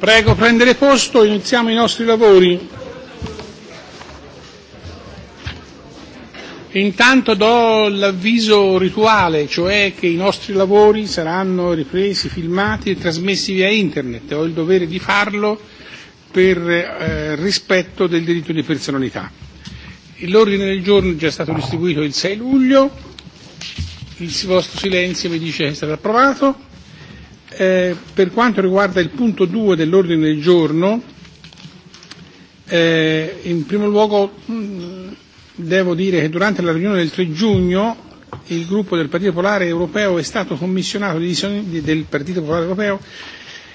Prego prendere posto, iniziamo i nostri lavori. Intanto do l'avviso rituale, cioè che i nostri lavori saranno ripresi, filmati e trasmessi via internet. Ho il dovere di farlo per eh, rispetto del diritto di personalità. L'ordine del giorno è già stato distribuito il 6 luglio, il vostro silenzio mi dice che è stato approvato. Eh, per quanto riguarda il punto 2 dell'ordine del giorno, eh, in primo luogo mh, mm, devo dire che durante la riunione del 3 giugno il gruppo del Partito Popolare Europeo è stato commissionato di, del Partito Popolare Europeo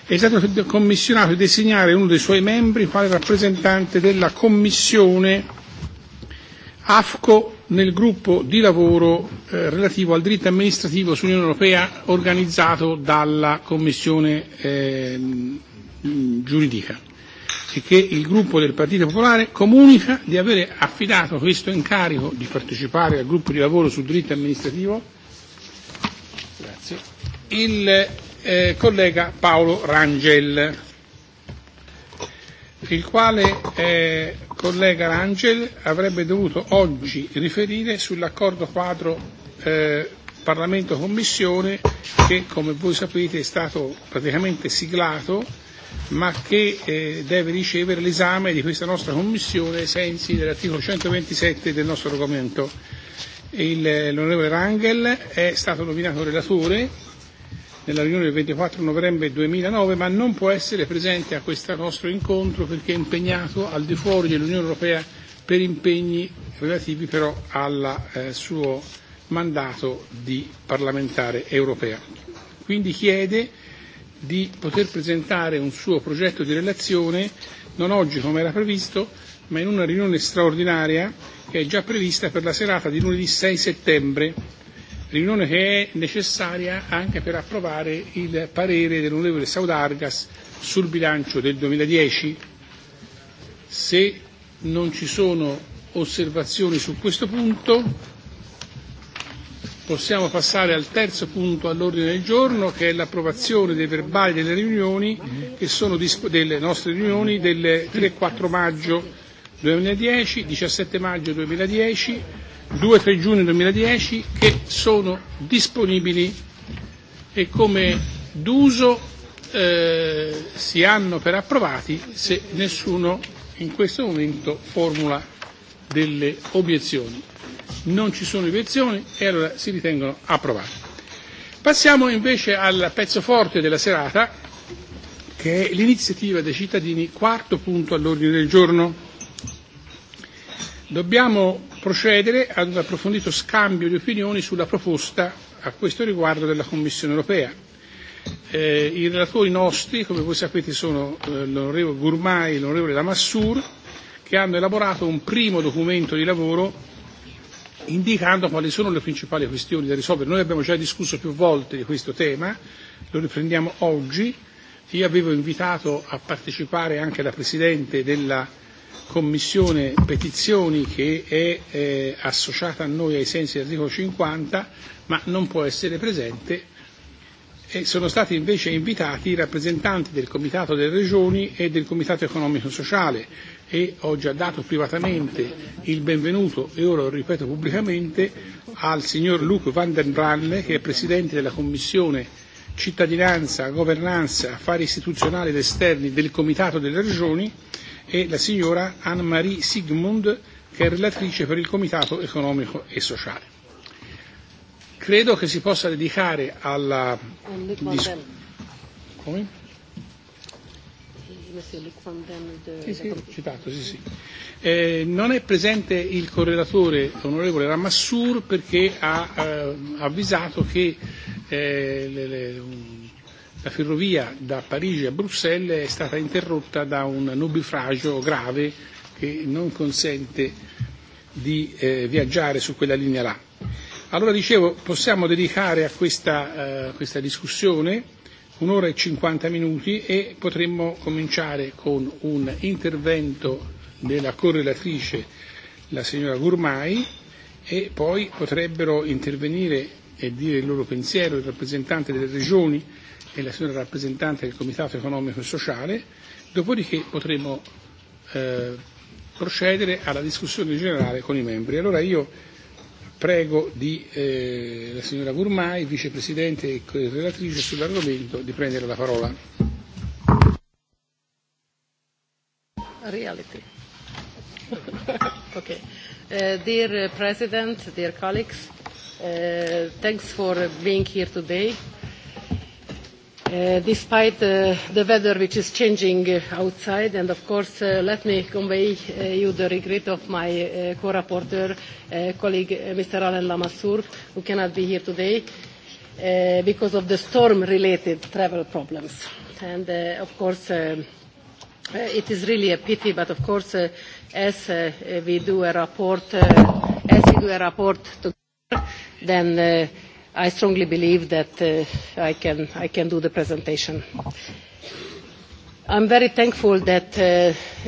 è stato commissionato di designare uno dei suoi membri quale rappresentante della commissione AFCO nel gruppo di lavoro eh, relativo al diritto amministrativo sull'Unione Europea organizzato dalla Commissione eh, giuridica e che il gruppo del Partito Popolare comunica di avere affidato questo incarico di partecipare al gruppo di lavoro sul diritto amministrativo grazie, il eh, collega Paolo Rangel il quale eh, collega Rangel avrebbe dovuto oggi riferire sull'accordo quadro eh, Parlamento-Commissione che, come voi sapete, è stato praticamente siglato ma che eh, deve ricevere l'esame di questa nostra Commissione ai sensi dell'articolo 127 del nostro regolamento. Eh, l'onorevole Rangel è stato nominato relatore nella riunione del 24 novembre 2009, ma non può essere presente a questo nostro incontro perché è impegnato al di fuori dell'Unione Europea per impegni relativi però al eh, suo mandato di parlamentare europea. Quindi chiede di poter presentare un suo progetto di relazione non oggi come era previsto, ma in una riunione straordinaria che è già prevista per la serata di lunedì 6 settembre riunione che è necessaria anche per approvare il parere dell'onorevole Saudargas sul bilancio del 2010. Se non ci sono osservazioni su questo punto, possiamo passare al terzo punto all'ordine del giorno, che è l'approvazione dei verbali delle riunioni, che sono delle nostre riunioni del 3-4 maggio 2010, 17 maggio 2010, 2-3 giugno 2010 che sono disponibili e come d'uso eh, si hanno per approvati se nessuno in questo momento formula delle obiezioni. Non ci sono obiezioni e allora si ritengono approvati. Passiamo invece al pezzo forte della serata, che è l'iniziativa dei cittadini, quarto punto all'ordine del giorno. Dobbiamo procedere ad un approfondito scambio di opinioni sulla proposta a questo riguardo della Commissione europea. Eh, I relatori nostri, come voi sapete, sono eh, l'onorevole Gourmai e l'onorevole Lamassur, che hanno elaborato un primo documento di lavoro indicando quali sono le principali questioni da risolvere. Noi abbiamo già discusso più volte di questo tema, lo riprendiamo oggi. Io avevo invitato a partecipare anche la Presidente della Commissione Petizioni che è eh, associata a noi ai sensi dell'articolo 50 ma non può essere presente e sono stati invece invitati i rappresentanti del Comitato delle Regioni e del Comitato Economico e Sociale e ho già dato privatamente il benvenuto e ora lo ripeto pubblicamente al signor Luc van den Branne che è Presidente della Commissione Cittadinanza, Governanza, Affari Istituzionali ed Esterni del Comitato delle Regioni e la signora Anne-Marie Sigmund, che è relatrice per il Comitato economico e sociale. Credo che si possa dedicare alla discussione. Sì, sì, citato, sì, sì. Eh, non è presente il correlatore onorevole Ramassur perché ha eh, avvisato che eh, le, le, La ferrovia da Parigi a Bruxelles è stata interrotta da un nubifragio grave che non consente di eh, viaggiare su quella linea là. Allora dicevo, possiamo dedicare a questa, eh, questa discussione un'ora e 50 minuti e potremmo cominciare con un intervento della correlatrice, la signora Gourmai, e poi potrebbero intervenire e dire il loro pensiero il rappresentante delle regioni, e la signora rappresentante del Comitato economico e sociale, dopodiché potremo eh, procedere alla discussione generale con i membri. Allora io prego di, eh, la signora Gurmai, vicepresidente e relatrice sull'argomento, di prendere la parola. Reality. okay. Uh, dear President, dear colleagues, uh, thanks for being here today. Uh, despite uh, the weather which is changing uh, outside, and of course, uh, let me convey uh, you the regret of my uh, co-rapporteur, uh, colleague uh, Mr. Alain Lamassoure, who cannot be here today uh, because of the storm-related travel problems. And uh, of course, uh, it is really a pity, but of course, uh, as uh, we do a report, uh, as we do a report together, then. Uh, I strongly believe that uh, I, can, I can do the presentation. I'm very thankful that uh,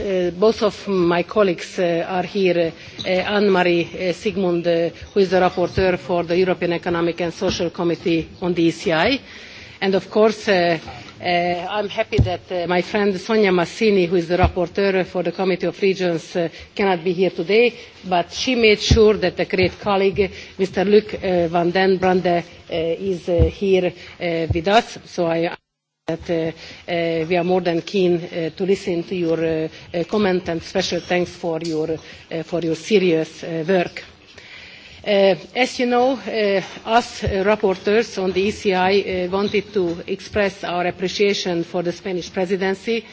uh, both of my colleagues uh, are here, uh, uh Anne-Marie uh, Sigmund, uh, who is the rapporteur for the European Economic and Social Committee on the ECI, and of course uh, Uh, I'm happy that uh, my friend Sonia Massini, who is the rapporteur for the Committee of Regions, uh, cannot be here today, but she made sure that a great colleague, Mr. Luc uh, van den Brande, uh, is uh, here uh, with us. So I that uh, uh, we are more than keen uh, to listen to your uh, uh, comment and special thanks for your, uh, for your serious uh, work. Uh, as you know, uh, us uh, rapporteurs on the ECI uh, wanted to express our appreciation for the Spanish presidency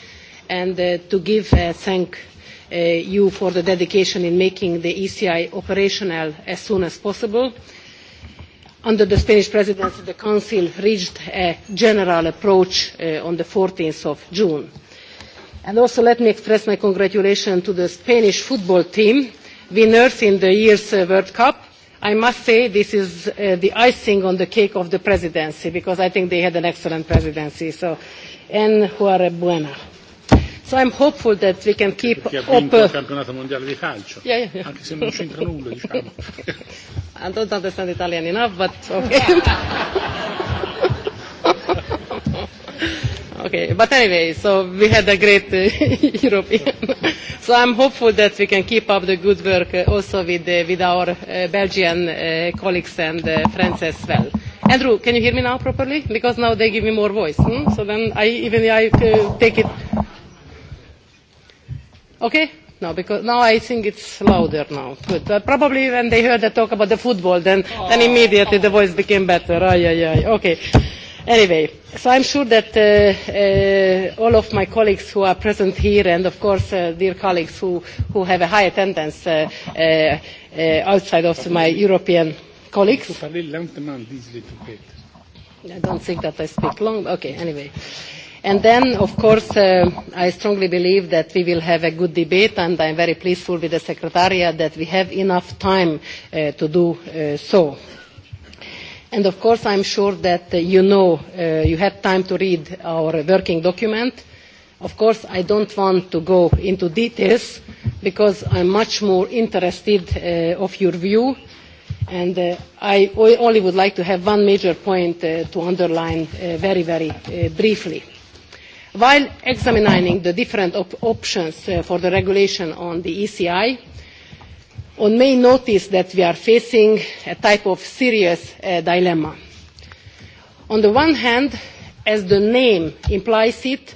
and uh, to give uh, thank uh, you for the dedication in making the ECI operational as soon as possible. Under the Spanish presidency, the Council reached a general approach uh, on the 14th of June. And also let me express my congratulations to the Spanish football team, winners in the year's uh, World Cup, I must say this is uh, the icing on the cake of the presidency because I think they had an excellent presidency. So, en juare buena. So I'm hopeful that we can keep up, Yeah, yeah, yeah. I don't understand Italian enough, but okay. Okay, but anyway, so we had a great uh, European. so I'm hopeful that we can keep up the good work uh, also with, uh, with our uh, Belgian uh, colleagues and uh, friends as well. Andrew, can you hear me now properly? Because now they give me more voice. Hmm? So then I even I uh, take it. Okay. No, because now I think it's louder now. Good. Uh, probably when they heard the talk about the football, then, oh, then immediately oh. the voice became better. Ay, ay, ay. Okay. Anyway, so I'm sure that uh, uh, all of my colleagues who are present here and of course uh, dear colleagues who, who have a high attendance uh, uh, uh, outside of my European colleagues. I don't think that I speak long. Okay, anyway. And then, of course, uh, I strongly believe that we will have a good debate, and I'm very pleased with the Secretariat that we have enough time uh, to do uh, so. And of course, I'm sure that uh, you know, uh, you had time to read our working document. Of course, I don't want to go into details because I'm much more interested uh, of your view. And uh, I only would like to have one major point uh, to underline uh, very, very uh, briefly. While examining the different op options uh, for the regulation on the ECI, On may notice that we are facing a type of serious uh, dilemma. On the one hand, as the name implies it,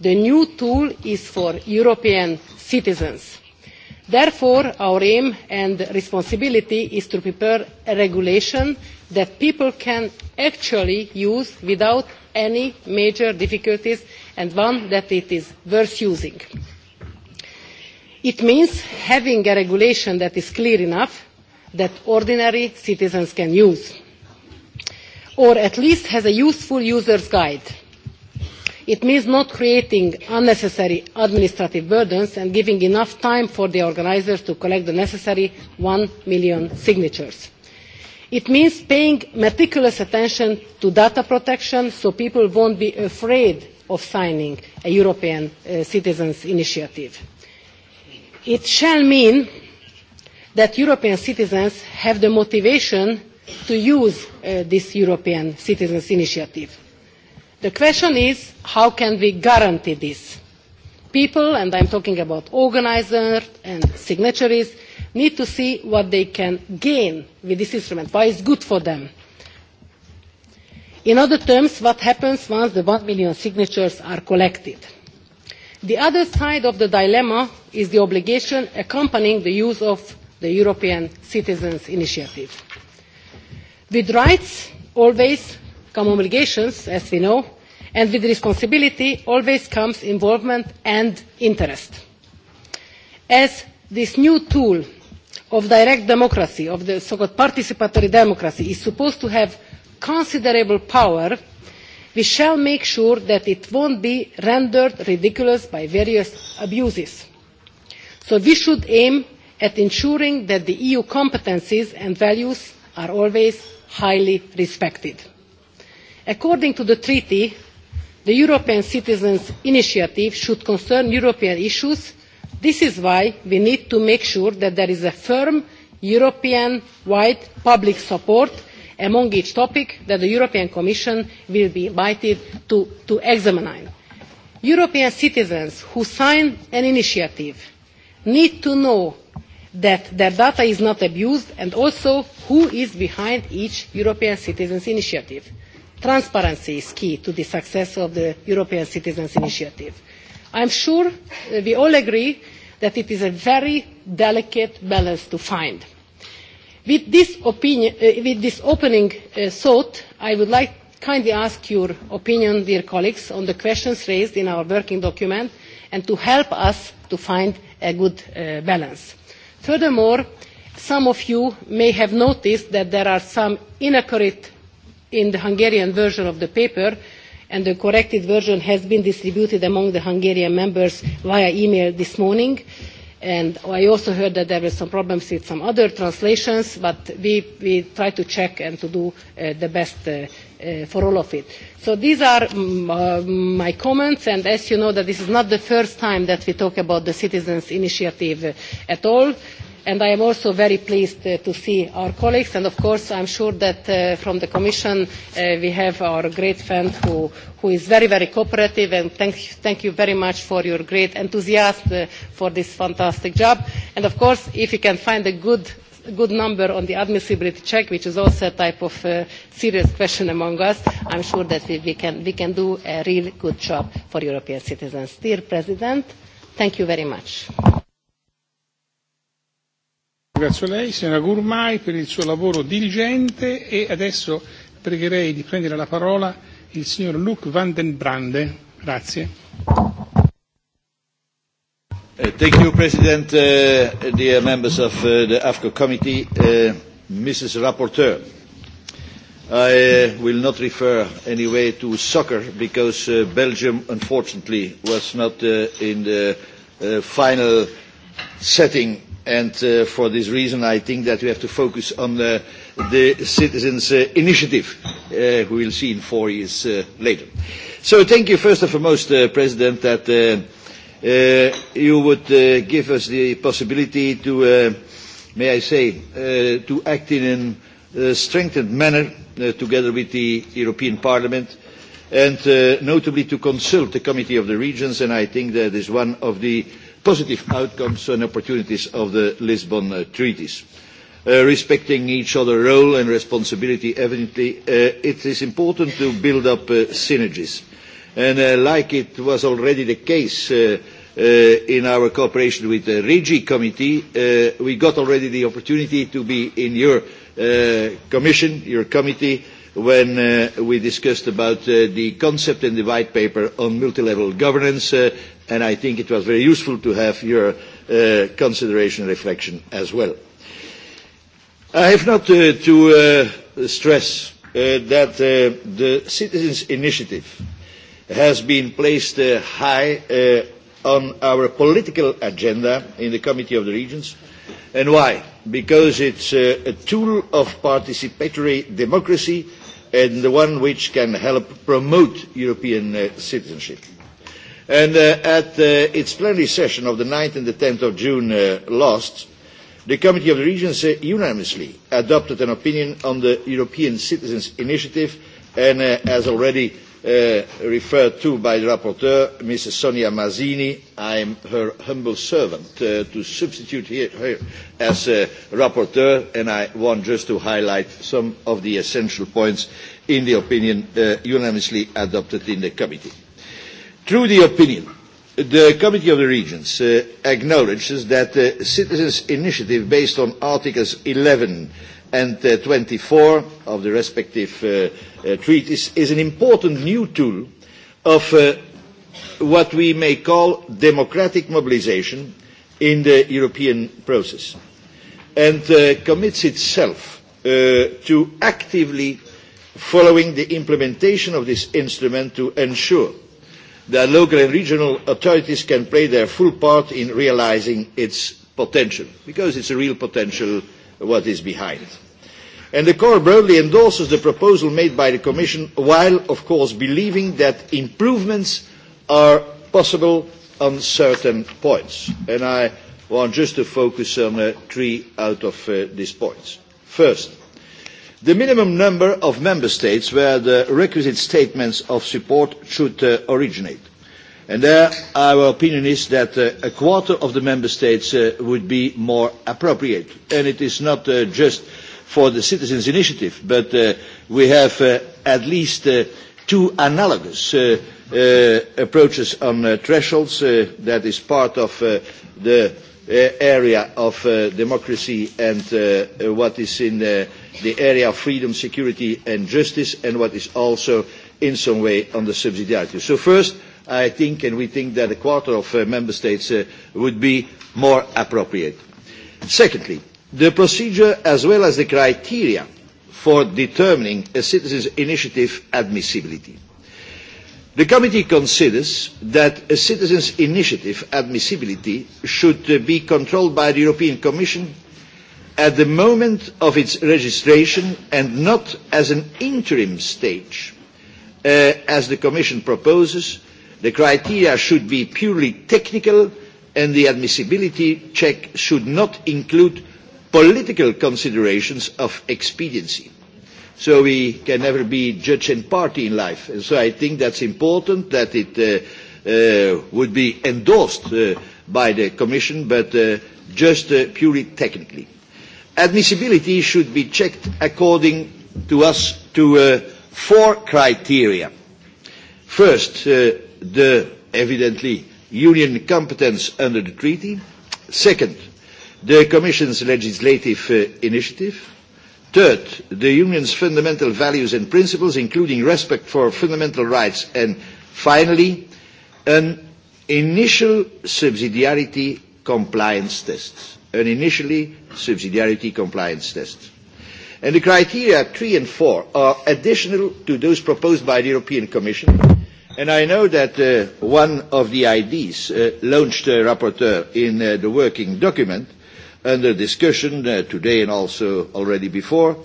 the new tool is for European citizens. Therefore, our aim and responsibility is to prepare a regulation that people can actually use without any major difficulties and one that it is worth using it means having a regulation that is clear enough that ordinary citizens can use or at least has a useful user's guide. It means not creating unnecessary administrative burdens and giving enough time for the organisers to collect the necessary 1 million signatures. It means paying meticulous attention to data protection so people won't be afraid of signing a European uh, Citizens Initiative it shall mean that european citizens have the motivation to use uh, this european citizens' initiative. the question is how can we guarantee this? people and i am talking about organisers and signatories need to see what they can gain with this instrument why is good for them. in other terms what happens once the one million signatures are collected? the other side of the dilemma is the obligation accompanying the use of the european citizens' initiative. with rights always come obligations as we know and with responsibility always comes involvement and interest. as this new tool of direct democracy of the so called participatory democracy is supposed to have considerable power we shall make sure that it will not be rendered ridiculous by various abuses. so we should aim at ensuring that the eu competences and values are always highly respected. according to the treaty the european citizens' initiative should concern european issues. this is why we need to make sure that there is firm european wide public support among each topic that the European Commission will be invited to, to examine. European citizens who sign an initiative need to know that their data is not abused and also who is behind each European citizens initiative. Transparency is key to the success of the European citizens initiative. I am sure uh, we all agree that it is a very delicate balance to find Uh, with this, opening uh, thought, I would like kindly ask your opinion, dear colleagues, on the questions raised in our working document and to help us to find a good uh, balance. Furthermore, some of you may have noticed that there are some inaccuracies in the Hungarian version of the paper and the corrected version has been distributed among the Hungarian members via email this morning. And I also heard that there were some problems with some other translations, but we, we try to check and to do uh, the best uh, uh, for all of it. So these are um, uh, my comments, and as you know that this is not the first time that we talk about the Citizens Initiative uh, at all and I am also very pleased uh, to see our colleagues. And of course, i am sure that uh, from the Commission uh, we have our great friend who, is very, very cooperative. And thank, you very much for your great enthusiasm for this fantastic job. And of course, if you can find a good good number on the admissibility check, which is also a type of serious question among us. i am sure that we, can, we can do a really good job for European citizens. Dear President, thank you very much. Grazie a lei, signora Gurmai, per il suo lavoro diligente e adesso pregherei di prendere la parola il signor Luc van den Brande. Grazie. Uh, thank you, President, uh, dear members of uh, the AFCO committee, uh, Mrs. Rapporteur. I uh, will not refer anyway to soccer because uh, Belgium, unfortunately, was not uh, in the uh, final setting And uh, for this reason, I think that we have to focus on uh, the citizens' uh, initiative, uh, we will see in four years uh, later. So thank you first and foremost, uh, President, that uh, uh, you would uh, give us the possibility to, uh, may I say, uh, to act in a uh, strengthened manner uh, together with the European Parliament and uh, notably to consult the Committee of the Regions, and I think that is one of the uh, positive outcomes and opportunities of the Lisbon uh, treaties. Uh, respecting each other's role and responsibility, evidently, uh, it is important to build up uh, synergies. And uh, like it was already the case uh, uh, in our cooperation with the REGI committee, uh, we got already the opportunity to be in your uh, commission, your committee, when uh, we discussed about uh, the concept in the white paper on multilevel governance uh, and I think it was very useful to have your uh, consideration and reflection as well. I have not uh, to uh, stress uh, that uh, the Citizens' Initiative has been placed uh, high uh, on our political agenda in the Committee of the Regions. And why? Because it's uh, a tool of participatory democracy and the one which can help promote European uh, citizenship And uh, at uh, its plenary session of the 9th and the 10th of June uh, last, the Committee of the Regions uh, unanimously adopted an opinion on the European Citizens Initiative, and uh, as already Uh, referred to by the rapporteur, Mrs. Sonia Mazzini. I am her humble servant uh, to substitute here, her as a uh, rapporteur, and I want just to highlight some of the essential points in the opinion uh, unanimously adopted in the committee. Through the opinion, the Committee of the Regions uh, acknowledges that the uh, citizens' initiative based on Articles 11 and uh, 24 of the respective uh, uh, treaties is an important new tool of uh, what we may call democratic mobilization in the European process and uh, commits itself uh, to actively following the implementation of this instrument to ensure that local and regional authorities can play their full part in realizing its potential, because it's a real potential what is behind. And the Corps broadly endorses the proposal made by the Commission, while, of course, believing that improvements are possible on certain points. And I want just to focus on uh, three out of uh, these points. First, The minimum number of member states where the requisite statements of support should uh, originate. And there, our opinion is that uh, a quarter of the member states uh, would be more appropriate. And it is not uh, just for the citizens' initiative, but uh, we have uh, at least uh, two analogous uh, uh, approaches on uh, thresholds. Uh, that is part of uh, the Uh, area of uh, democracy and uh, what is in the, the area of freedom, security and justice and what is also in some way on the subsidiarity. So first, I think and we think that a quarter of uh, member states uh, would be more appropriate. Secondly, the procedure as well as the criteria for determining a citizen's initiative admissibility. The committee considers that a citizens' initiative admissibility should be controlled by the European Commission at the moment of its registration and not as an interim stage. Uh, as the Commission proposes, the criteria should be purely technical and the admissibility check should not include political considerations of expediency. So we can never be judge and party in life. And so I think that's important that it uh, uh, would be endorsed uh, by the Commission, but uh, just uh, purely technically. Admissibility should be checked according to us to uh, four criteria. First, uh, the evidently union competence under the treaty. Second, the Commission's legislative uh, initiative. Third, the Union's fundamental values and principles, including respect for fundamental rights. And finally, an initial subsidiarity compliance test. An initially subsidiarity compliance test. And the criteria three and four are additional to those proposed by the European Commission. And I know that uh, one of the IDs uh, launched a rapporteur in uh, the working document uh, under discussion uh, today and also already before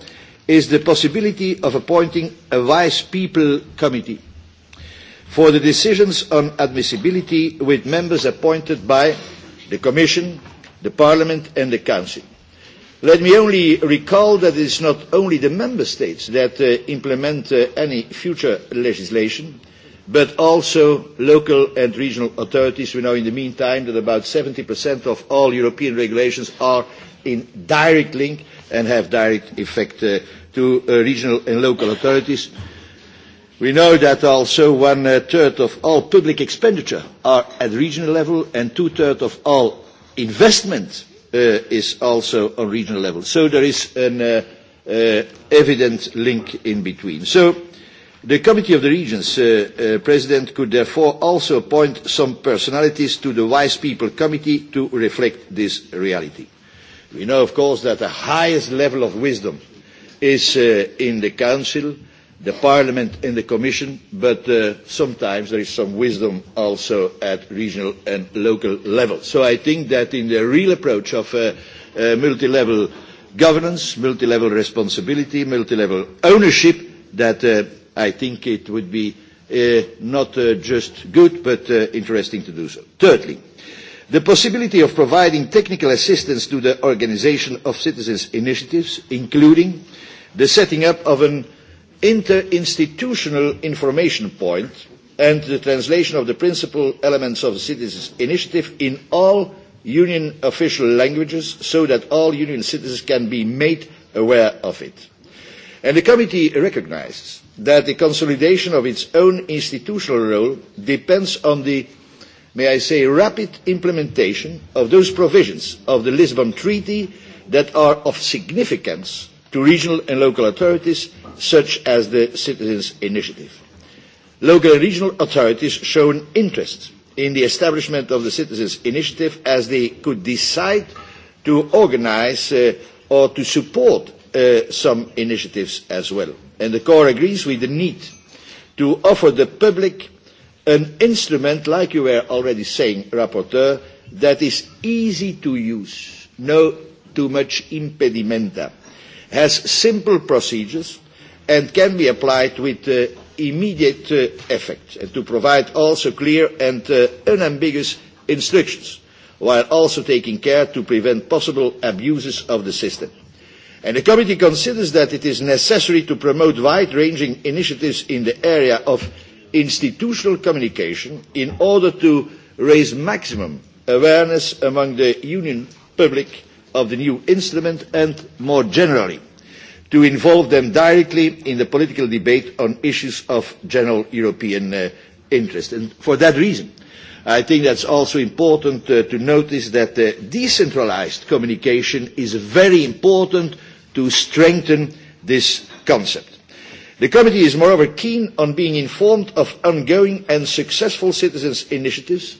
is the possibility of appointing a Vice People Committee for the decisions on admissibility with members appointed by the Commission, the Parliament and the Council. Let me only recall that it is not only the Member States that uh, implement uh, any future legislation, uh, but also local and regional authorities. We know in the meantime that about 70% of all European regulations are in direct link and have direct effect uh, to uh, regional and local authorities. We know that also one third of all public expenditure are at regional level and two thirds of all investment uh, is also on regional level. So there is an uh, uh, evident link in between. So The Committee of the Regions uh, uh, President could therefore also appoint some personalities to the Wise People Committee to reflect this reality. We know, of course, that the highest level of wisdom is uh, in the Council, the Parliament and the Commission, but uh, sometimes there is some wisdom also at regional and local level. So I think that in the real approach of uh, uh, multi-level governance, multi-level responsibility, multi-level ownership, that uh, I think it would be uh, not uh, just good, but uh, interesting to do so. Thirdly, the possibility of providing technical assistance to the organization of citizens' initiatives, including the setting up of an interinstitutional information point and the translation of the principal elements of the citizens' initiative in all union official languages so that all union citizens can be made aware of it. And the committee recognizes that the consolidation of its own institutional role depends on the, may I say, rapid implementation of those provisions of the Lisbon Treaty that are of significance to regional and local authorities, such as the Citizens' Initiative. Local and regional authorities show an interest in the establishment of the Citizens' Initiative as they could decide to organise uh, or to support Uh, some initiatives as well. And the Corps agrees with the need to offer the public an instrument, like you were already saying, Rapporteur, that is easy to use, no too much impedimenta, has simple procedures, and can be applied with uh, immediate uh, effect, and to provide also clear and uh, unambiguous instructions, while also taking care to prevent possible abuses of the system. And the committee considers that it is necessary to promote wide-ranging initiatives in the area of institutional communication in order to raise maximum awareness among the union public of the new instrument and more generally to involve them directly in the political debate on issues of general European uh, interest. And for that reason, I think that's also important uh, to notice that uh, decentralized communication is a very important to strengthen this concept. The committee is moreover keen on being informed of ongoing and successful citizens' initiatives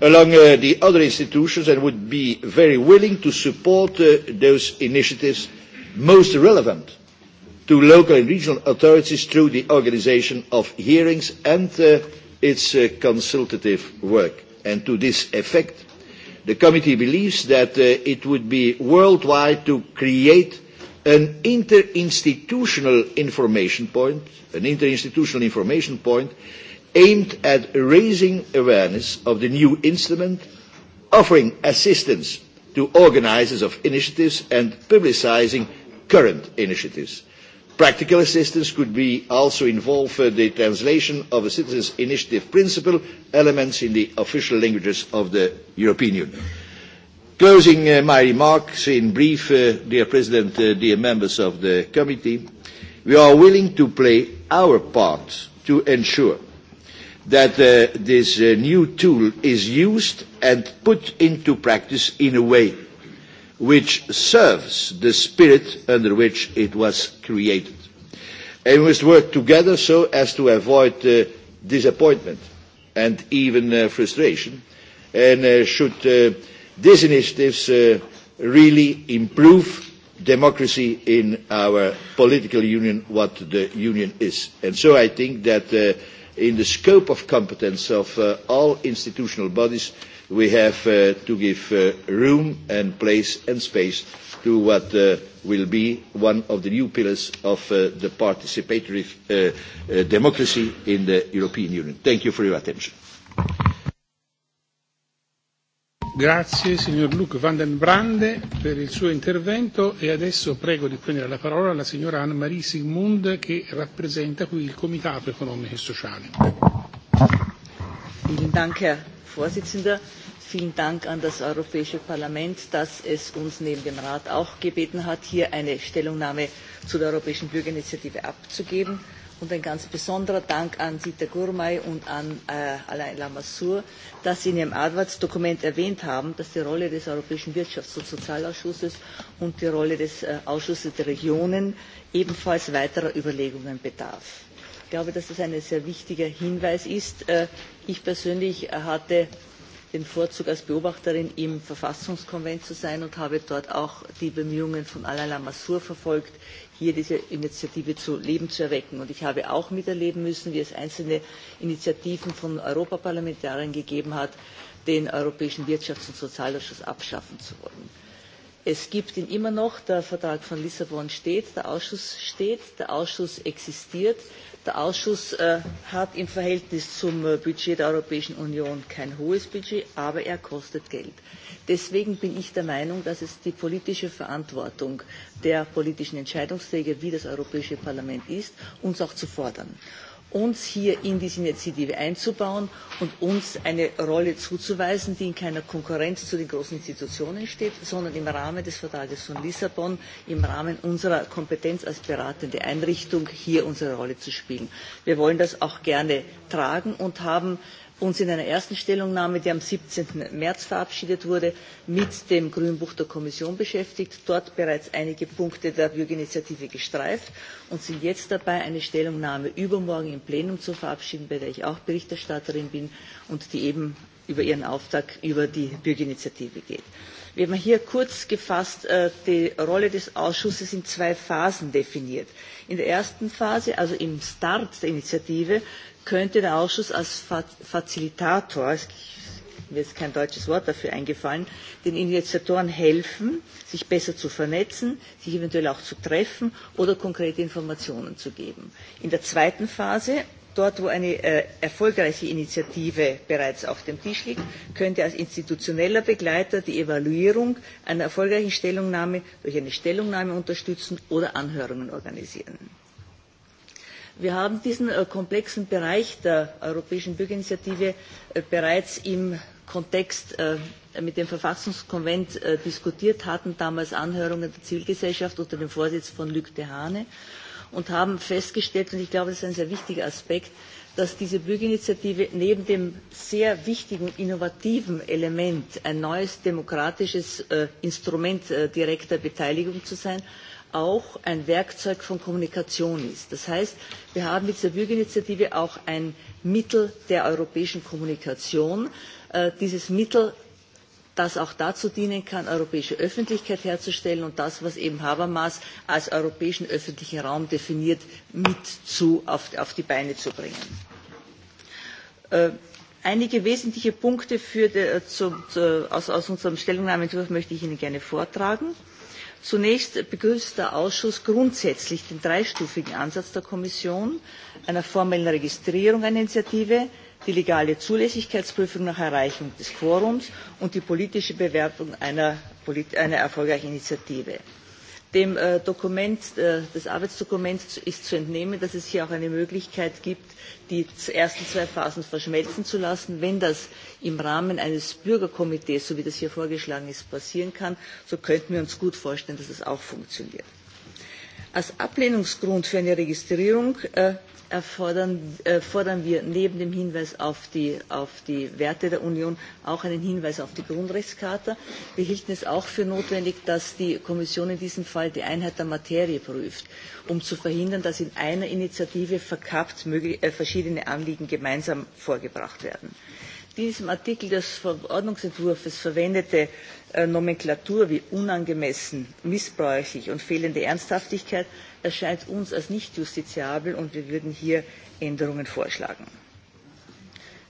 along uh, the other institutions and would be very willing to support uh, those initiatives most relevant to local and regional authorities through the organisation of hearings and uh, its uh, consultative work. And to this effect, the committee believes that uh, it would be worldwide to create an interinstitutional information point, an interinstitutional information point aimed at raising awareness of the new instrument, offering assistance to organisers of initiatives and publicising current initiatives. Practical assistance could be also involve uh, the translation of a citizens' initiative principle elements in the official languages of the European Union. Closing uh, my remarks in brief, uh, dear President, uh, dear members of the committee, we are willing to play our part to ensure that uh, this uh, new tool is used and put into practice in a way which serves the spirit under which it was created. And we must work together so as to avoid uh, disappointment and even uh, frustration and uh, should uh, these initiatives uh, really improve democracy in our political union, what the union is. And so I think that uh, in the scope of competence of uh, all institutional bodies, we have uh, to give uh, room and place and space to what uh, will be one of the new pillars of uh, the participatory uh, uh, democracy in the European Union. Thank you for your attention. Grazie signor Luc van den Brande per il suo intervento e adesso prego di prendere la parola la signora Anne-Marie Sigmund che rappresenta qui il Comitato Economico e Sociale. Vielen Dank, Herr Vorsitzender. Vielen Dank an das Europäische Parlament, dass es uns neben dem Rat auch gebeten hat, hier eine Stellungnahme zu der Europäischen Bürgerinitiative abzugeben Und ein ganz besonderer Dank an Sita Gurmai und an äh, Alain Lamassoure, dass Sie in Ihrem Arbeitsdokument erwähnt haben, dass die Rolle des Europäischen Wirtschafts- und Sozialausschusses und die Rolle des äh, Ausschusses der Regionen ebenfalls weiterer Überlegungen bedarf. Ich glaube, dass das ein sehr wichtiger Hinweis ist. Äh, ich persönlich hatte den Vorzug, als Beobachterin im Verfassungskonvent zu sein und habe dort auch die Bemühungen von Alain Lamassoure verfolgt, hier diese Initiative zu Leben zu erwecken. Und ich habe auch miterleben müssen, wie es einzelne Initiativen von Europaparlamentariern gegeben hat, den Europäischen Wirtschafts- und Sozialausschuss abschaffen zu wollen. Es gibt ihn immer noch, der Vertrag von Lissabon steht, der Ausschuss steht, der Ausschuss existiert, Der Ausschuss äh, hat im Verhältnis zum äh, Budget der Europäischen Union kein hohes Budget, aber er kostet Geld. Deswegen bin ich der Meinung, dass es die politische Verantwortung der politischen Entscheidungsträger wie das Europäische Parlament ist, uns auch zu fordern uns hier in diese Initiative einzubauen und uns eine Rolle zuzuweisen, die in keiner Konkurrenz zu den großen Institutionen steht, sondern im Rahmen des Vertrages von Lissabon, im Rahmen unserer Kompetenz als beratende Einrichtung hier unsere Rolle zu spielen. Wir wollen das auch gerne tragen und haben äh, uns in einer ersten Stellungnahme, die am 17. März verabschiedet wurde, mit dem Grünbuch der Kommission beschäftigt, dort bereits einige Punkte der Bürgerinitiative gestreift und sind jetzt dabei, eine Stellungnahme übermorgen im Plenum zu verabschieden, bei der ich auch Berichterstatterin bin und die eben über ihren Auftrag über die Bürgerinitiative geht. Wir haben hier kurz gefasst äh, die Rolle des Ausschusses in zwei Phasen definiert. In der ersten Phase, also im Start der Initiative, könnte der Ausschuss als Fazilitator, mir ist kein deutsches Wort dafür eingefallen, den Initiatoren helfen, sich besser zu vernetzen, sich eventuell auch zu treffen oder konkrete Informationen zu geben. In der zweiten Phase, dort wo eine äh, erfolgreiche Initiative bereits auf dem Tisch liegt, könnte als institutioneller Begleiter die Evaluierung einer erfolgreichen Stellungnahme durch eine Stellungnahme unterstützen oder Anhörungen organisieren. Wir haben diesen äh, komplexen Bereich der Europäischen Bürgerinitiative äh, bereits im Kontext äh, mit dem Verfassungskonvent diskutiert, hatten damals Anhörungen der Zivilgesellschaft unter dem Vorsitz von Luc Dehane und haben festgestellt, und ich glaube, das ist ein sehr wichtiger Aspekt, dass diese Bürgerinitiative neben dem sehr wichtigen innovativen Element, ein neues demokratisches äh, Instrument äh, direkter Beteiligung zu sein, auch ein Werkzeug von Kommunikation ist. Das heißt, wir haben mit der Bürgerinitiative auch ein Mittel der europäischen Kommunikation. Äh, dieses Mittel das auch dazu dienen kann, europäische Öffentlichkeit herzustellen und das, was eben Habermas als europäischen öffentlichen Raum definiert, mit zu auf, auf die Beine zu bringen. Äh, einige wesentliche Punkte für de, äh, zu, zu, aus, aus unserem Stellungnahmeentwurf möchte ich Ihnen gerne vortragen. Äh, Zunächst begrüßt der Ausschuss grundsätzlich den dreistufigen Ansatz der Kommission einer formellen Registrierung einer Initiative, die legale Zulässigkeitsprüfung nach Erreichung des Quorums und die politische Bewertung einer, erfolgreichen Initiative dem äh, Dokument, äh, des Arbeitsdokument ist zu entnehmen, dass es hier auch eine Möglichkeit gibt, die ersten zwei Phasen verschmelzen zu lassen. Wenn das im Rahmen eines Bürgerkomitees, so wie das hier vorgeschlagen ist, passieren kann, so könnten wir uns gut vorstellen, dass das auch funktioniert. Als Ablehnungsgrund für eine Registrierung äh, erfordern, fordern wir neben dem Hinweis auf die, auf die Werte der Union auch einen Hinweis auf die Grundrechtscharta. Wir hielten es auch für notwendig, dass die Kommission in diesem Fall die Einheit der Materie prüft, um zu verhindern, dass in einer Initiative verkappt möglich, äh, verschiedene Anliegen gemeinsam vorgebracht werden diesem Artikel des Verordnungsentwurfs verwendete äh, Nomenklatur wie unangemessen, missbräuchlich und fehlende Ernsthaftigkeit erscheint uns als nicht justiziabel und wir würden hier Änderungen vorschlagen.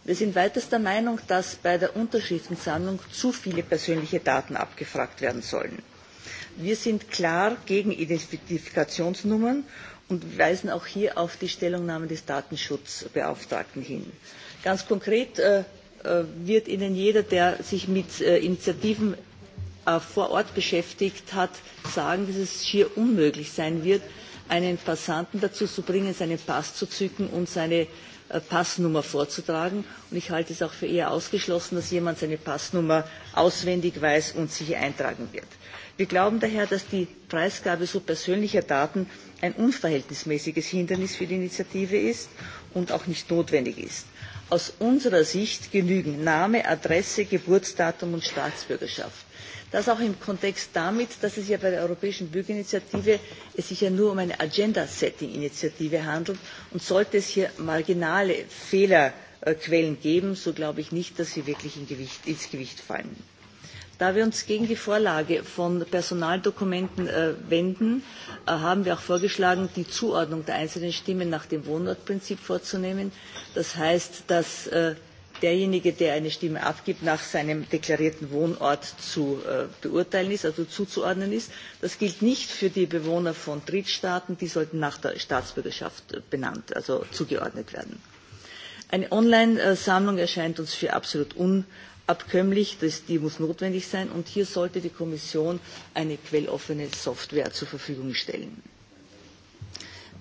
Wir sind weiters der Meinung, dass bei der Unterschriftensammlung zu viele persönliche Daten abgefragt werden sollen. Wir sind klar gegen Identifikationsnummern und weisen auch hier auf die Stellungnahme des Datenschutzbeauftragten hin. Ganz konkret äh, Äh, wird Ihnen jeder, der sich mit äh, Initiativen äh, vor Ort beschäftigt hat, sagen, dass es schier unmöglich sein wird, einen Passanten dazu zu bringen, seinen Pass zu zücken und seine Passnummer vorzutragen. Und ich halte es auch für eher ausgeschlossen, dass jemand seine Passnummer auswendig weiß und sie hier eintragen wird. Wir glauben daher, dass die Preisgabe so persönlicher Daten ein unverhältnismäßiges Hindernis für die Initiative ist und auch nicht notwendig ist aus unserer Sicht genügen Name, Adresse, Geburtsdatum und Staatsbürgerschaft. Das auch im Kontext damit, dass es ja bei der Europäischen Bürgerinitiative es sich ja nur um eine Agenda-Setting-Initiative handelt und sollte es hier marginale Fehlerquellen geben, so glaube ich nicht, dass sie wirklich ins Gewicht fallen Da wir uns gegen die Vorlage von Personaldokumenten äh, wenden, äh, haben wir auch vorgeschlagen, die Zuordnung der einzelnen Stimmen nach dem Wohnortprinzip vorzunehmen. Das heißt, dass äh, derjenige, der eine Stimme abgibt, nach seinem deklarierten Wohnort zu äh, beurteilen ist, also zuzuordnen ist. Das gilt nicht für die Bewohner von Drittstaaten, die sollten nach der Staatsbürgerschaft äh, benannt, also zugeordnet werden. Eine Online-Sammlung äh, erscheint uns für absolut unmöglich abkömmlich, das, die muss notwendig sein und hier sollte die Kommission eine quelloffene Software zur Verfügung stellen.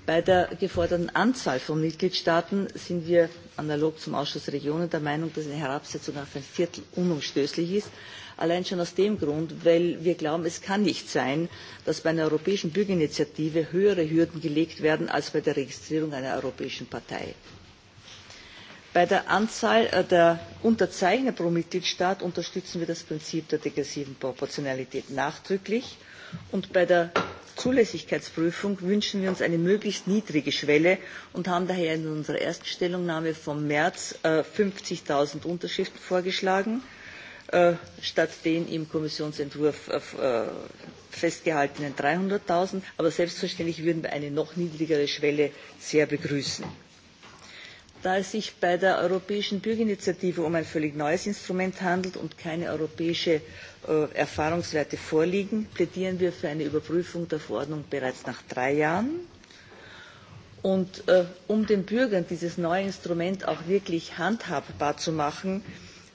Bei der geforderten Anzahl von Mitgliedstaaten sind wir analog zum Ausschuss Regionen der Meinung, dass eine Herabsetzung auf ein Viertel unumstößlich ist. Allein schon aus dem Grund, weil wir glauben, es kann nicht sein, dass bei einer europäischen Bürgerinitiative höhere Hürden gelegt werden als bei der Registrierung einer europäischen Partei bei der anzahl äh, der unterzeichner pro mitgliedstaat unterstützen wir das prinzip der degressiven proportionalität nachdrücklich und bei der zulässigkeitsprüfung wünschen wir uns eine möglichst niedrige schwelle und haben daher in unserer ersten stellungnahme vom märz äh, fünfzig null unterschriften vorgeschlagen äh, statt den im kommissionsentwurf festgehaltenen dreihundert null aber selbstverständlich würden wir eine noch niedrigere schwelle sehr begrüßen da es sich bei der europäischen bürgerinitiative um ein völlig neues instrument handelt und keine europäischen äh, erfahrungswerte vorliegen plädieren wir für eine überprüfung der verordnung bereits nach drei jahren. und äh, um den bürgern dieses neue instrument auch wirklich handhabbar zu machen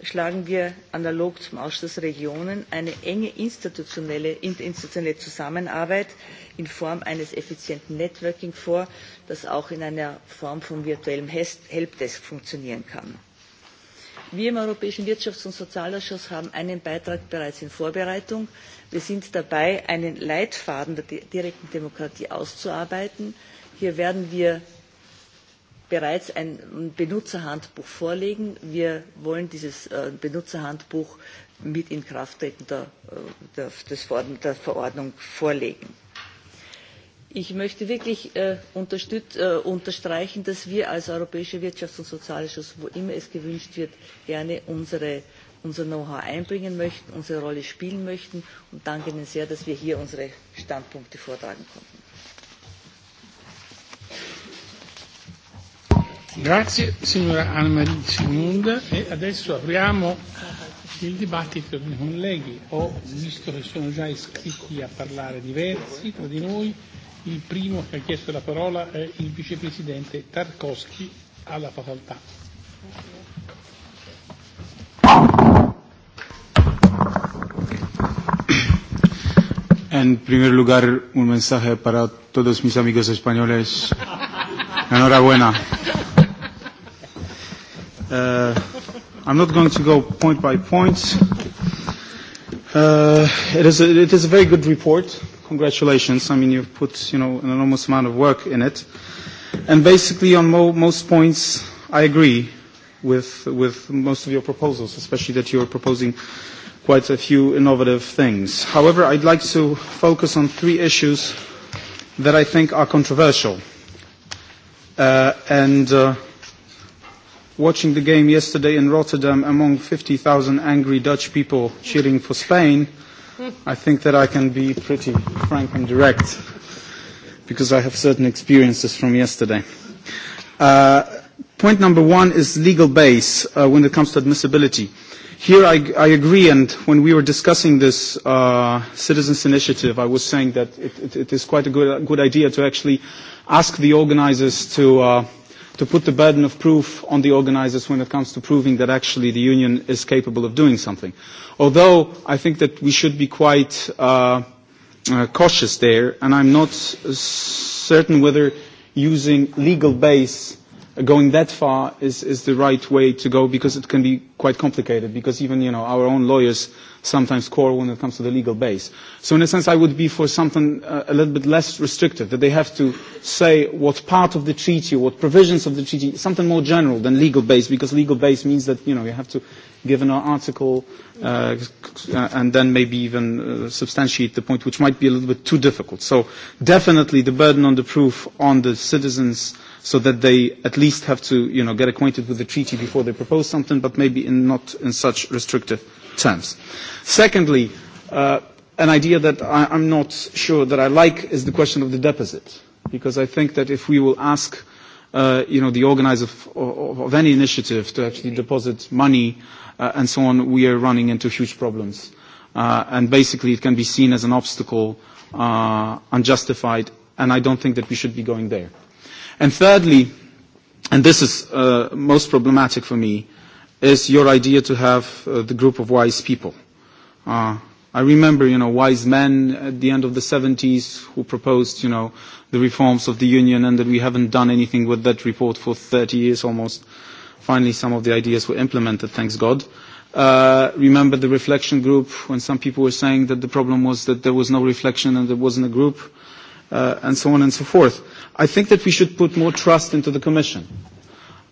schlagen wir analog zum Ausschuss Regionen eine enge institutionelle, Zusammenarbeit in Form eines effizienten Networking vor, das auch in einer Form von virtuellem Helpdesk funktionieren kann. Wir im Europäischen Wirtschafts- und Sozialausschuss haben einen Beitrag bereits in Vorbereitung. Wir sind dabei, einen Leitfaden der direkten Demokratie auszuarbeiten. Hier werden wir bereits ein Benutzerhandbuch vorlegen. Wir wollen dieses äh, Benutzerhandbuch mit Inkrafttreten der, äh, der, der Verordnung vorlegen. Ich möchte wirklich äh, äh, unterstreichen, dass wir als Europäischer Wirtschafts- und Sozialausschuss, wo immer es gewünscht wird, gerne unsere, unser Know-how einbringen möchten, unsere Rolle spielen möchten und danke Ihnen sehr, dass wir hier unsere Standpunkte vortragen konnten. Grazie signora Annemarie Simund e adesso apriamo il dibattito con i colleghi. Ho visto che sono già iscritti a parlare diversi tra di noi. Il primo che ha chiesto la parola è il vicepresidente Tarkovsky alla facoltà. En primer lugar, un mensaje para todos mis amigos españoles. Enhorabuena. Uh, I'm not going to go point by point. Uh, it, is a, it is a very good report. Congratulations. I mean, you've put you know, an enormous amount of work in it. And basically, on mo- most points, I agree with, with most of your proposals, especially that you're proposing quite a few innovative things. However, I'd like to focus on three issues that I think are controversial. Uh, and... Uh, watching the game yesterday in Rotterdam among 50,000 angry Dutch people cheering for Spain, I think that I can be pretty frank and direct because I have certain experiences from yesterday. Uh, point number one is legal base uh, when it comes to admissibility. Here I, I agree, and when we were discussing this uh, citizens' initiative, I was saying that it, it, it is quite a good, good idea to actually ask the organizers to uh, to put the burden of proof on the organisers when it comes to proving that actually the union is capable of doing something. Although I think that we should be quite uh, uh, cautious there, and I'm not certain whether using legal base going that far is, is the right way to go because it can be quite complicated because even you know our own lawyers sometimes quarrel when it comes to the legal base. So in a sense, I would be for something uh, a little bit less restrictive, that they have to say what part of the treaty, what provisions of the treaty, something more general than legal base, because legal base means that you know you have to give an article uh, and then maybe even uh, substantiate the point, which might be a little bit too difficult. So definitely the burden on the proof on the citizens so that they at least have to you know, get acquainted with the treaty before they propose something, but maybe in, not in such restrictive terms. Secondly, uh, an idea that I, I'm not sure that I like is the question of the deposit, because I think that if we will ask uh, you know, the organizer of, of, of any initiative to actually deposit money uh, and so on, we are running into huge problems. Uh, and basically it can be seen as an obstacle, uh, unjustified, and I don't think that we should be going there. And thirdly, and this is uh, most problematic for me, is your idea to have uh, the group of wise people. Uh, I remember, you know, wise men at the end of the 70s who proposed, you know, the reforms of the union and that we haven't done anything with that report for 30 years almost. Finally, some of the ideas were implemented, thanks God. Uh, remember the reflection group when some people were saying that the problem was that there was no reflection and there wasn't a group. Uh, uh, and so on and so forth. I think that we should put more trust into the Commission,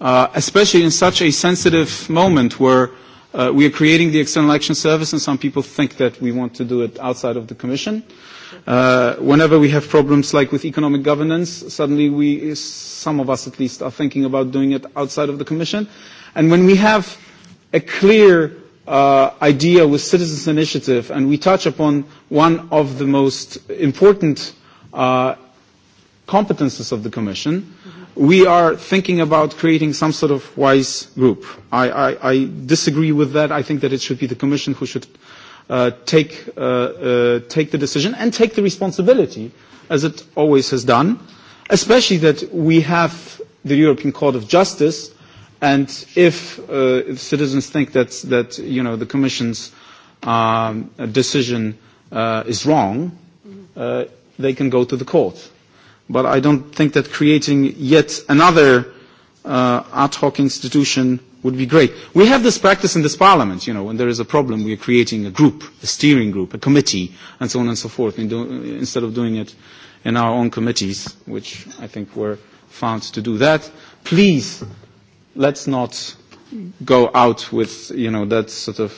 uh, especially in such a sensitive moment where uh, we are creating the External Action Service and some people think that we want to do it outside of the Commission. Uh, whenever we have problems like with economic governance, suddenly we, some of us at least, are thinking about doing it outside of the Commission. And when we have a clear uh, idea with citizens' initiative, and we touch upon one of the most important uh, Uh, competences of the Commission, we are thinking about creating some sort of WISE group. I, I, I disagree with that. I think that it should be the Commission who should uh, take, uh, uh, take the decision and take the responsibility, as it always has done, especially that we have the European Court of Justice, and if, uh, if citizens think that, that you know, the Commission's um, decision uh, is wrong, uh, they can go to the court. But I don't think that creating yet another uh, ad hoc institution would be great. We have this practice in this parliament, you know, when there is a problem, we are creating a group, a steering group, a committee, and so on and so forth, in do, instead of doing it in our own committees, which I think were found to do that. Please, let's not go out with, you know, that sort of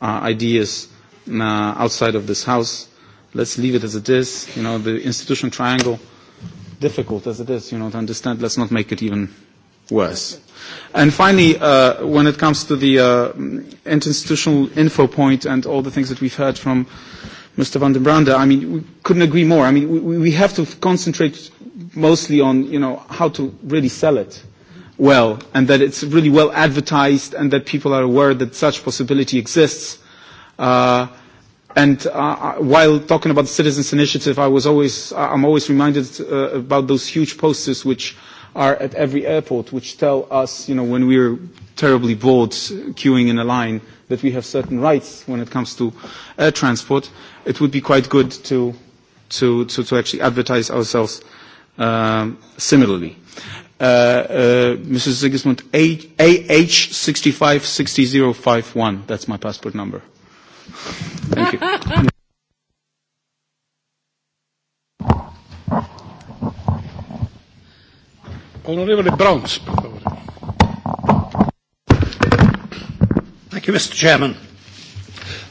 uh, ideas uh, outside of this house let's leave it as it is. You know, the institutional triangle, difficult as it is, you know, to understand, let's not make it even worse. And finally, uh, when it comes to the uh, interinstitutional info point and all the things that we've heard from Mr. Van den Brande, I mean, we couldn't agree more. I mean, we, we have to concentrate mostly on, you know, how to really sell it well and that it's really well advertised and that people are aware that such possibility exists. Uh, And uh, uh, while talking about the Citizens Initiative, I was always, I'm always reminded uh, about those huge posters which are at every airport, which tell us, you know, when we're terribly bored queuing in a line, that we have certain rights when it comes to air transport. It would be quite good to, to, to, to actually advertise ourselves um, similarly. Uh, uh, Mrs. Sigismund, AH6560051, that's my passport number. Thank you. Onorevole Browns, per favore. Thank you, Mr. Chairman.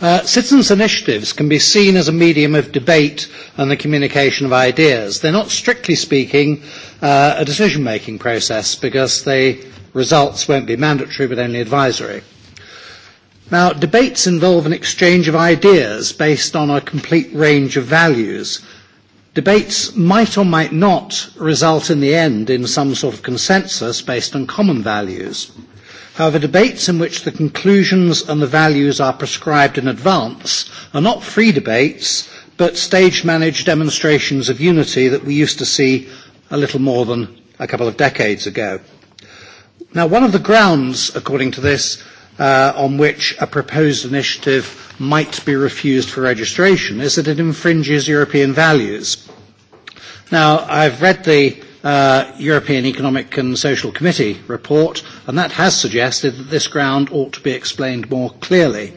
Uh, citizens' initiatives can be seen as a medium of debate and the communication of ideas. They're not, strictly speaking, uh, a decision-making process because the results won't be mandatory but only advisory. Now, debates involve an exchange of ideas based on a complete range of values. Debates might or might not result in the end in some sort of consensus based on common values. However, debates in which the conclusions and the values are prescribed in advance are not free debates, but stage managed demonstrations of unity that we used to see a little more than a couple of decades ago. Now, one of the grounds, according to this, uh, on which a proposed initiative might be refused for registration is that it infringes European values. Now, I've read the uh, European Economic and Social Committee report, and that has suggested that this ground ought to be explained more clearly.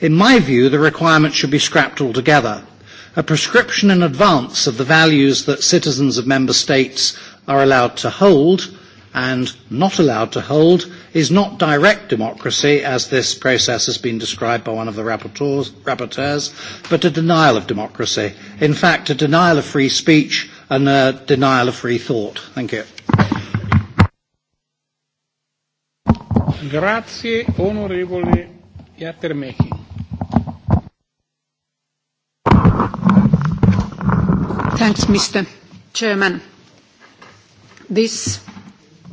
In my view, the requirement should be scrapped altogether. A prescription in advance of the values that citizens of member states are allowed to hold and not allowed to hold is not direct democracy, as this process has been described by one of the rapporteurs, but a denial of democracy. In fact, a denial of free speech and a denial of free thought. Thank you. Grazie, onorevole Iatermechi. Thanks, Mr. Chairman. This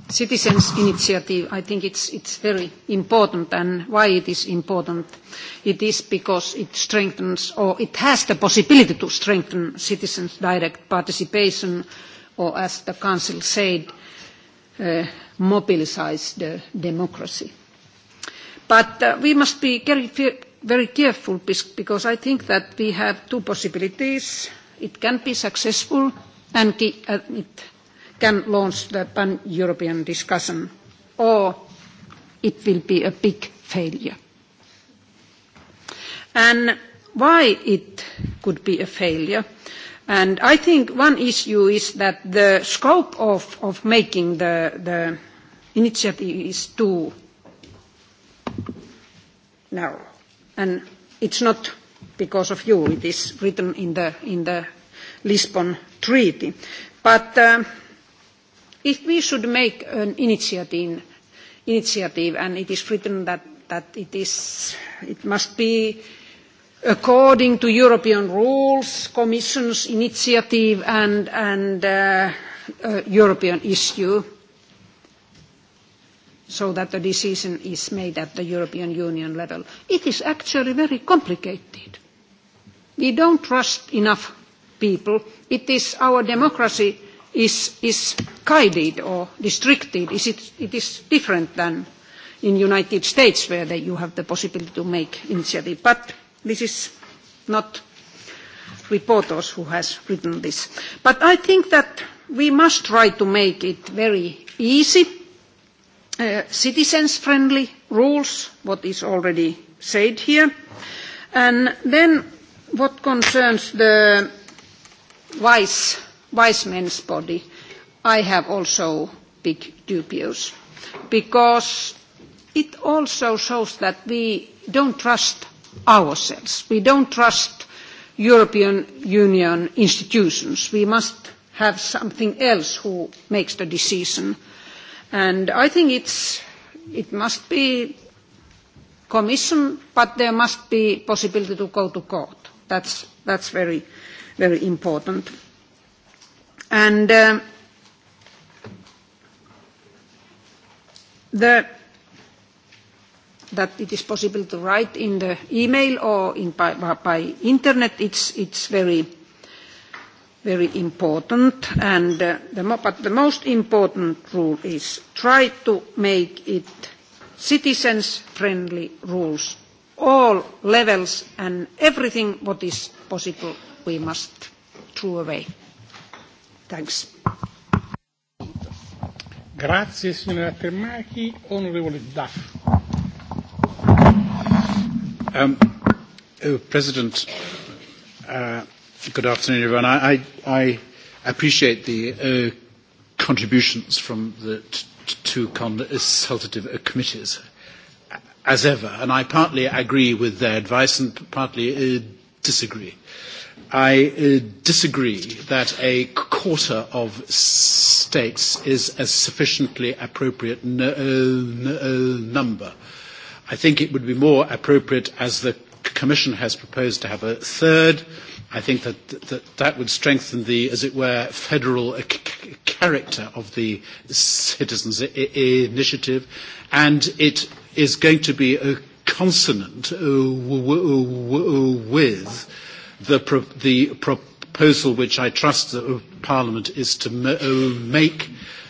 citizens' initiative, I think it's, it's very important. And why it is important? It is because it strengthens, or it has the possibility to strengthen citizens' direct participation, or as the Council said, uh, mobilise the democracy. But uh, we must be very careful because I think that we have two possibilities. It can be successful and uh, it can launch the pan-European discussion, or it will be a big failure. And why it could be a failure? And I think one issue is that the scope of, of making the, the initiative is too narrow. And it's not because of you, it is written in the, in the Lisbon Treaty. But... um, If we should make an initiative, initiative and it is written that, that it, is, it must be according to European rules, Commission's initiative and, and uh, uh, European issue, so that the decision is made at the European Union level. It is actually very complicated. We don't trust enough people. It is our democracy is, is guided or restricted. Is it, it is different than in United States where they, you have the possibility to make initiative. But this is not reporters who has written this. But I think that we must try to make it very easy, uh, citizens-friendly rules, what is already said here. And then what concerns the vice wise men's body, I have also big dubious because it also shows that we don't trust ourselves. We don't trust European Union institutions. We must have something else who makes the decision. And I think it's, it must be Commission, but there must be possibility to go to court. That's, that's very, very important. And um, the, that it is possible to write in the email or in, by, by internet, it's, it's very, very important. And, uh, the, but the most important rule is try to make it citizens-friendly rules, all levels and everything what is possible we must throw away. Thanks. Grazie signora Termachi. Onorevole Duff. Um, oh, President, uh, good afternoon everyone. I, I, I appreciate the uh, contributions from the two consultative uh, committees uh, as ever, and I partly agree with their advice and partly uh, disagree. Uh, I uh, disagree that a quarter of states is a sufficiently appropriate n- uh, uh, number. I think it would be more appropriate, as the Commission has proposed, to have a third. I think that that, that would strengthen the, as it were, federal uh, character of the citizens' initiative, and it is going to be a consonant with the, pro the proposal which I trust the Parliament is to uh, make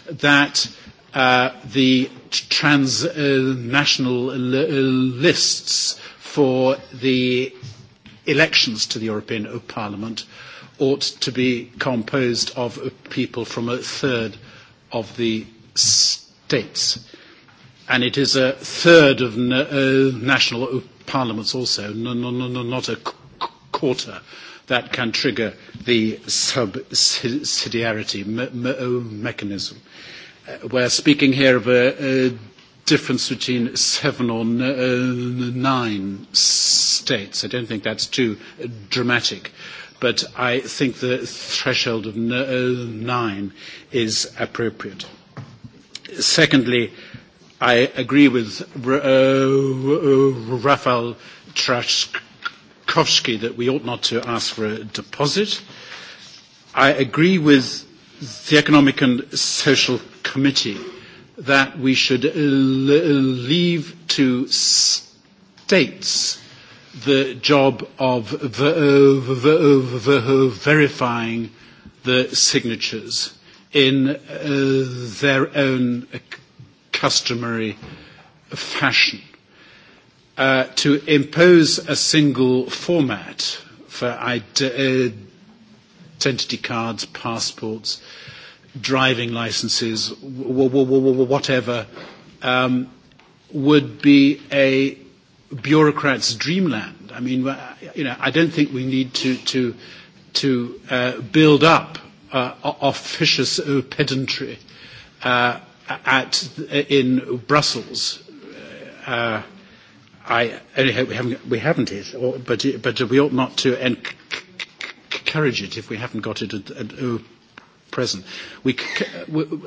that uh, the transnational uh, uh, lists for the elections to the European Parliament ought to be composed of people from a third of the states. And it is a third of uh, national parliaments also, not a quarter that can trigger the subsidiarity oh, mechanism. Uh, we're speaking here of a, a difference between seven or uh, nine states. I don't think that's too dramatic, but I think the threshold of uh, nine is appropriate. Secondly, I agree with Rafael Trask Tarkovsky that we ought not to ask for a deposit. I agree with the Economic and Social Committee that we should leave to states the job of verifying the signatures in uh, their own customary fashion uh, to impose a single format for uh, identity cards, passports, driving licenses, whatever, um, would be a bureaucrat's dreamland. I mean, you know, I don't think we need to, to, to uh, build up uh, officious pedantry uh, at, in Brussels. Uh, I only hope we haven't, we haven't it, or, but, but we ought not to encourage it if we haven't got it at, at at oh, present. We,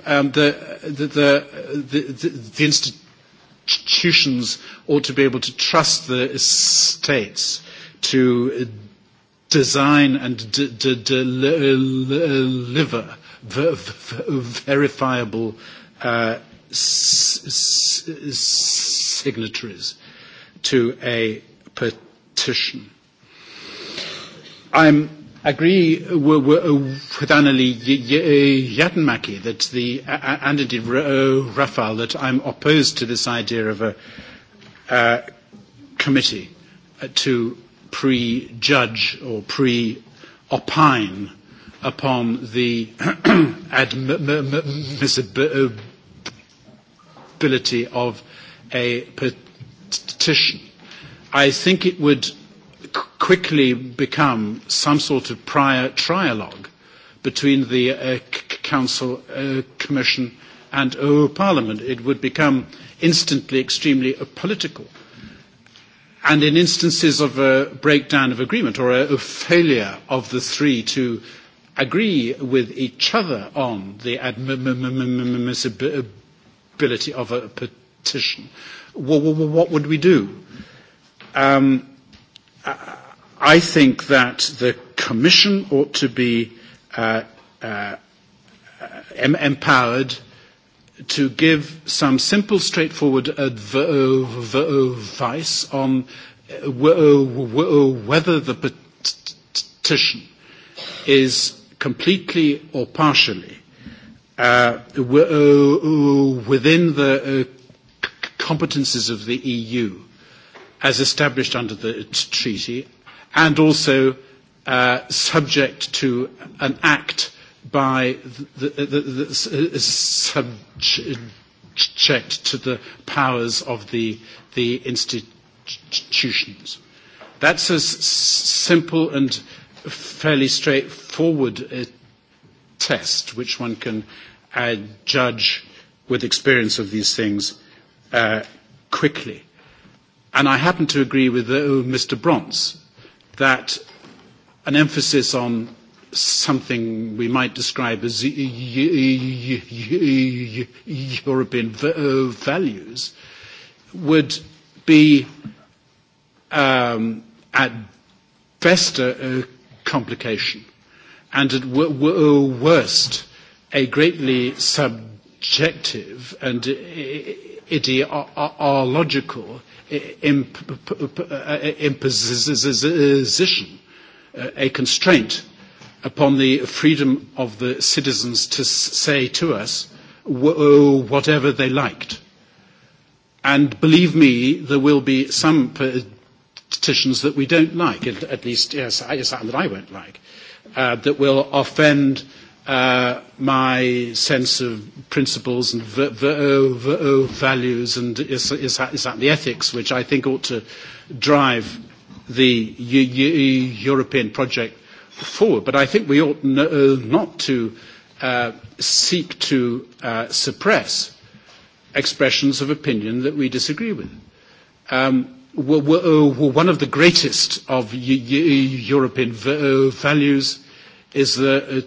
um, the, the, the, the, the institutions ought to be able to trust the states to design and d- d- deliver ver- ver- verifiable uh, s- s- signatories to a petition. I agree uh, with Annalie uh, Yadmaki that the, and indeed uh, Rafal, that I'm opposed to this idea of a uh, committee to prejudge or pre-opine upon the admissibility of a petition competition, I think it would quickly become some sort of prior trialogue between the uh, Council, uh, Commission, and uh, Parliament. It would become instantly extremely uh, political. And in instances of a breakdown of agreement or a, a failure of the three to agree with each other on the admissibility of a petition, what, what would we do? Um, I think that the Commission ought to be uh, uh, em- empowered to give some simple, straightforward advice on uh, whether the petition is completely or partially uh, uh within the uh, competences of the EU as established under the treaty and also uh, subject to an act by the, the, the, the uh, subject to the powers of the, the institutions. That's a simple and fairly straightforward uh, test which one can uh, judge with experience of these things Uh, quickly. And I happen to agree with uh, oh, Mr. Bronze that an emphasis on something we might describe as European uh, values would be um, at best a, a complication and at w- w- uh, worst a greatly subjective and ideological uh, imposition, uh, a constraint upon the freedom of the citizens to say to us uh, whatever they liked. And believe me, there will be some petitions that we don't like, at least yes, some that I won't like, uh, that will offend Uh, my sense of principles and v- v- v- values and is, is, that, is that the ethics which I think ought to drive the U- U- European project forward. But I think we ought uh, not to uh, seek to uh, suppress expressions of opinion that we disagree with. Um, we're, we're, we're one of the greatest of U- U- European v- values is the uh,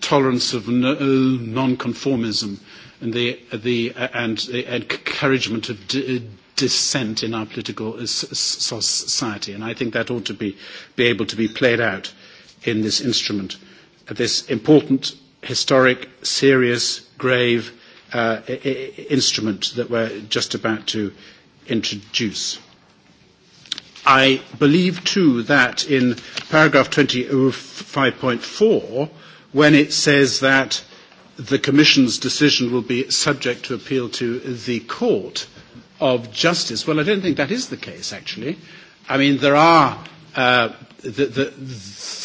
tolerance of no, uh, non-conformism and the, the, uh, and the uh, encouragement of d- dissent in our political society. And I think that ought to be, be able to be played out in this instrument, this important, historic, serious, grave uh, instrument that we're just about to introduce. I believe too that in paragraph 25.4, when it says that the Commission's decision will be subject to appeal to the Court of Justice. Well, I don't think that is the case, actually. I mean, there are, uh, the, the,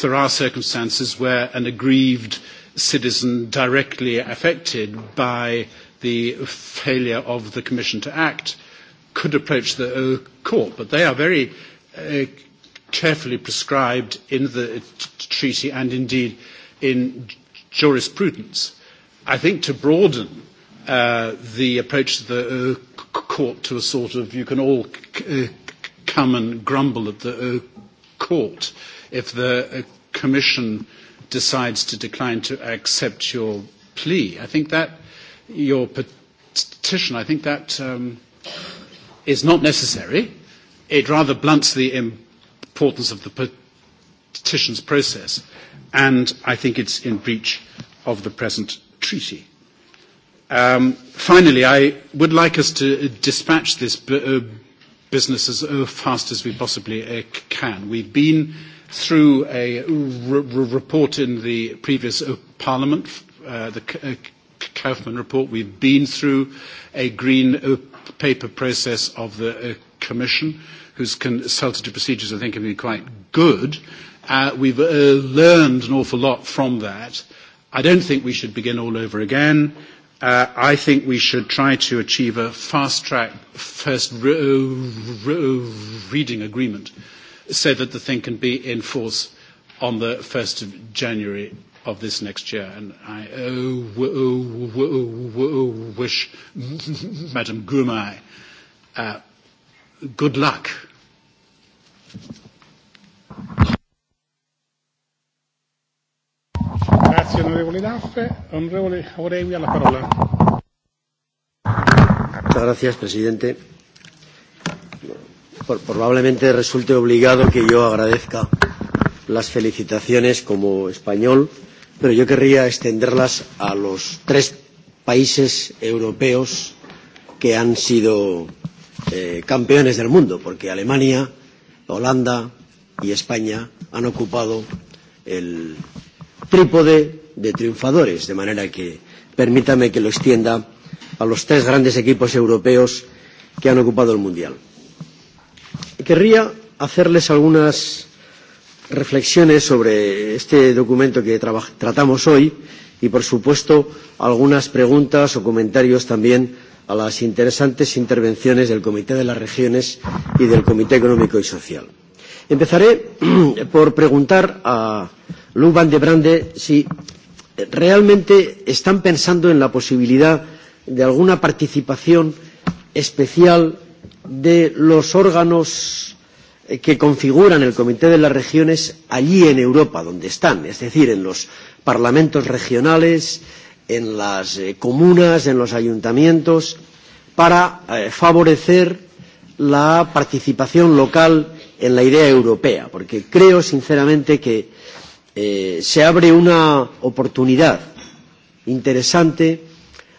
there are circumstances where an aggrieved citizen directly affected by the failure of the Commission to act could approach the uh, court, but they are very uh, carefully prescribed in the treaty and indeed in jurisprudence. I think to broaden uh, the approach of the uh, court to a sort of you can all uh, come and grumble at the uh, court if the uh, commission decides to decline to accept your plea. I think that your petition, I think that um, is not necessary. It rather blunts the importance of the petition petitions process, and I think it's in breach of the present treaty. Um, finally, I would like us to dispatch this bu uh, business as uh, fast as we possibly uh, can. We've been through a r- r- report in the previous uh, Parliament, uh, the C uh, Kaufman report. We've been through a green uh, paper process of the Commission, whose consultative procedures I think have been quite good Uh, we've uh, learned an awful lot from that. I don't think we should begin all over again. Uh, I think we should try to achieve a fast track first re- uh, re- uh, reading agreement so that the thing can be in force on the 1st of January of this next year. And I oh, oh, oh, oh, wish Madam Gourmay uh, good luck. Grazie onorevole Daffe. Onorevole Orevi alla parola. Muchas gracias, presidente. Por, probablemente resulte obligado que yo agradezca las felicitaciones como español, pero yo querría extenderlas a los tres países europeos que han sido eh, campeones del mundo, porque Alemania, Holanda y España han ocupado el trípode de triunfadores, de manera que permítame que lo extienda a los tres grandes equipos europeos que han ocupado el Mundial. Querría hacerles algunas reflexiones sobre este documento que tratamos hoy y, por supuesto, algunas preguntas o comentarios también a las interesantes intervenciones del Comité de las Regiones y del Comité Económico y Social. Empezaré por preguntar a Lou Van de Brande, si realmente están pensando en la posibilidad de alguna participación especial de los órganos eh, que configuran el Comité de las Regiones allí en Europa, donde están, es decir, en los parlamentos regionales, en las eh, comunas, en los ayuntamientos, para eh, favorecer la participación local en la idea europea, porque creo sinceramente que eh, se abre una oportunidad interesante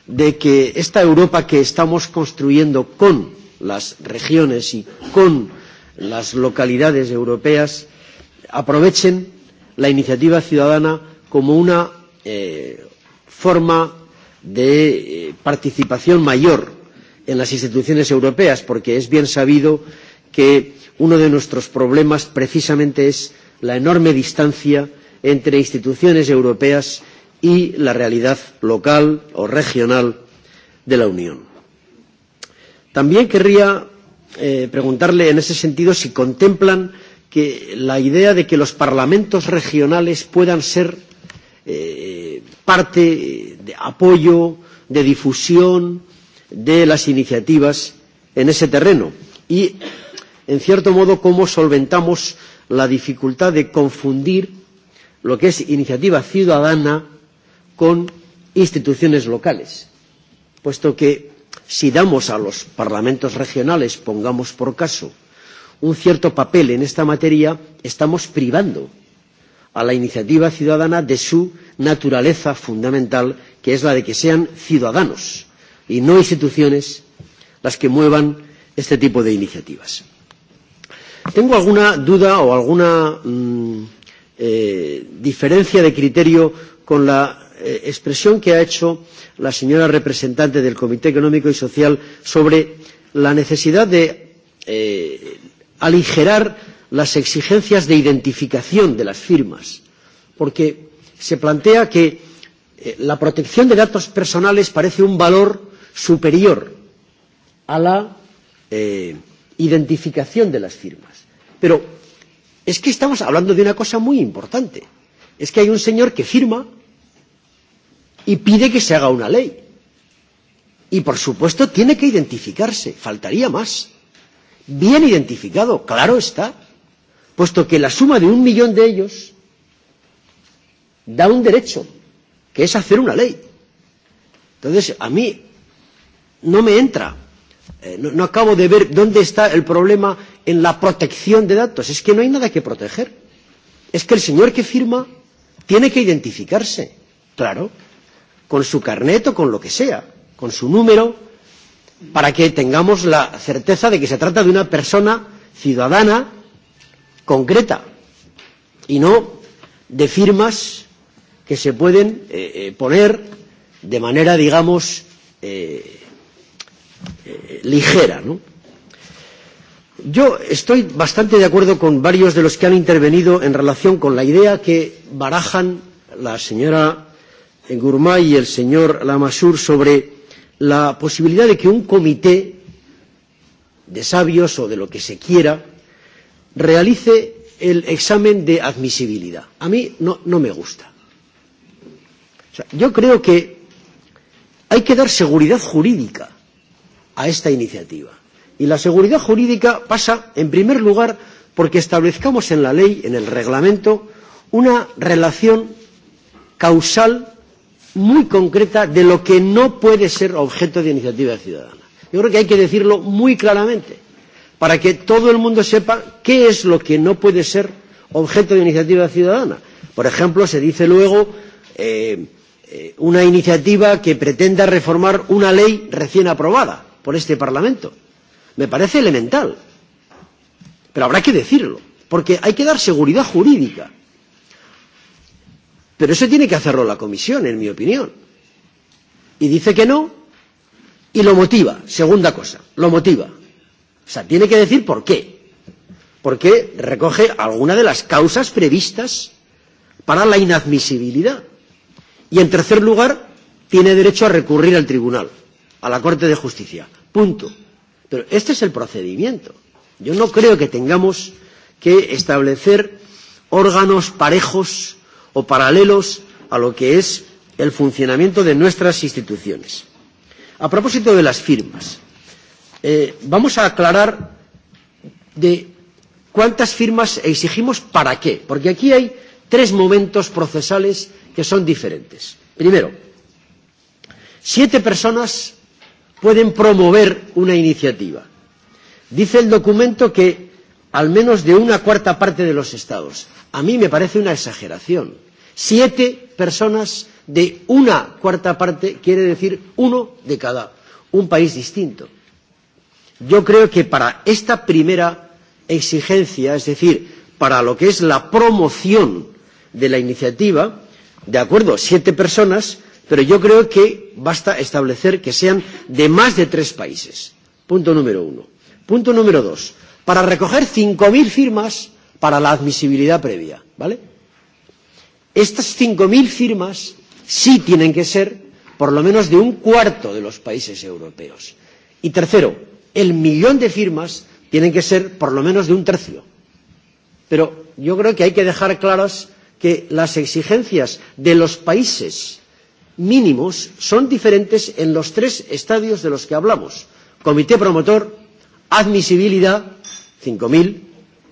de que esta Europa que estamos construyendo con las regiones y con las localidades europeas aprovechen la iniciativa ciudadana como una eh, forma de eh, participación mayor en las instituciones europeas, porque es bien sabido que uno de nuestros problemas precisamente es la enorme distancia entre instituciones europeas y la realidad local o regional de la Unión. También querría eh, preguntarle en ese sentido si contemplan que la idea de que los parlamentos regionales puedan ser eh, parte de apoyo, de difusión de las iniciativas en ese terreno y, en cierto modo, cómo solventamos la dificultad de confundir lo que es iniciativa ciudadana con instituciones locales, puesto que si damos a los parlamentos regionales, pongamos por caso, un cierto papel en esta materia, estamos privando a la iniciativa ciudadana de su naturaleza fundamental, que es la de que sean ciudadanos y no instituciones las que muevan este tipo de iniciativas. Tengo alguna duda o alguna mmm, eh, diferencia de criterio con la eh, expresión que ha hecho la señora representante del Comité Económico y Social sobre la necesidad de eh, aligerar las exigencias de identificación de las firmas, porque se plantea que eh, la protección de datos personales parece un valor superior a la eh, identificación de las firmas. Pero es que estamos hablando de una cosa muy importante. Es que hay un señor que firma y pide que se haga una ley. Y, por supuesto, tiene que identificarse. Faltaría más. Bien identificado, claro está. Puesto que la suma de un millón de ellos da un derecho, que es hacer una ley. Entonces, a mí no me entra. Eh, no, no acabo de ver dónde está el problema en la protección de datos. Es que no hay nada que proteger. Es que el señor que firma tiene que identificarse, claro, con su carnet o con lo que sea, con su número, para que tengamos la certeza de que se trata de una persona ciudadana concreta y no de firmas que se pueden eh, eh poner de manera, digamos, eh, eh, ligera, ¿no? Yo estoy bastante de acuerdo con varios de los que han intervenido en relación con la idea que barajan la señora Gourmay y el señor Lamassur sobre la posibilidad de que un comité de sabios o de lo que se quiera realice el examen de admisibilidad. A mí no, no me gusta. O sea, yo creo que hay que dar seguridad jurídica a esta iniciativa. Y la seguridad jurídica pasa, en primer lugar, porque establezcamos en la ley, en el reglamento, una relación causal muy concreta de lo que no puede ser objeto de iniciativa ciudadana. Yo creo que hay que decirlo muy claramente para que todo el mundo sepa qué es lo que no puede ser objeto de iniciativa ciudadana. Por ejemplo, se dice luego eh, eh, una iniciativa que pretenda reformar una ley recién aprobada por este Parlamento. Me parece elemental. Pero habrá que decirlo, porque hay que dar seguridad jurídica. Pero eso tiene que hacerlo la comisión, en mi opinión. Y dice que no y lo motiva. Segunda cosa, lo motiva. O sea, tiene que decir por qué. Porque recoge alguna de las causas previstas para la inadmisibilidad. Y en tercer lugar, tiene derecho a recurrir al tribunal, a la Corte de Justicia. Punto. Pero este es el procedimiento. Yo no creo que tengamos que establecer órganos parejos o paralelos a lo que es el funcionamiento de nuestras instituciones. A propósito de las firmas, eh, vamos a aclarar de cuántas firmas exigimos para qué, porque aquí hay tres momentos procesales que son diferentes. Primero, siete personas pueden promover una iniciativa. Dice el documento que al menos de una cuarta parte de los estados. A mí me parece una exageración. Siete personas de una cuarta parte quiere decir uno de cada un país distinto. Yo creo que para esta primera exigencia, es decir, para lo que es la promoción de la iniciativa, de acuerdo, siete personas, Pero yo creo que basta establecer que sean de más de tres países. Punto número uno. Punto número dos. Para recoger 5.000 firmas para la admisibilidad previa. ¿Vale? Estas 5.000 firmas sí tienen que ser por lo menos de un cuarto de los países europeos. Y tercero, el millón de firmas tienen que ser por lo menos de un tercio. Pero yo creo que hay que dejar claras que las exigencias de los países mínimos son diferentes en los tres estadios de los que hablamos comité promotor, admisibilidad cinco mil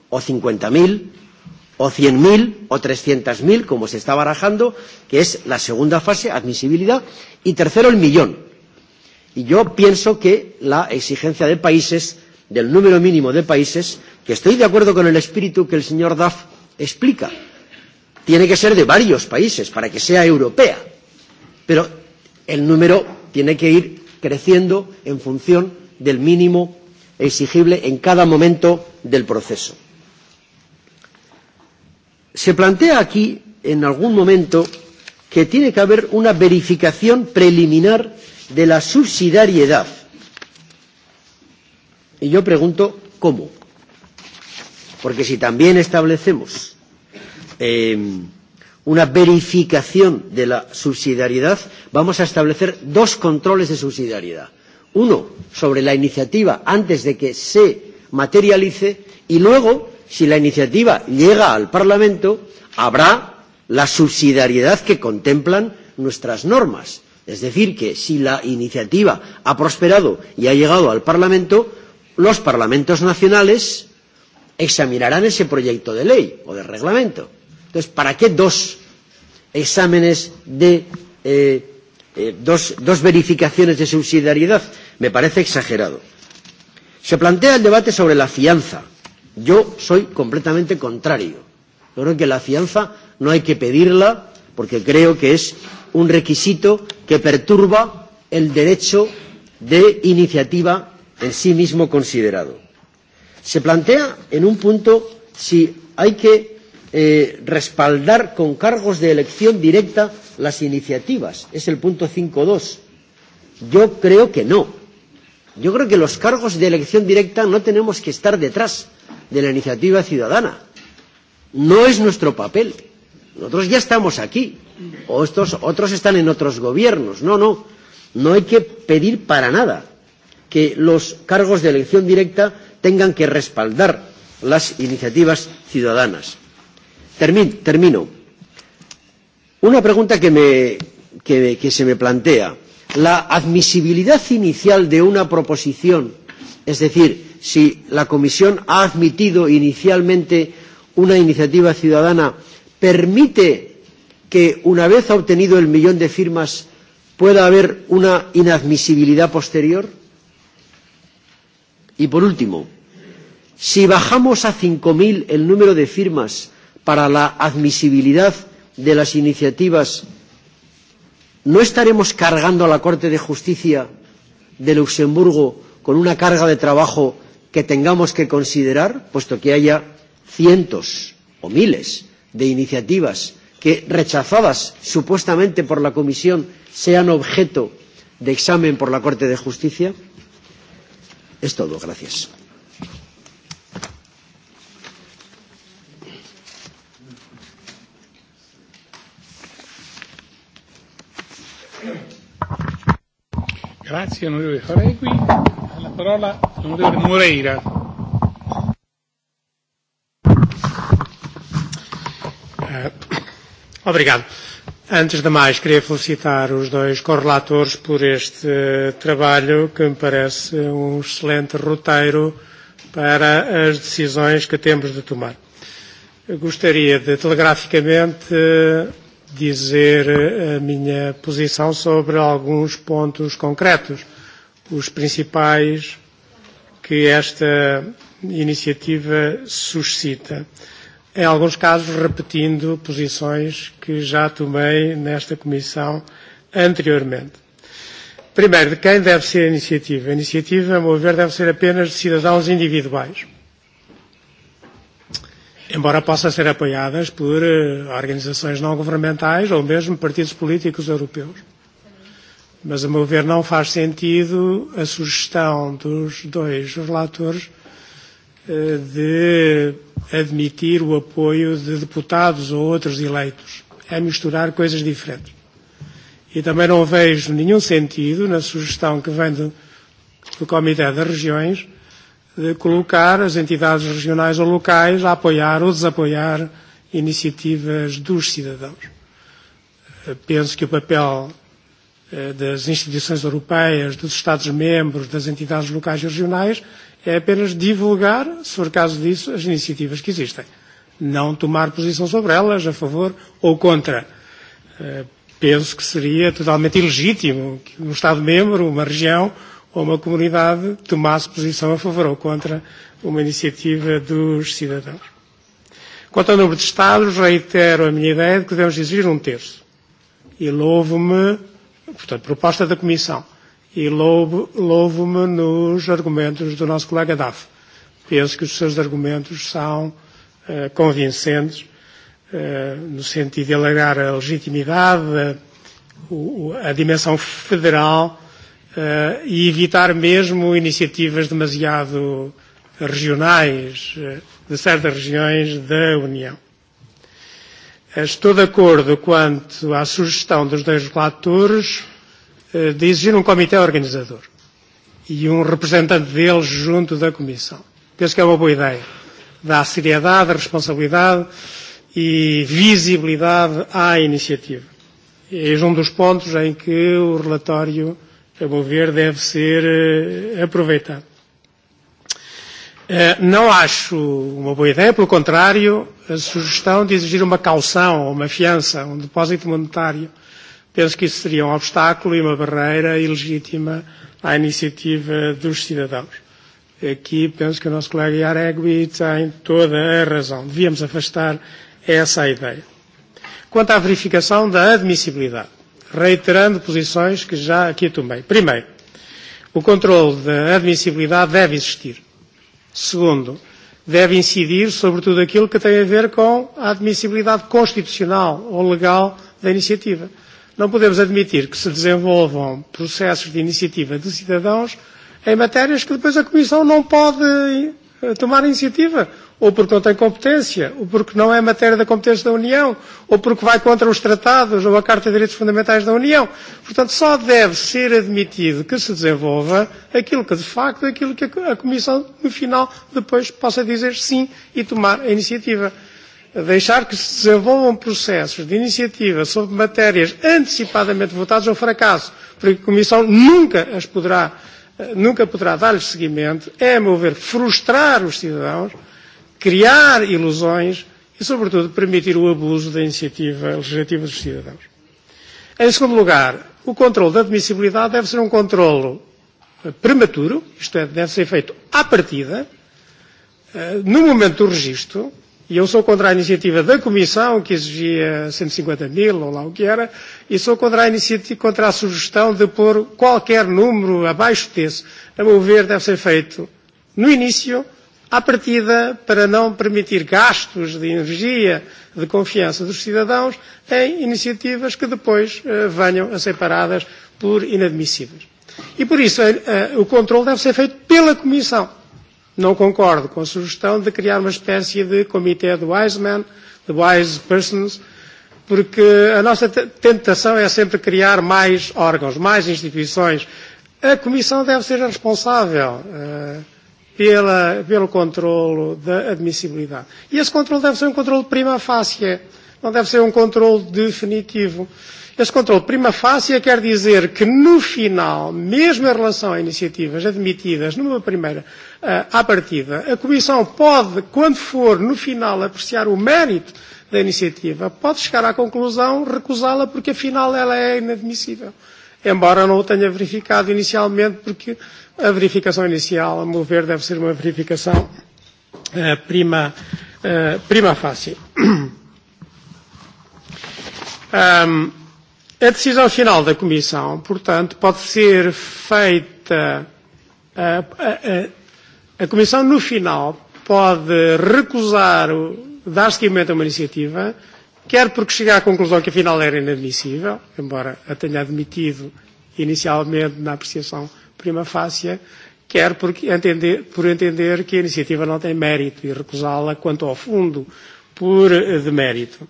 o cincuenta mil o cien mil o trescientas mil, como se está barajando, que es la segunda fase, admisibilidad, y tercero el millón. Y yo pienso que la exigencia de países, del número mínimo de países, que estoy de acuerdo con el espíritu que el señor Duff explica, tiene que ser de varios países para que sea europea Pero el número tiene que ir creciendo en función del mínimo exigible en cada momento del proceso. Se plantea aquí, en algún momento, que tiene que haber una verificación preliminar de la subsidiariedad. Y yo pregunto, ¿cómo? Porque si también establecemos eh, una verificación de la subsidiariedad, vamos a establecer dos controles de subsidiariedad. Uno, sobre la iniciativa antes de que se materialice y luego, si la iniciativa llega al Parlamento, habrá la subsidiariedad que contemplan nuestras normas. Es decir, que si la iniciativa ha prosperado y ha llegado al Parlamento, los parlamentos nacionales examinarán ese proyecto de ley o de reglamento Entonces, ¿para qué dos exámenes de eh, eh, dos, dos verificaciones de subsidiariedad? Me parece exagerado. Se plantea el debate sobre la fianza. Yo soy completamente contrario. Yo creo que la fianza no hay que pedirla porque creo que es un requisito que perturba el derecho de iniciativa en sí mismo considerado. Se plantea en un punto si hay que eh, respaldar con cargos de elección directa las iniciativas. Es el punto 5.2. Yo creo que no. Yo creo que los cargos de elección directa no tenemos que estar detrás de la iniciativa ciudadana. No es nuestro papel. Nosotros ya estamos aquí. O estos, otros están en otros gobiernos. No, no. No hay que pedir para nada que los cargos de elección directa tengan que respaldar las iniciativas ciudadanas. Termin, termino. Una pregunta que, me, que, que se me plantea. La admisibilidad inicial de una proposición, es decir, si la Comisión ha admitido inicialmente una iniciativa ciudadana, permite que, una vez obtenido el millón de firmas, pueda haber una inadmisibilidad posterior? Y por último, si bajamos a 5.000 el número de firmas para la admisibilidad de las iniciativas, ¿no estaremos cargando a la Corte de Justicia de Luxemburgo con una carga de trabajo que tengamos que considerar, puesto que haya cientos o miles de iniciativas que, rechazadas supuestamente por la Comisión, sean objeto de examen por la Corte de Justicia? Es todo. Gracias. Grazie onorevole Faregui. La parola onorevole Moreira. Eh, obrigado. Antes de mais, queria felicitar os dois correlatores por este eh, trabalho, que me parece um excelente roteiro para as decisões que temos de tomar. Eu gostaria de, telegraficamente, dizer a eh, eh, minha posição sobre alguns pontos concretos, os principais que esta iniciativa suscita. Em alguns casos, repetindo posições que já tomei nesta Comissão anteriormente. Primeiro, de quem deve ser a iniciativa? A iniciativa, a meu ver, deve ser apenas de cidadãos individuais embora possam ser apoiadas por uh, organizações não governamentais ou mesmo partidos políticos europeus. Mas, a meu ver, não faz sentido a sugestão dos dois relatores uh, de admitir o apoio de deputados ou outros eleitos. É misturar coisas diferentes. E também não vejo nenhum sentido na sugestão que vem do, do Comitê das Regiões Eh, colocar as entidades regionais ou locais a apoiar ou desapoiar iniciativas dos cidadãos. Eh, penso que o papel eh, das instituições europeias, dos Estados-membros, das entidades locais e regionais é apenas divulgar, se for caso disso, as iniciativas que existem. Não tomar posição sobre elas, a favor ou contra. Penso que seria totalmente ilegítimo que um Estado-membro, uma região, a uma comunidade tomasse posição a favor ou contra uma iniciativa dos cidadãos. Quanto ao número de Estados, reitero a minha ideia de que devemos exigir um terço. E louvo-me, portanto, proposta da Comissão, e louvo-me nos argumentos do nosso colega Daf. Penso que os seus argumentos são uh, convincentes Uh, no sentido de alargar a legitimidade, a, a dimensão federal uh, e evitar mesmo iniciativas demasiado regionais eh, de certas regiões da União. Eh, estou de acordo quanto à sugestão dos dois relatores de exigir um comitê organizador e um representante deles junto da Comissão. Penso que é uma boa ideia. Dá seriedade, responsabilidade e visibilidade à iniciativa. É um dos pontos em que o relatório a meu deve ser uh, aproveitado. Uh, Não acho uma boa ideia, pelo contrário, a sugestão de exigir uma caução uma fiança, um depósito monetário, penso que isso seria um obstáculo e uma barreira ilegítima à iniciativa dos cidadãos. Aqui penso que o nosso colega Iaregui tem toda a razão. Devíamos afastar essa ideia. Quanto à verificação da admissibilidade, reiterando posições que já aqui tomei. Primeiro, o controle da admissibilidade deve existir. Segundo, deve incidir sobre tudo aquilo que tem a ver com a admissibilidade constitucional ou legal da iniciativa. Não podemos admitir que se desenvolvam processos de iniciativa de cidadãos em matérias que depois a Comissão não pode eh, tomar iniciativa ou porque não tem competência, ou porque não é matéria da competência da União, ou porque vai contra os tratados ou a Carta de Direitos Fundamentais da União. Portanto, só deve ser admitido que se desenvolva aquilo que, de facto, aquilo que a Comissão, no final, depois possa dizer sim e tomar a iniciativa. Deixar que se desenvolvam processos de iniciativa sobre matérias antecipadamente votadas é um fracasso, porque a Comissão nunca as poderá, eh, nunca poderá dar-lhes seguimento, é, a meu ver, frustrar os cidadãos, criar ilusões e, sobretudo, permitir o abuso da iniciativa legislativa dos cidadãos. Em segundo lugar, o controle da admissibilidade deve ser um controle eh, prematuro, isto é, deve ser feito à partida, eh, no momento do registro, e eu sou contra a iniciativa da Comissão, que exigia 150 e mil, ou lá o que era, e sou contra a, iniciativa, contra a sugestão de pôr qualquer número abaixo desse. A meu ver, deve ser feito no início, à partida para não permitir gastos de energia de confiança dos cidadãos em iniciativas que depois eh, venham a ser paradas por inadmissíveis. E por isso eh, eh, o controle deve ser feito pela Comissão. Não concordo com a sugestão de criar uma espécie de comitê de wise men, de wise persons, porque a nossa tentação é sempre criar mais órgãos, mais instituições. A Comissão deve ser a responsável. Uh, pela, pelo controlo da admissibilidade. E esse controle deve ser um controle prima facie, não deve ser um controle definitivo. Esse controle prima facie quer dizer que, no final, mesmo em relação a iniciativas admitidas numa primeira uh, eh, à partida, a Comissão pode, quando for, no final, apreciar o mérito da iniciativa, pode chegar à conclusão recusá-la porque, afinal, ela é inadmissível. Uh, embora não o tenha verificado inicialmente, porque a verificação inicial, a meu ver, deve ser uma verificação uh, prima, uh, prima facie. Um, a decisão final da Comissão, portanto, pode ser feita. A, a, a Comissão, no final, pode recusar, o, dar seguimento a uma iniciativa, quer porque cheguei à conclusão que afinal era inadmissível, embora a tenha admitido inicialmente na apreciação prima facie, quer porque entender, por entender que a iniciativa não tem mérito e recusá-la quanto ao fundo por eh, demérito.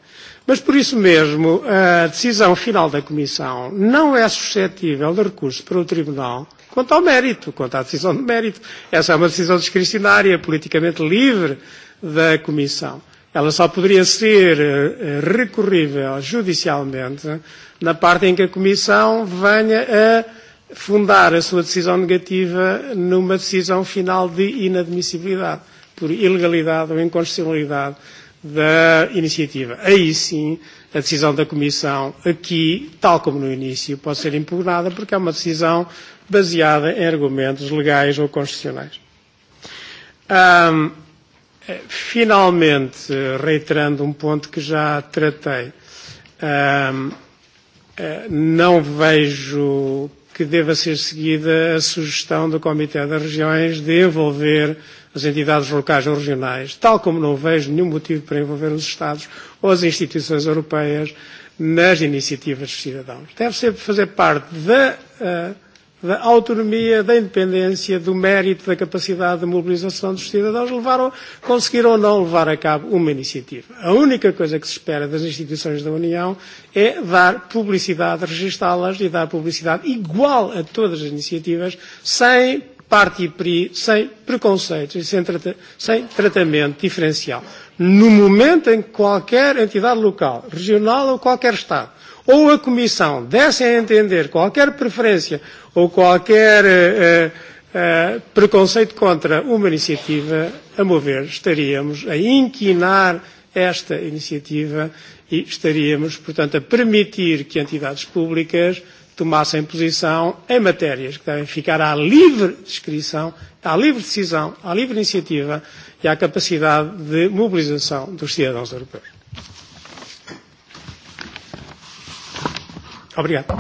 Mas por isso mesmo, a decisão final da Comissão não é suscetível de recurso para o Tribunal quanto ao mérito, quanto à decisão de mérito. Essa é uma decisão discricionária, politicamente livre da Comissão ela só poderia ser eh, recorrível judicialmente na parte em que a Comissão venha a fundar a sua decisão negativa numa decisão final de inadmissibilidade, por ilegalidade ou inconstitucionalidade da iniciativa. Aí sim, a decisão da Comissão, aqui, tal como no início, pode ser impugnada porque é uma decisão baseada em argumentos legais ou constitucionais. Um, Finalmente, eh, reiterando um ponto que já tratei, ehm, eh, não vejo que deva ser seguida a sugestão do Comitê das Regiões de envolver as entidades locais ou regionais, tal como não vejo nenhum motivo para envolver os Estados ou as instituições europeias nas iniciativas dos cidadãos. Deve ser fazer parte da uh, da autonomia, da independência, do mérito, da capacidade de mobilização dos cidadãos, levaram, conseguiram ou não levar a cabo uma iniciativa. A única coisa que se espera das instituições da União é dar publicidade, registá-las e dar publicidade igual a todas as iniciativas, sem parte e pri, sem preconceitos e sem, trata, sem tratamento diferencial. No momento em que qualquer entidade local, regional ou qualquer Estado ou a Comissão desse a entender qualquer preferência ou qualquer uh, uh, preconceito contra uma iniciativa, a mover, estaríamos a inquinar esta iniciativa e estaríamos, portanto, a permitir que entidades públicas tomassem posição em matérias que devem ficar à livre descrição, à livre decisão, à livre iniciativa e à capacidade de mobilização dos cidadãos europeus. Obrigado.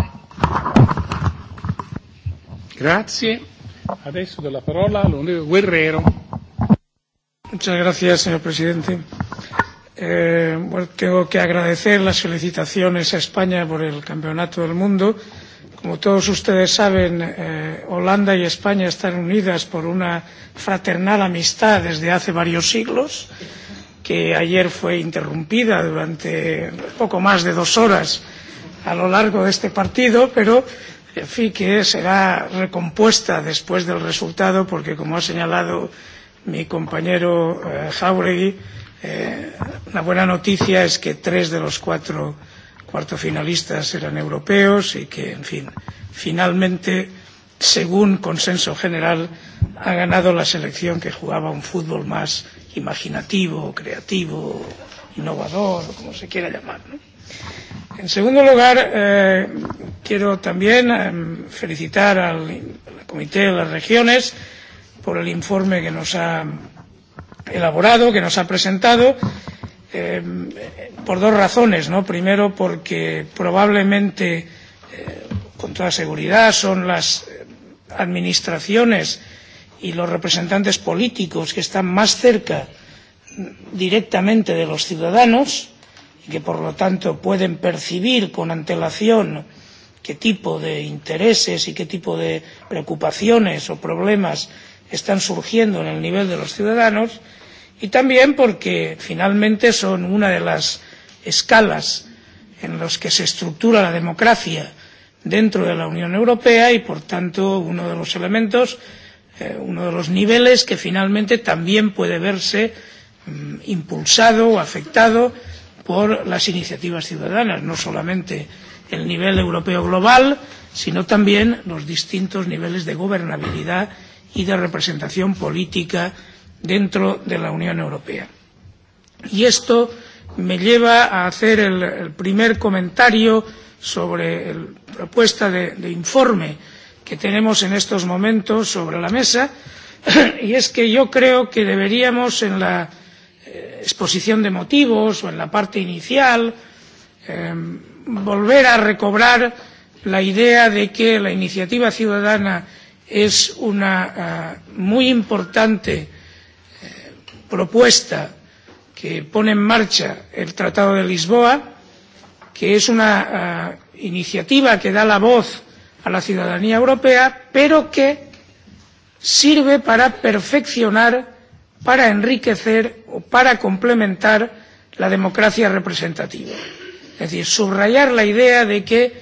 Grazie. Adesso do la parola all'onorevole Guerrero. Muchas gracias, señor presidente. Eh, bueno, tengo que agradecer las felicitaciones a España por el Campeonato del Mundo. Como todos ustedes saben, eh, Holanda y España están unidas por una fraternal amistad desde hace varios siglos, que ayer fue interrumpida durante poco más de dos horas a lo largo de este partido pero en fin que será recompuesta después del resultado porque como ha señalado mi compañero eh, jáuregui eh, la buena noticia es que tres de los cuatro cuartofinalistas eran europeos y que en fin finalmente según consenso general ha ganado la selección que jugaba un fútbol más imaginativo creativo innovador como se quiera llamar. ¿no? En segundo lugar, eh, quiero también eh, felicitar al, al Comité de las Regiones por el informe que nos ha elaborado, que nos ha presentado, eh, por dos razones. ¿no? Primero, porque probablemente, eh, con toda seguridad, son las administraciones y los representantes políticos que están más cerca directamente de los ciudadanos y que por lo tanto pueden percibir con antelación qué tipo de intereses y qué tipo de preocupaciones o problemas están surgiendo en el nivel de los ciudadanos y también porque finalmente son una de las escalas en las que se estructura la democracia dentro de la Unión Europea y por tanto uno de los elementos, eh, uno de los niveles que finalmente también puede verse mm, impulsado o afectado por las iniciativas ciudadanas, no solamente el nivel europeo global, sino también los distintos niveles de gobernabilidad y de representación política dentro de la Unión Europea. Y esto me lleva a hacer el, el primer comentario sobre la propuesta de, de informe que tenemos en estos momentos sobre la mesa, y es que yo creo que deberíamos en la exposición de motivos o en la parte inicial eh, volver a recobrar la idea de que la iniciativa ciudadana es una uh, muy importante eh, propuesta que pone en marcha el Tratado de Lisboa, que es una uh, iniciativa que da la voz a la ciudadanía europea, pero que sirve para perfeccionar para enriquecer o para complementar la democracia representativa. Es decir, subrayar la idea de que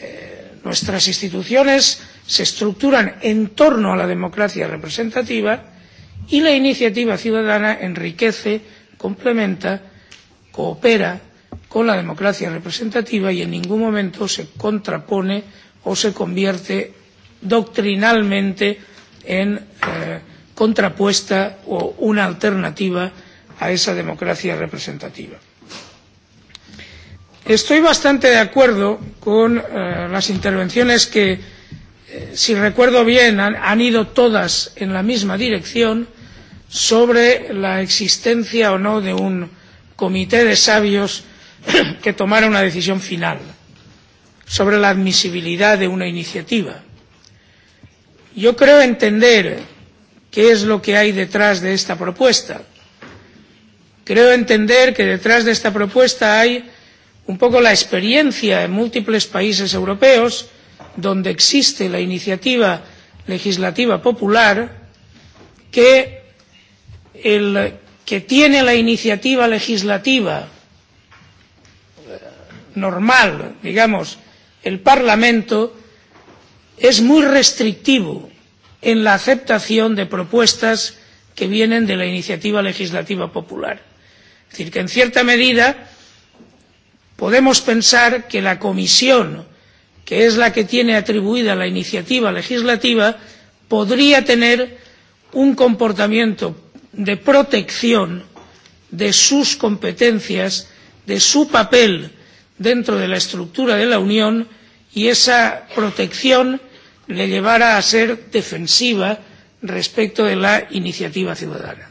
eh, nuestras instituciones se estructuran en torno a la democracia representativa y la iniciativa ciudadana enriquece, complementa, coopera con la democracia representativa y en ningún momento se contrapone o se convierte doctrinalmente en eh, contrapuesta o una alternativa a esa democracia representativa. Estoy bastante de acuerdo con eh, las intervenciones que, eh, si recuerdo bien, han, han ido todas en la misma dirección sobre la existencia o no de un comité de sabios que tomara una decisión final sobre la admisibilidad de una iniciativa. Yo creo entender qué es lo que hay detrás de esta propuesta. Creo entender que detrás de esta propuesta hay un poco la experiencia en múltiples países europeos donde existe la iniciativa legislativa popular que el que tiene la iniciativa legislativa normal, digamos, el Parlamento, es muy restrictivo en la aceptación de propuestas que vienen de la iniciativa legislativa popular. Es decir, que en cierta medida podemos pensar que la Comisión, que es la que tiene atribuida la iniciativa legislativa, podría tener un comportamiento de protección de sus competencias, de su papel dentro de la estructura de la Unión y esa protección le llevara a ser defensiva respecto de la iniciativa ciudadana.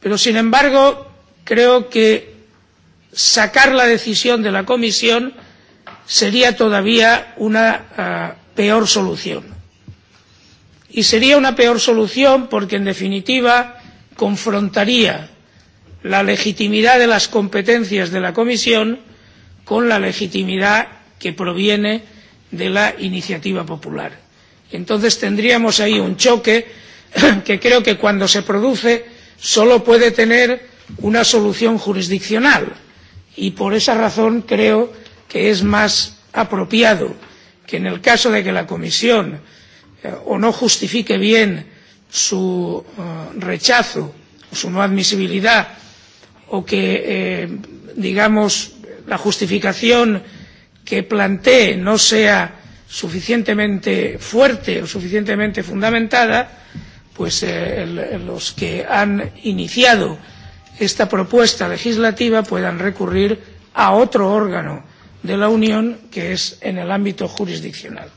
Pero, sin embargo, creo que sacar la decisión de la Comisión sería todavía una uh, peor solución. Y sería una peor solución porque, en definitiva, confrontaría la legitimidad de las competencias de la Comisión con la legitimidad que proviene de la iniciativa popular. entonces tendríamos ahí un choque que creo que cuando se produce solo puede tener una solución jurisdiccional y por esa razón creo que es más apropiado que en el caso de que la Comisión eh, o no justifique bien su eh, rechazo o su no admisibilidad o que, eh, digamos, la justificación eh, que plantee no sea suficientemente fuerte o suficientemente fundamentada, pues eh, el, los que han iniciado esta propuesta legislativa puedan recurrir a otro órgano de la Unión que es en el ámbito jurisdiccional.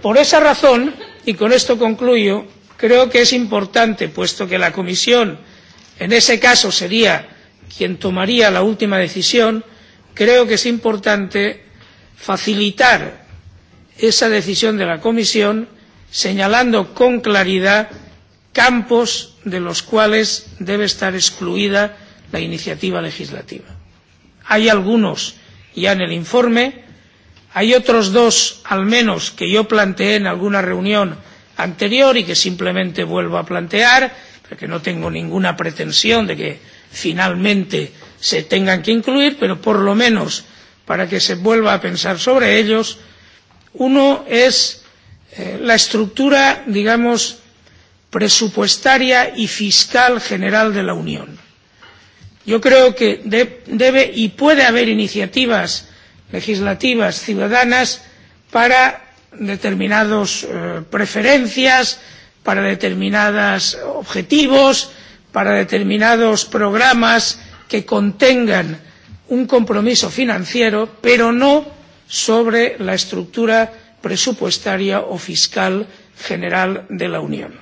Por esa razón, y con esto concluyo, creo que es importante, puesto que la Comisión en ese caso sería quien tomaría la última decisión, creo que es importante facilitar esa decisión de la Comisión señalando con claridad campos de los cuales debe estar excluida la iniciativa legislativa. Hay algunos ya en el informe, hay otros dos al menos que yo planteé en alguna reunión anterior y que simplemente vuelvo a plantear, porque no tengo ninguna pretensión de que finalmente se tengan que incluir, pero por lo menos para que se vuelva a pensar sobre ellos. Uno es eh, la estructura, digamos, presupuestaria y fiscal general de la Unión. Yo creo que de, debe y puede haber iniciativas legislativas ciudadanas para determinadas eh, preferencias, para determinados objetivos, para determinados programas que contengan un compromiso financiero pero no sobre la estructura presupuestaria o fiscal general de la unión.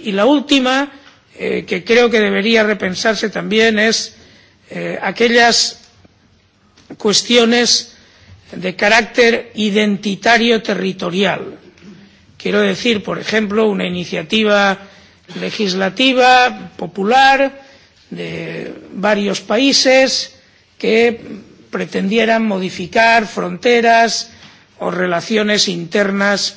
y la última eh, que creo que debería repensarse también es eh, aquellas cuestiones de carácter identitario territorial. Quiero decir, por ejemplo, una iniciativa legislativa popular de varios países que pretendieran modificar fronteras o relaciones internas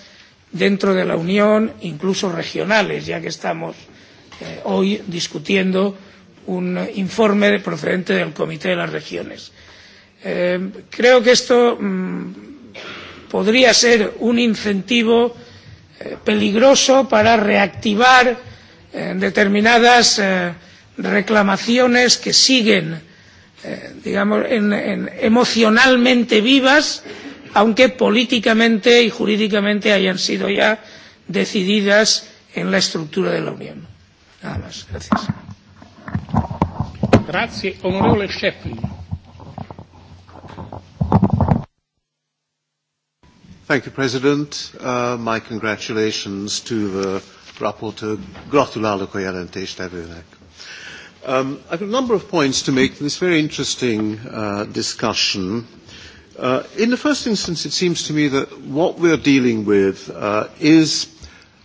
dentro de la Unión, incluso regionales, ya que estamos eh, hoy discutiendo un informe procedente del Comité de las Regiones. Eh, creo que esto mmm, podría ser un incentivo eh, peligroso para reactivar eh, determinadas eh, reclamaciones que siguen eh, digamos en, en, emocionalmente vivas aunque políticamente y jurídicamente hayan sido ya decididas en la estructura de la Unión. Nada más. Gracias. Grazie, Thank you, President. Uh, my congratulations to the rapporteur. Gratulálok a jelentéstevőnek. Um, I've got a number of points to make in this very interesting uh, discussion. Uh, in the first instance, it seems to me that what we're dealing with uh, is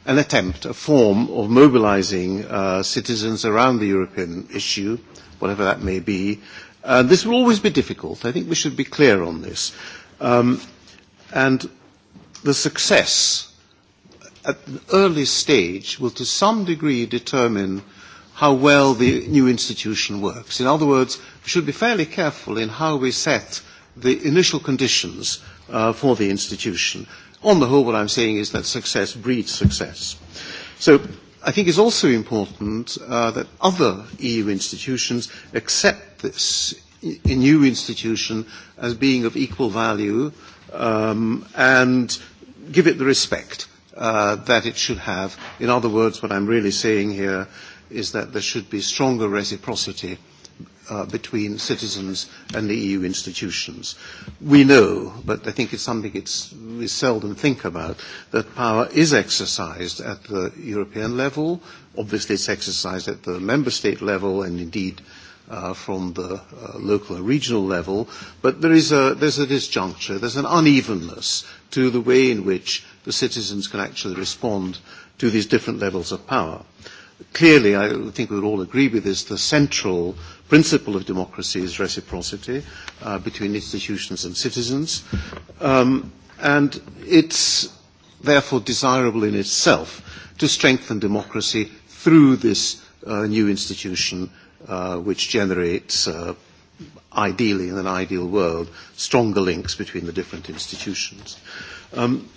an attempt, a form of mobilizing uh, citizens around the European issue, whatever that may be. Uh, this will always be difficult. I think we should be clear on this. Um, and the success at an early stage will to some degree determine how well the new institution works. In other words, we should be fairly careful in how we set the initial conditions uh, for the institution. On the whole, what I'm saying is that success breeds success. So I think it's also important uh, that other EU institutions accept this new institution as being of equal value um, and give it the respect uh, that it should have. In other words, what I'm really saying here is that there should be stronger reciprocity uh, between citizens and the EU institutions. We know, but I think it's something it's, we seldom think about, that power is exercised at the European level. Obviously, it's exercised at the member state level and indeed uh, from the uh, local and regional level. But there is a, there's a disjuncture, there's an unevenness to the way in which the citizens can actually respond to these different levels of power. Uh, clearly, I think we would all agree with this, the central principle of democracy is reciprocity uh, between institutions and citizens. Um, and it's therefore desirable in itself to strengthen democracy through this uh, new institution uh, which generates, uh, ideally in an ideal world, stronger links between the different institutions. Um,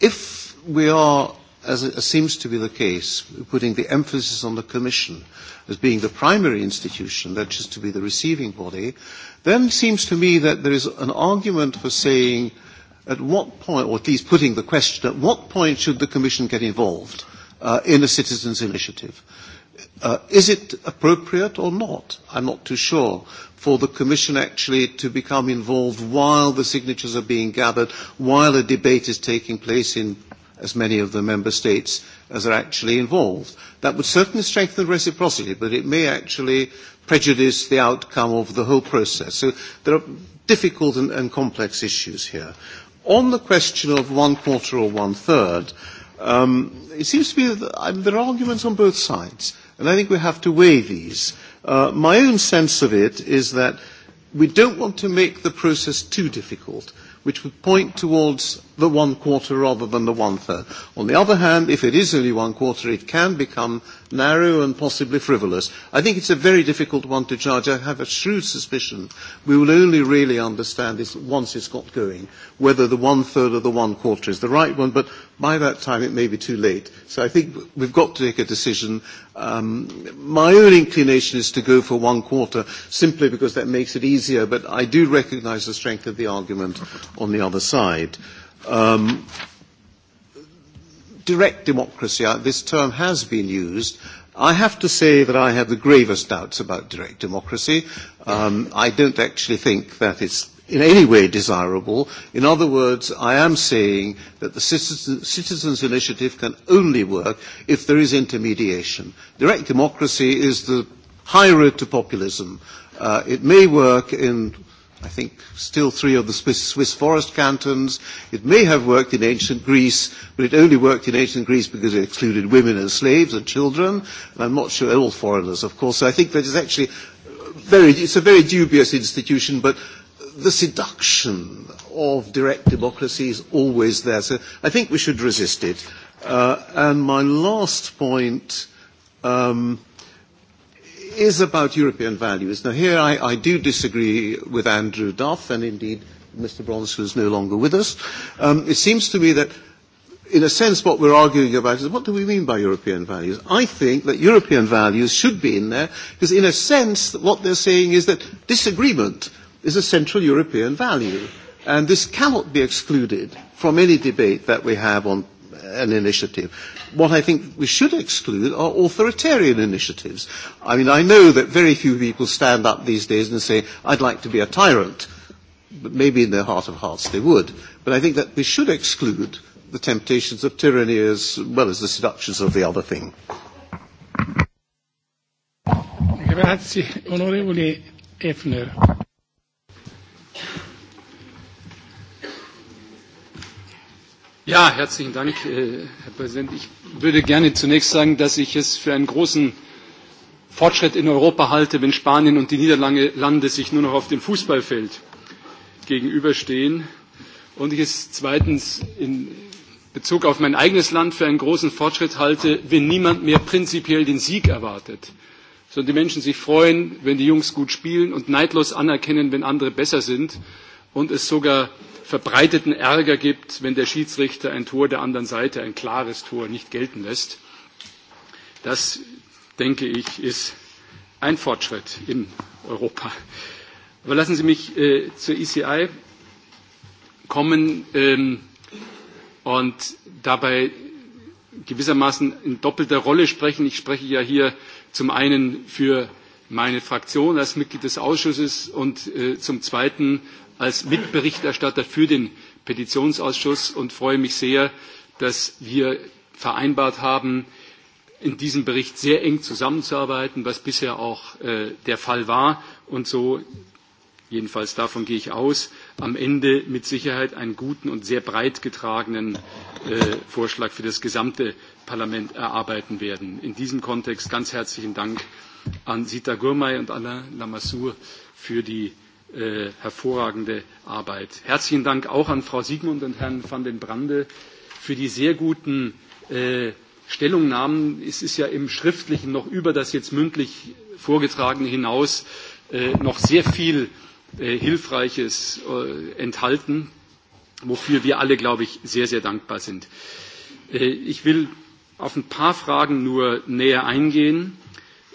if we are as it seems to be the case, putting the emphasis on the Commission as being the primary institution, that is to be the receiving body, then it seems to me that there is an argument for saying at what point, or at least putting the question, at what point should the Commission get involved uh, in a citizens' initiative? Uh, is it appropriate or not? I'm not too sure. For the Commission actually to become involved while the signatures are being gathered, while a debate is taking place in as many of the member states as are actually involved. That would certainly strengthen reciprocity, but it may actually prejudice the outcome of the whole process. So there are difficult and, and complex issues here. On the question of one quarter or one third, um, it seems to me that um, there are arguments on both sides, and I think we have to weigh these. Uh, my own sense of it is that we don't want to make the process too difficult, which would point towards the one quarter rather than the one third. On the other hand, if it is only one quarter, it can become narrow and possibly frivolous. I think it's a very difficult one to judge. I have a shrewd suspicion we will only really understand this once it's got going, whether the one third or the one quarter is the right one, but by that time it may be too late. So I think we've got to take a decision. Um, my own inclination is to go for one quarter simply because that makes it easier, but I do recognize the strength of the argument on the other side. Um, direct democracy, uh, this term has been used. I have to say that I have the gravest doubts about direct democracy. Um, I don't actually think that it's in any way desirable. In other words, I am saying that the citizen, citizens' initiative can only work if there is intermediation. Direct democracy is the high road to populism. Uh, it may work in I think still three of the Swiss, forest cantons. It may have worked in ancient Greece, but it only worked in ancient Greece because it excluded women and slaves and children, and I'm not sure all foreigners, of course. So I think that is actually very, it's a very dubious institution, but the seduction of direct democracy is always there. So I think we should resist it. Uh, and my last point, um, is about European values. Now, here I, I do disagree with Andrew Duff, and indeed Mr. Brons, who is no longer with us. Um, it seems to me that, in a sense, what we're arguing about is what do we mean by European values? I think that European values should be in there, because in a sense, what they're saying is that disagreement is a central European value. And this cannot be excluded from any debate that we have on an initiative. What I think we should exclude are authoritarian initiatives. I mean, I know that very few people stand up these days and say, I'd like to be a tyrant. But maybe in their heart of hearts they would. But I think that we should exclude the temptations of tyranny as well as the seductions of the other thing. Grazie, onorevole Effner. Ja, herzlichen Dank, äh, Herr Präsident. Ich würde gerne zunächst sagen, dass ich es für einen großen Fortschritt in Europa halte, wenn Spanien und die Niederlande sich nur noch auf dem Fußballfeld gegenüberstehen. Und ich es zweitens in Bezug auf mein eigenes Land für einen großen Fortschritt halte, wenn niemand mehr prinzipiell den Sieg erwartet, sondern die Menschen sich freuen, wenn die Jungs gut spielen und neidlos anerkennen, wenn andere besser sind und es sogar verbreiteten Ärger gibt, wenn der Schiedsrichter ein Tor der anderen Seite, ein klares Tor, nicht gelten lässt. Das, denke ich, ist ein Fortschritt in Europa. Aber lassen Sie mich äh, zur ECI kommen ähm, und dabei gewissermaßen in doppelter Rolle sprechen. Ich spreche ja hier zum einen für meine Fraktion als Mitglied des Ausschusses und äh, zum Zweiten als Mitberichterstatter für den Petitionsausschuss und freue mich sehr, dass wir vereinbart haben, in diesem Bericht sehr eng zusammenzuarbeiten, was bisher auch äh, der Fall war und so jedenfalls davon gehe ich aus, am Ende mit Sicherheit einen guten und sehr breit getragenen äh, Vorschlag für das gesamte Parlament erarbeiten werden. In diesem Kontext ganz herzlichen Dank an Sita Gurmai und Alain Lamassoure für die Äh, hervorragende Arbeit. Herzlichen Dank auch an Frau Siegmund und Herrn van den Brande für die sehr guten äh, Stellungnahmen. Es ist ja im Schriftlichen noch über das jetzt mündlich vorgetragene hinaus äh, noch sehr viel äh, Hilfreiches äh, enthalten, wofür wir alle, glaube ich, sehr, sehr dankbar sind. Äh, ich will auf ein paar Fragen nur näher eingehen.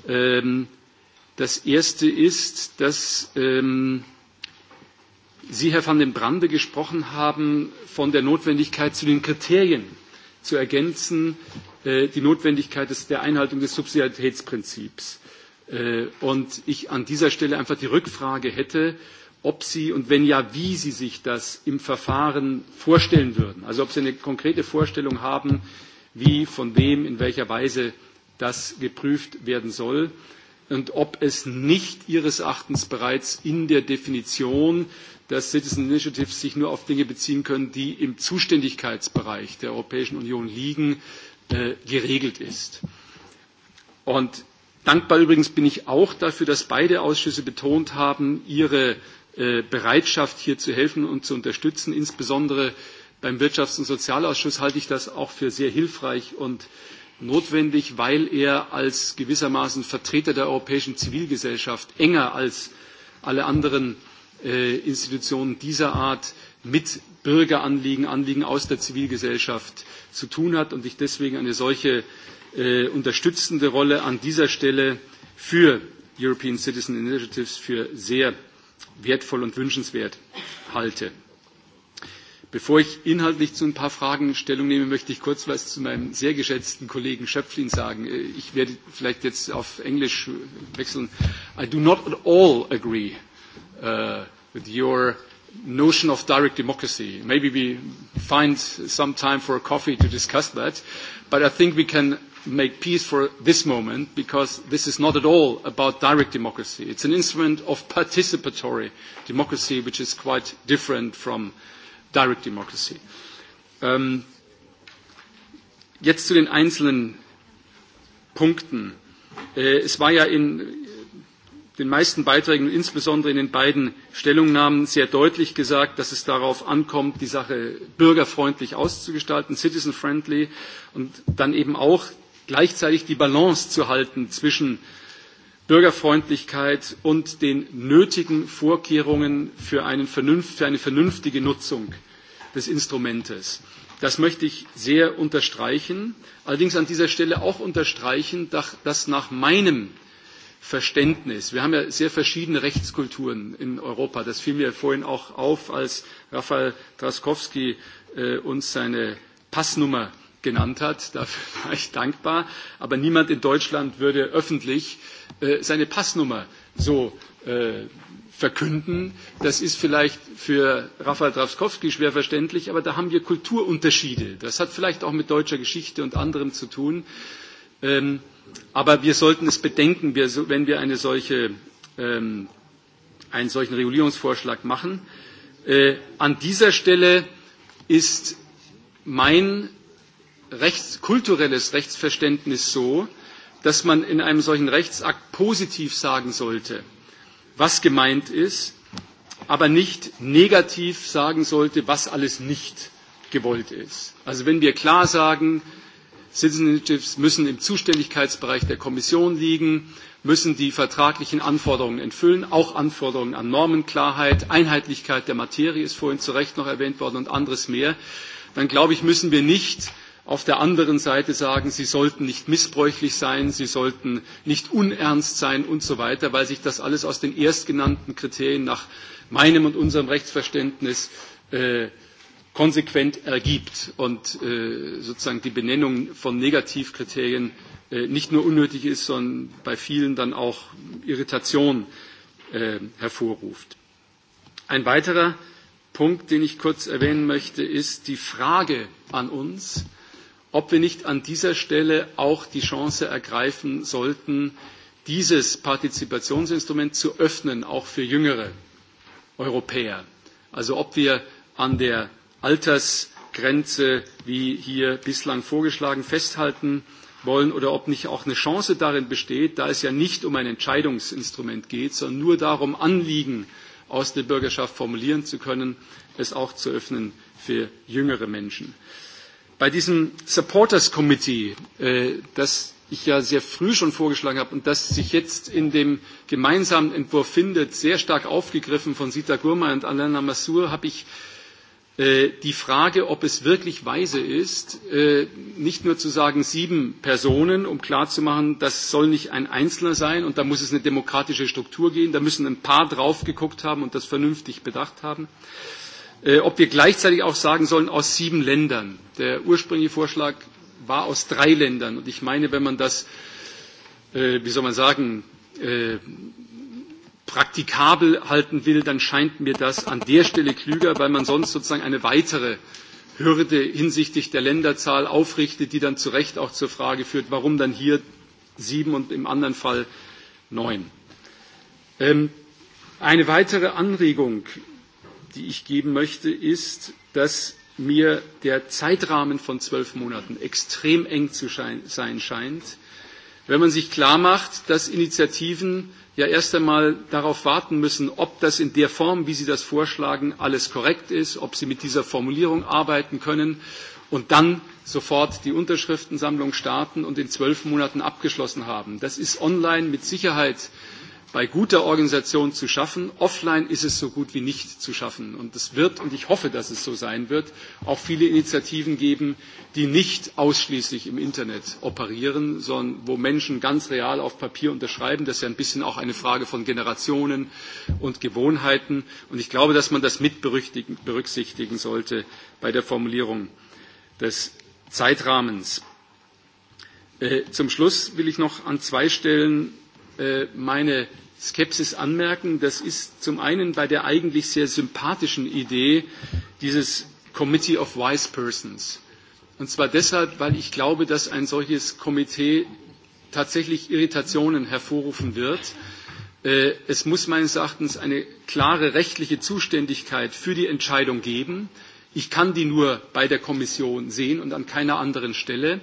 Ähm, Das erste ist, dass ähm, Sie, Herr van den Brande, gesprochen haben von der Notwendigkeit, zu den Kriterien zu ergänzen, äh, die Notwendigkeit des, der Einhaltung des Subsidiaritätsprinzips. Äh, und ich an dieser Stelle einfach die Rückfrage hätte, ob Sie und wenn ja, wie Sie sich das im Verfahren vorstellen würden. Also ob Sie eine konkrete Vorstellung haben, wie, von wem, in welcher Weise das geprüft werden soll und ob es nicht Ihres Erachtens bereits in der Definition der Citizen Initiative sich nur auf Dinge beziehen können, die im Zuständigkeitsbereich der Europäischen Union liegen, äh, geregelt ist. Und dankbar übrigens bin ich auch dafür, dass beide Ausschüsse betont haben, ihre äh, Bereitschaft hier zu helfen und zu unterstützen, insbesondere beim Wirtschafts- und Sozialausschuss halte ich das auch für sehr hilfreich und äh, notwendig, weil er als gewissermaßen Vertreter der europäischen Zivilgesellschaft enger als alle anderen äh, Institutionen dieser Art mit Bürgeranliegen, Anliegen aus der Zivilgesellschaft zu tun hat und ich deswegen eine solche äh, unterstützende Rolle an dieser Stelle für European Citizen Initiatives für sehr wertvoll und wünschenswert halte. Bevor ich inhaltlich zu ein paar Fragen Stellung nehme, möchte ich kurz was zu meinem sehr geschätzten Kollegen Schöpflin sagen. Äh, ich werde vielleicht jetzt auf Englisch wechseln. I do not at all agree uh, with your notion of direct democracy. Maybe we find some time for a coffee to discuss that, but I think we can make peace for this moment because this is not at all about direct democracy. It's an instrument of participatory democracy which is quite different from direct democracy. Ähm, jetzt zu den einzelnen Punkten. Äh, es war ja in äh, den meisten Beiträgen und insbesondere in den beiden Stellungnahmen sehr deutlich gesagt, dass es darauf ankommt, die Sache bürgerfreundlich auszugestalten, citizen friendly und dann eben auch gleichzeitig die Balance zu halten zwischen äh, Bürgerfreundlichkeit und den nötigen Vorkehrungen für, einen vernünft, für eine vernünftige Nutzung des Instrumentes. Das möchte ich sehr unterstreichen. Allerdings an dieser Stelle auch unterstreichen, dass nach meinem Verständnis. Wir haben ja sehr verschiedene Rechtskulturen in Europa. Das fiel mir vorhin auch auf, als Rafael Traskowski äh, uns seine Passnummer genannt hat. Dafür war ich dankbar. Aber niemand in Deutschland würde öffentlich äh, seine Passnummer so äh, verkünden. Das ist vielleicht für Rafael Drawskowski schwer verständlich, aber da haben wir Kulturunterschiede. Das hat vielleicht auch mit deutscher Geschichte und anderem zu tun. Ähm, aber wir sollten es bedenken, wir, wenn wir eine solche, ähm, einen solchen Regulierungsvorschlag machen. Äh, an dieser Stelle ist mein rechts, kulturelles Rechtsverständnis so, dass man in einem solchen Rechtsakt positiv sagen sollte, was gemeint ist, aber nicht negativ sagen sollte, was alles nicht gewollt ist. Also wenn wir klar sagen, Citizenships müssen im Zuständigkeitsbereich der Kommission liegen, müssen die vertraglichen Anforderungen entfüllen, auch Anforderungen an Normenklarheit, Einheitlichkeit der Materie ist vorhin zu Recht noch erwähnt worden und anderes mehr, dann glaube ich, müssen wir nicht Auf der anderen Seite sagen, sie sollten nicht missbräuchlich sein, sie sollten nicht unernst sein und so weiter, weil sich das alles aus den erstgenannten Kriterien nach meinem und unserem Rechtsverständnis äh, konsequent ergibt und äh, sozusagen die Benennung von Negativkriterien äh, nicht nur unnötig ist, sondern bei vielen dann auch Irritation äh, hervorruft. Ein weiterer Punkt, den ich kurz erwähnen möchte, ist die Frage an uns, ob wir nicht an dieser Stelle auch die Chance ergreifen sollten, dieses Partizipationsinstrument zu öffnen, auch für jüngere Europäer. Also ob wir an der Altersgrenze, wie hier bislang vorgeschlagen, festhalten wollen oder ob nicht auch eine Chance darin besteht, da es ja nicht um ein Entscheidungsinstrument geht, sondern nur darum, Anliegen aus der Bürgerschaft formulieren zu können, es auch zu öffnen für jüngere Menschen. Bei diesem Supporters Committee, äh, das ich ja sehr früh schon vorgeschlagen habe und das sich jetzt in dem gemeinsamen Entwurf findet, sehr stark aufgegriffen von Sita Gurma und Alana Massour, habe ich äh, die Frage, ob es wirklich weise ist, äh, nicht nur zu sagen sieben Personen, um klarzumachen, das soll nicht ein Einzelner sein und da muss es eine demokratische Struktur gehen, da müssen ein paar drauf geguckt haben und das vernünftig bedacht haben. Äh, Äh, ob wir gleichzeitig auch sagen sollen aus sieben Ländern. Der ursprüngliche Vorschlag war aus drei Ländern. Und ich meine, wenn man das, äh, wie soll man sagen, äh, praktikabel halten will, dann scheint mir das an der Stelle klüger, weil man sonst sozusagen eine weitere Hürde hinsichtlich der Länderzahl aufrichtet, die dann zu Recht auch zur Frage führt, warum dann hier sieben und im anderen Fall neun. Ähm, eine weitere Anregung die ich geben möchte, ist, dass mir der Zeitrahmen von zwölf Monaten extrem eng zu sein scheint, wenn man sich klar macht, dass Initiativen ja erst einmal darauf warten müssen, ob das in der Form, wie Sie das vorschlagen, alles korrekt ist, ob Sie mit dieser Formulierung arbeiten können und dann sofort die Unterschriftensammlung starten und in zwölf Monaten abgeschlossen haben. Das ist online mit Sicherheit bei guter Organisation zu schaffen. Offline ist es so gut wie nicht zu schaffen. Und es wird, und ich hoffe, dass es so sein wird, auch viele Initiativen geben, die nicht ausschließlich im Internet operieren, sondern wo Menschen ganz real auf Papier unterschreiben. Das ist ja ein bisschen auch eine Frage von Generationen und Gewohnheiten. Und ich glaube, dass man das mit berücksichtigen sollte bei der Formulierung des Zeitrahmens. Äh, zum Schluss will ich noch an zwei Stellen Äh, meine Skepsis anmerken. Das ist zum einen bei der eigentlich sehr sympathischen Idee dieses Committee of Wise Persons. Und zwar deshalb, weil ich glaube, dass ein solches Komitee tatsächlich Irritationen hervorrufen wird. Äh, es muss meines Erachtens eine klare rechtliche Zuständigkeit für die Entscheidung geben. Ich kann die nur bei der Kommission sehen und an keiner anderen Stelle.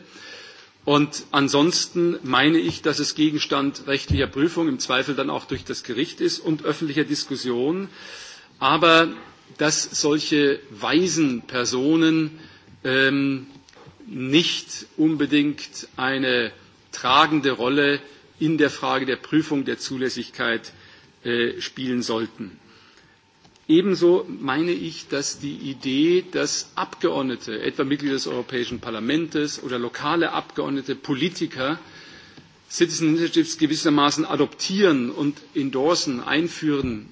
Und ansonsten meine ich, dass es Gegenstand rechtlicher Prüfung, im Zweifel dann auch durch das Gericht ist und öffentlicher Diskussion. Aber dass solche weisen Personen ähm, nicht unbedingt eine tragende Rolle in der Frage der Prüfung der Zulässigkeit äh, spielen sollten. Ebenso meine ich, dass die Idee, dass Abgeordnete, etwa Mitglieder des Europäischen Parlaments oder lokale Abgeordnete, Politiker, Citizenship gewissermaßen adoptieren und endorsen, einführen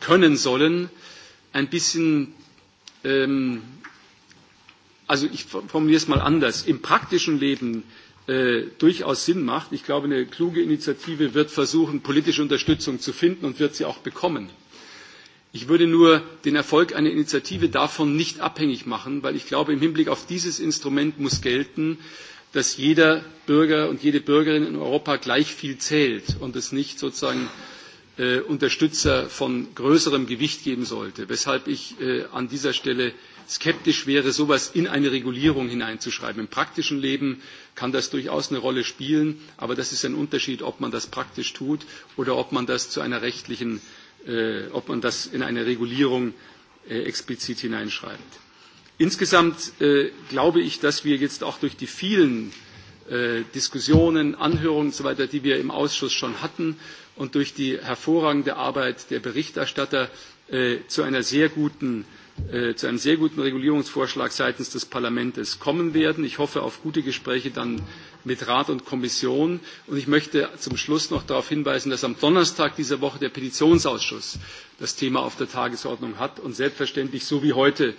können sollen, ein bisschen, ähm, also ich formuliere es mal anders, im praktischen Leben äh, durchaus Sinn macht. Ich glaube, eine kluge Initiative wird versuchen, politische Unterstützung zu finden und wird sie auch bekommen. Ich würde nur den Erfolg einer Initiative davon nicht abhängig machen, weil ich glaube, im Hinblick auf dieses Instrument muss gelten, dass jeder Bürger und jede Bürgerin in Europa gleich viel zählt und es nicht sozusagen äh, Unterstützer von größerem Gewicht geben sollte, weshalb ich äh, an dieser Stelle skeptisch wäre, sowas in eine Regulierung hineinzuschreiben. Im praktischen Leben kann das durchaus eine Rolle spielen, aber das ist ein Unterschied, ob man das praktisch tut oder ob man das zu einer rechtlichen Äh, ob man das in eine Regulierung äh, explizit hineinschreibt. Insgesamt äh, glaube ich, dass wir jetzt auch durch die vielen Diskussionen, Anhörungen usw., so die wir im Ausschuss schon hatten und durch die hervorragende Arbeit der Berichterstatter zu einer sehr guten Äh, zu einem sehr guten Regulierungsvorschlag seitens des Parlaments kommen werden. Ich hoffe auf gute Gespräche dann mit Rat und Kommission. Und ich möchte zum Schluss noch darauf hinweisen, dass am Donnerstag dieser Woche der Petitionsausschuss das Thema auf der Tagesordnung hat und selbstverständlich, so wie heute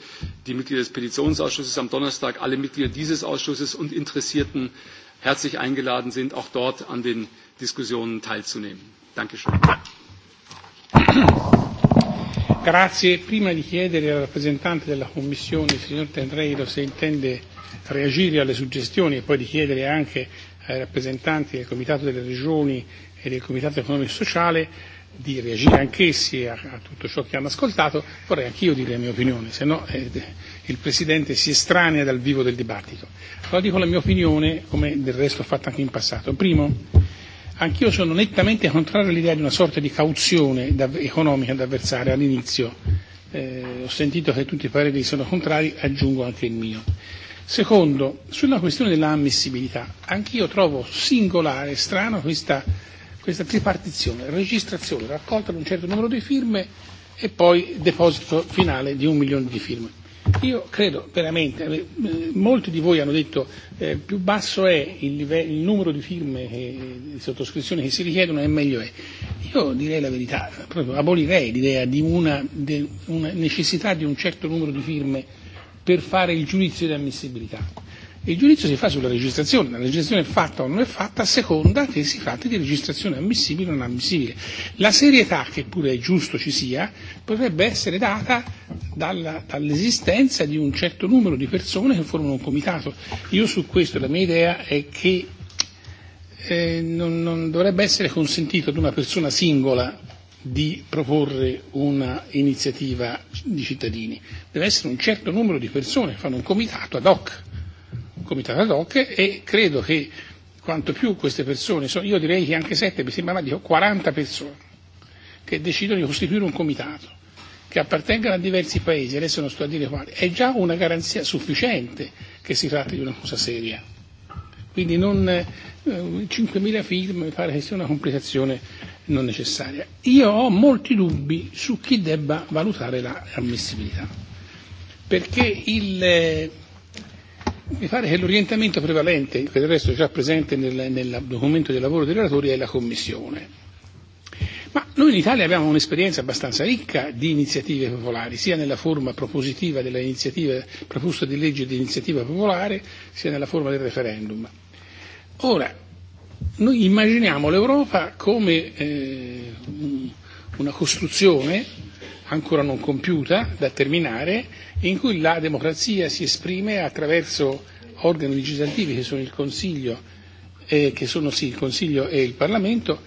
die Mitglieder des Petitionsausschusses, am Donnerstag alle Mitglieder dieses Ausschusses und Interessierten herzlich eingeladen sind, auch dort an den Diskussionen teilzunehmen. Dankeschön. Grazie. Prima di chiedere al rappresentante della Commissione, il signor Tenreiro, se intende reagire alle suggestioni e poi di chiedere anche ai rappresentanti del Comitato delle Regioni e del Comitato Economico e Sociale di reagire anch'essi a, a tutto ciò che hanno ascoltato, vorrei anch'io dire la mia opinione, se no eh, il Presidente si estranea dal vivo del dibattito. Allora dico la mia opinione, come del resto ho fatto anche in passato. Primo, Anch'io sono nettamente contrario all'idea di una sorta di cauzione da, economica da versare all'inizio. Eh, ho sentito che tutti i pareri sono contrari, aggiungo anche il mio. Secondo, sulla questione dell'ammissibilità, anch'io trovo singolare e strano questa, questa tripartizione, registrazione, raccolta di un certo numero di firme e poi deposito finale di un milione di firme Io credo veramente, eh, molti di voi hanno detto eh, più basso è il, livello, il numero di firme e di sottoscrizioni che si richiedono e meglio è. Io direi la verità, proprio abolirei l'idea di una, de, una necessità di un certo numero di firme per fare il giudizio di ammissibilità Il giudizio si fa sulla registrazione, la registrazione è fatta o non è fatta a seconda che si tratti di registrazione ammissibile o non ammissibile. La serietà, che pure è giusto ci sia, potrebbe essere data dalla, dall'esistenza di un certo numero di persone che formano un comitato. Io su questo la mia idea è che eh, non, non dovrebbe essere consentito ad una persona singola di proporre un'iniziativa di cittadini. Deve essere un certo numero di persone che fanno un comitato ad hoc comitato ad hoc e credo che quanto più queste persone sono, io direi che anche sette, mi sembra, dico 40 persone che decidono di costituire un comitato che appartengano a diversi paesi, adesso non sto a dire quali, è già una garanzia sufficiente che si tratti di una cosa seria. Quindi non, eh, 5.000 firme mi pare che sia una complicazione non necessaria. Io ho molti dubbi su chi debba valutare l'ammissibilità, perché il, eh, mi pare che l'orientamento prevalente, che del resto è già presente nel, nel documento di lavoro dei relatori, è la Commissione. Ma noi in Italia abbiamo un'esperienza abbastanza ricca di iniziative popolari, sia nella forma propositiva delle iniziative, proposta di legge di iniziativa popolare, sia nella forma del referendum. Ora, noi immaginiamo l'Europa come eh, una costruzione eh, ancora non compiuta, da terminare, in cui la democrazia si esprime attraverso organi legislativi che sono il Consiglio, eh, che sono sì il Consiglio e il Parlamento,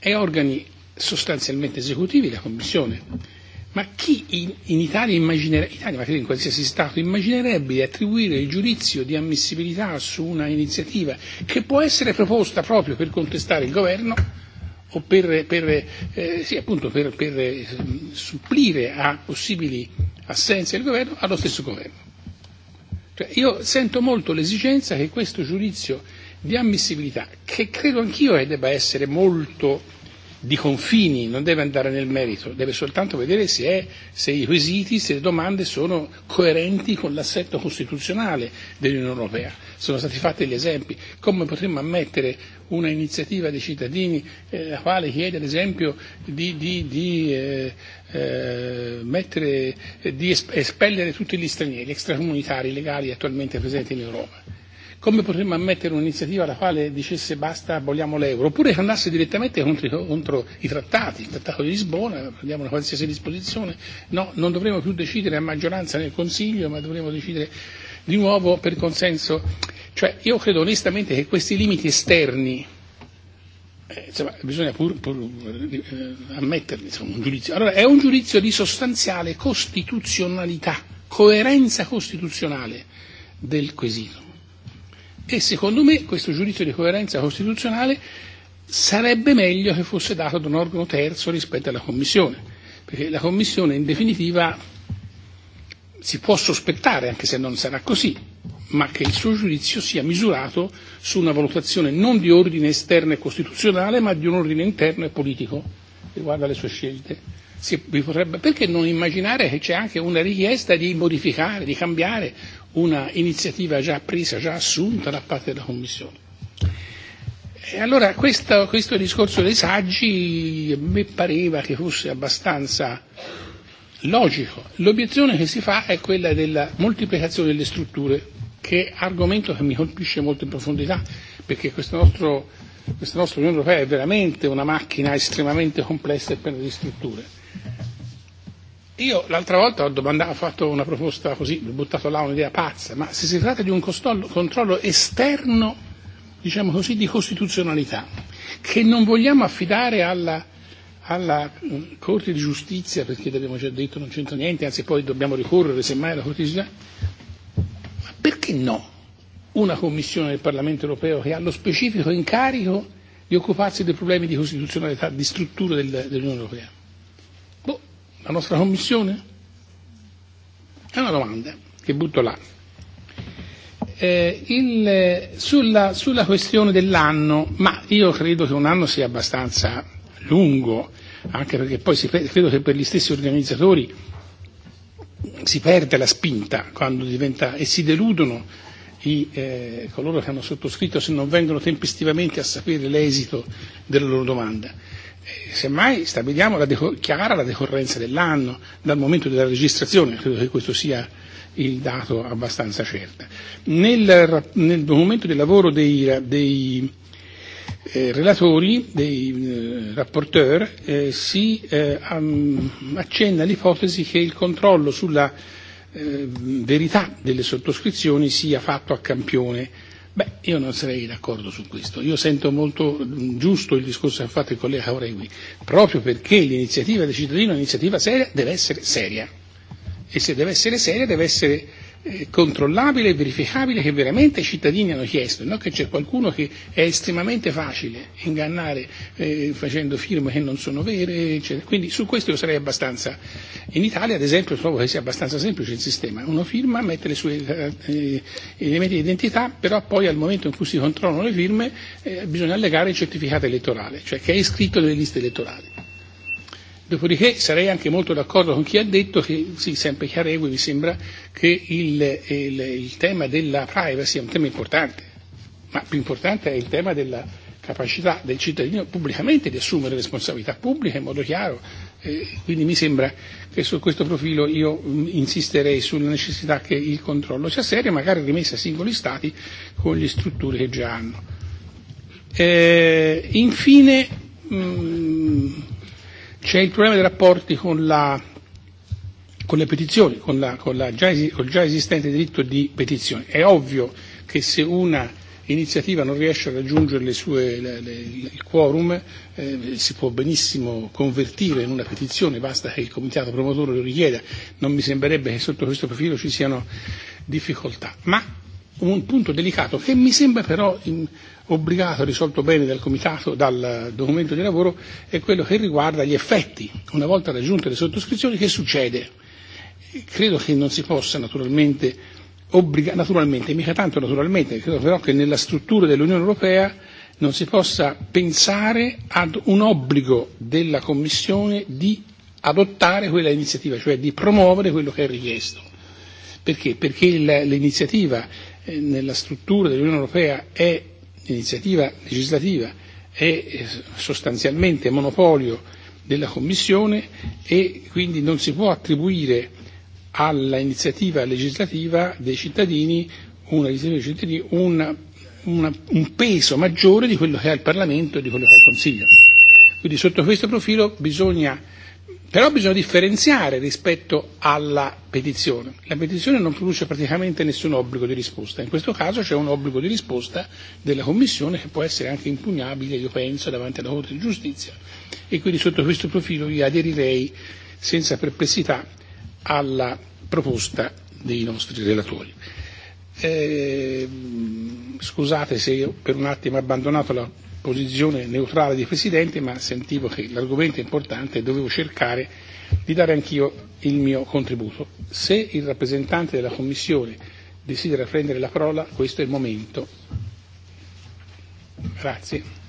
e organi sostanzialmente esecutivi, la Commissione. Ma chi in, in Italia immaginerebbe, Italia ma credo in qualsiasi Stato, immaginerebbe di attribuire il giudizio di ammissibilità su una iniziativa che può essere proposta proprio per contestare il governo o per, per, eh, sì, appunto per, per eh, supplire a possibili assenze del governo allo stesso governo. Cioè, io sento molto l'esigenza che questo giudizio di ammissibilità, che credo anch'io eh, debba essere molto di confini, non deve andare nel merito, deve soltanto vedere se, è, se i quesiti, se le domande sono coerenti con l'assetto costituzionale dell'Unione Europea. Sono stati fatti gli esempi. Come potremmo ammettere una iniziativa dei cittadini eh, la quale chiede ad esempio di, di, di, eh, eh, mettere, di espellere tutti gli stranieri gli extracomunitari legali attualmente presenti in Europa? come potremmo ammettere un'iniziativa alla quale dicesse basta aboliamo l'euro, oppure che andasse direttamente contro, contro i trattati, il trattato di Lisbona, prendiamo una qualsiasi disposizione, no, non dovremmo più decidere a maggioranza nel Consiglio, ma dovremmo decidere di nuovo per consenso. Cioè io credo onestamente che questi limiti esterni eh, insomma, bisogna pur, pur eh, ammetterli, insomma, un giudizio. Allora è un giudizio di sostanziale costituzionalità, coerenza costituzionale del quesito. E secondo me questo giudizio di coerenza costituzionale sarebbe meglio che fosse dato da un organo terzo rispetto alla Commissione, perché la Commissione in definitiva si può sospettare, anche se non sarà così, ma che il suo giudizio sia misurato su una valutazione non di ordine esterno e costituzionale, ma di un ordine interno e politico riguardo alle sue scelte. Si, vi potrebbe, perché non immaginare che c'è anche una richiesta di modificare, di cambiare una iniziativa già presa, già assunta da parte della Commissione. E allora questo, questo discorso dei saggi a me pareva che fosse abbastanza logico. L'obiezione che si fa è quella della moltiplicazione delle strutture, che è argomento che mi colpisce molto in profondità, perché questo nostro, questa nostra Unione Europea è veramente una macchina estremamente complessa e piena di strutture Io l'altra volta ho, domandato, ho fatto una proposta così, ho buttato là un'idea pazza, ma se si tratta di un costolo, controllo esterno, diciamo così, di costituzionalità, che non vogliamo affidare alla, alla mm, Corte di Giustizia, perché abbiamo già detto non c'entra niente, anzi poi dobbiamo ricorrere semmai alla Corte di Giustizia, ma perché no una commissione del Parlamento europeo che ha lo specifico incarico di occuparsi dei problemi di costituzionalità, di struttura del, dell'Unione europea? la nostra Commissione? È una domanda che butto là. Eh, il, sulla, sulla questione dell'anno, ma io credo che un anno sia abbastanza lungo, anche perché poi si, credo che per gli stessi organizzatori si perde la spinta quando diventa, e si deludono i, eh, coloro che hanno sottoscritto se non vengono tempestivamente a sapere l'esito della loro domanda semmai stabiliamo la deco- chiara la decorrenza dell'anno dal momento della registrazione, credo che questo sia il dato abbastanza certo. Nel, nel documento del lavoro dei, dei eh, relatori, dei eh, rapporteur, eh, si eh, am, accenna l'ipotesi che il controllo sulla eh, verità delle sottoscrizioni sia fatto a campione Beh, io non sarei d'accordo su questo. Io sento molto mm, giusto il discorso che ha fatto il collega Auregui, proprio perché l'iniziativa del cittadino è un'iniziativa seria, deve essere seria. E se deve essere seria, deve essere Eh, controllabile e verificabile che veramente i cittadini hanno chiesto, non che c'è qualcuno che è estremamente facile ingannare eh, facendo firme che non sono vere, eccetera. Quindi su questo io sarei abbastanza. In Italia, ad esempio, trovo che sia abbastanza semplice il sistema. Uno firma, mette le sue eh, elementi eh, di identità, però poi al momento in cui si controllano le firme eh, bisogna allegare il certificato elettorale, cioè che è iscritto nelle liste elettorali Dopodiché sarei anche molto d'accordo con chi ha detto che, sì, sempre Chiarevo mi sembra che il, il, il tema della privacy è un tema importante, ma più importante è il tema della capacità del cittadino pubblicamente di assumere responsabilità pubbliche in modo chiaro. Eh, quindi mi sembra che su questo profilo io mm, insisterei sulla necessità che il controllo sia serio, magari rimesso a singoli Stati con le strutture che già hanno. Eh, infine, mh, mm, C'è il problema dei rapporti con, la, con le petizioni, con, la, con, la già, con il già esistente diritto di petizione. È ovvio che se una iniziativa non riesce a raggiungere le sue, le, le, il quorum, eh, si può benissimo convertire in una petizione, basta che il comitato promotore lo richieda. Non mi sembrerebbe che sotto questo profilo ci siano difficoltà. Ma un punto delicato che mi sembra però in, obbligato, e risolto bene dal Comitato, dal documento di lavoro, è quello che riguarda gli effetti. Una volta raggiunte le sottoscrizioni, che succede? Credo che non si possa naturalmente obbligare, naturalmente, mica tanto naturalmente, credo però che nella struttura dell'Unione Europea non si possa pensare ad un obbligo della Commissione di adottare quella iniziativa, cioè di promuovere quello che è richiesto. Perché? Perché l'iniziativa eh, nella struttura dell'Unione Europea è iniziativa legislativa è e, eh, sostanzialmente monopolio della Commissione e quindi non si può attribuire all'iniziativa legislativa dei cittadini, una dei cittadini un, una, un peso maggiore di quello che ha il Parlamento e di quello che ha il Consiglio. Quindi sotto questo profilo bisogna Però bisogna differenziare rispetto alla petizione. La petizione non produce praticamente nessun obbligo di risposta. In questo caso c'è un obbligo di risposta della Commissione che può essere anche impugnabile, io penso, davanti alla Corte di Giustizia. E quindi sotto questo profilo io aderirei senza perplessità alla proposta dei nostri relatori. Eh, scusate se io per un attimo ho abbandonato la posizione neutrale di Presidente, ma sentivo che l'argomento è importante e dovevo cercare di dare anch'io il mio contributo. Se il rappresentante della Commissione desidera prendere la parola, questo è il momento. Grazie.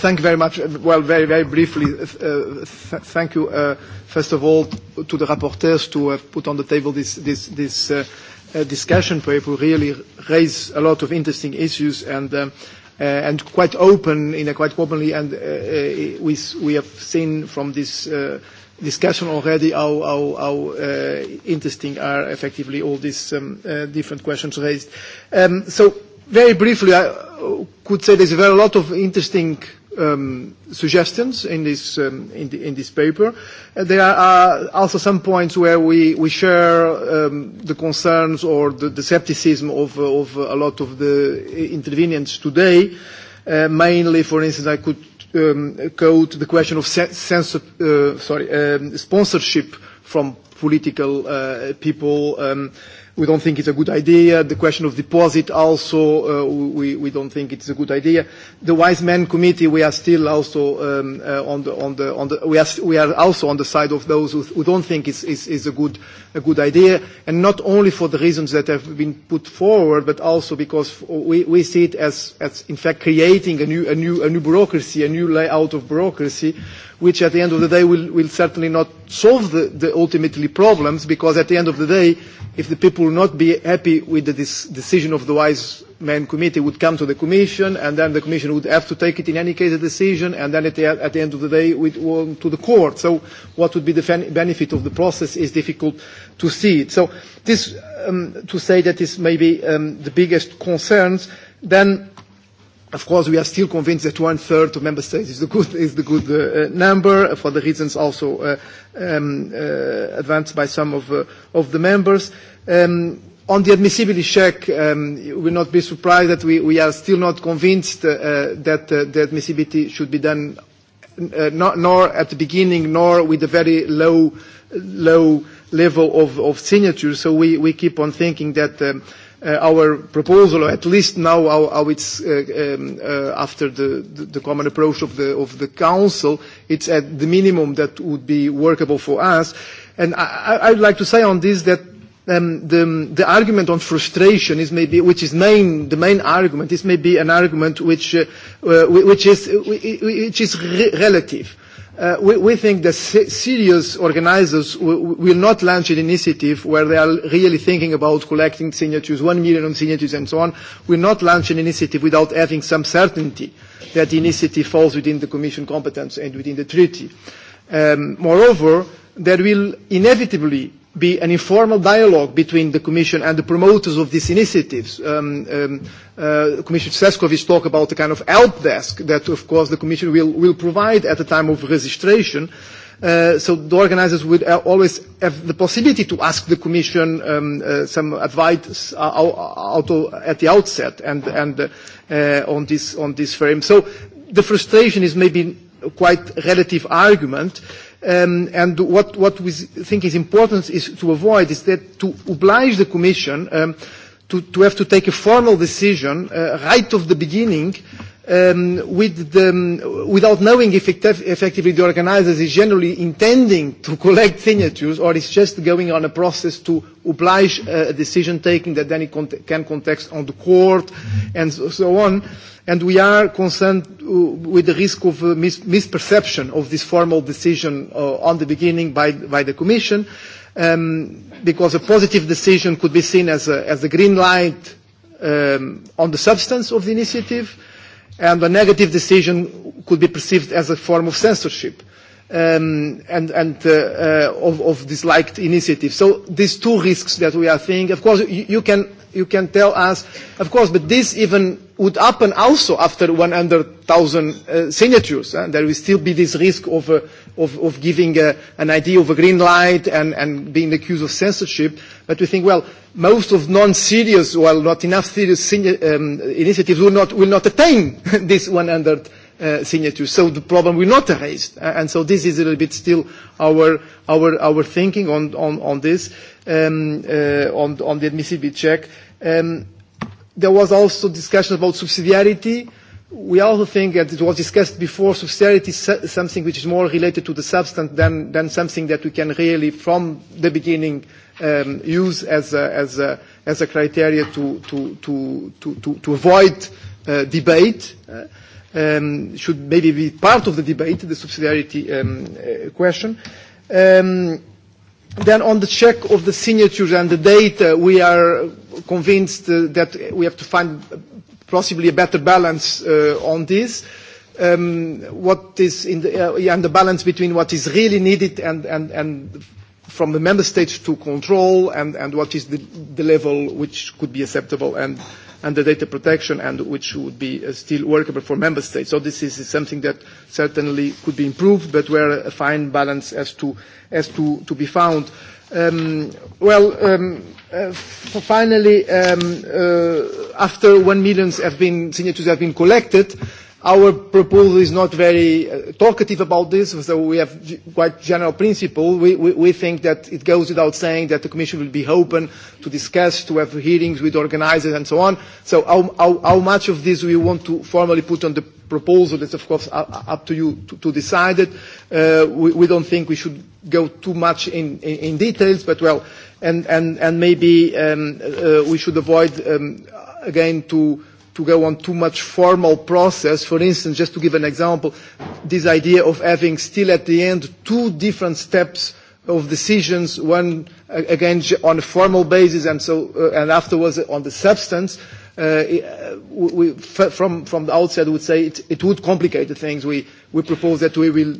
Thank you very much. Well, very, very briefly, uh, th thank you, uh, first of all, to the rapporteurs to have put on the table this, this, this uh, discussion paper really raise a lot of interesting issues and um, uh, and quite open in a quite openly and uh, uh, we we have seen from this uh, discussion already how, how, how uh, interesting are effectively all these um, uh, different questions raised. Um, so very briefly, I could say there's a very lot of interesting um, suggestions in this, um, in, the, in this paper. Uh, there are uh, also some points where we, we share um, the concerns or the, the skepticism of, uh, of a lot of the intervenients today. Uh, mainly, for instance, I could um, quote the question of censor, uh, sorry, um, sponsorship from political uh, people. Um, we don't think it's a good idea. The question of deposit also, uh, we, we don't think it's a good idea. The Wise Men Committee, we are still also um, uh, on the, on the, on the we, are, we are also on the side of those who, who don't think it's, it's, it's a, good, a good idea, and not only for the reasons that have been put forward, but also because we, we see it as, as in fact creating a new, a, new, a new bureaucracy, a new layout of bureaucracy, which at the end of the day will, will certainly not solve the, the ultimately problems because at the end of the day, if the people will not be happy with the decision of the wise men committee, would come to the commission and then the commission would have to take it in any case a decision and then at the, at the end of the day would to the court. So what would be the benefit of the process is difficult to see. It. So this, um, to say that is maybe um, the biggest concerns, then Of course, we are still convinced that one third of member states is the good, is the good uh, uh number uh, for the reasons also uh, um, uh, advanced by some of, uh, of the members. Um, on the admissibility check, um, you will not be surprised that we, we are still not convinced uh, that uh, the admissibility should be done uh, not, nor at the beginning nor with a very low, low level of, of signatures. So we, we keep on thinking that um, Uh, our proposal, or at least now how, it's uh, um, uh, after the, common approach of the, Council, it's at the minimum that would be workable for us. And I, I'd like to say on this that um, the, the argument on frustration is maybe, which is main, the main argument, This may be an argument which, uh, which is, which is re- relative Uh, we, we think that serious organizers will not launch an initiative where they are really thinking about collecting signatures, one million on signatures and so on, will not launch an initiative without having some certainty that the initiative falls within the Commission competence and within the treaty. Um, moreover, there will inevitably be an informal dialogue between the Commission and the promoters of these initiatives. Um, um, uh, Commissioner Seskovic talked about the kind of help desk that, of course, the Commission will, will provide at the time of registration. Uh, so the organizers would uh, always have the possibility to ask the Commission um, uh, some advice uh, out, at the outset and, and uh, uh, on, this, on this frame. So the frustration is maybe quite relative argument. Uh, Um, and what, what we think is important is to avoid is that to oblige the Commission um, to, to have to take a formal decision uh, right of the beginning um, with the, um, without knowing if effective, effectively the organizers is generally intending to collect signatures or is just going on a process to oblige uh, a decision taking that then it con- can context on the court and so, so on. And we are concerned uh, with the risk of uh, mis- misperception of this formal decision uh, on the beginning by, by the Commission. Um, because a positive decision could be seen as a, as a green light um, on the substance of the initiative, uh, and a negative decision could be perceived as a form of censorship um, and, and uh, uh, of, of disliked initiatives. So these two risks that we are seeing, of course, you, you, can, you can tell us, of course, but this even would happen also after 100,000 uh, signatures. Eh? There will still be this risk of, uh, of, of giving uh, an idea of a green light and, and being accused of censorship. But we think, well, most of non-serious, well, not enough serious um, initiatives will not, will not attain this 100,000 Uh, signatures. So the problem will not erase. Uh, and so this is a little bit still our, our, our thinking on, on, on this, um, uh, on, on the admissibility check. Um, there was also discussion about subsidiarity. We also think that it was discussed before, subsidiarity is something which is more related to the substance than, than something that we can really, from the beginning, um, use as a, as, a, as a criteria to, to, to, to, to, to avoid uh, debate. Uh, um, should maybe be part of the debate, the subsidiarity um, uh, question. Um, then on the check of the signatures and the data, we are convinced uh, that we have to find possibly a better balance uh, on this. Um, what is in the, uh, and the balance between what is really needed and, and, and from the member states to control and, and what is the, the level which could be acceptable and under data protection and which would be uh, still workable for member states. So this is something that certainly could be improved, but where a fine balance has to, has to, to be found. Um, well, um, uh, finally, um, uh, after one million have been signatures have been collected, Our proposal is not very uh, talkative about this, so we have quite general principle. We, we, we think that it goes without saying that the Commission will be open to discuss, to have hearings with organizers and so on. So how, how, how much of this we want to formally put on the proposal is, of course, up to you to, to decide it. Uh, we, we don't think we should go too much in, in, in details, but well, and, and, and maybe um, uh, we should avoid, um, again, to to go on too much formal process. For instance, just to give an example, this idea of having still at the end two different steps of decisions, one again on a formal basis and, so, uh, and afterwards on the substance, uh, we, from, from the outset would say it, it would complicate the things. We, we propose that we will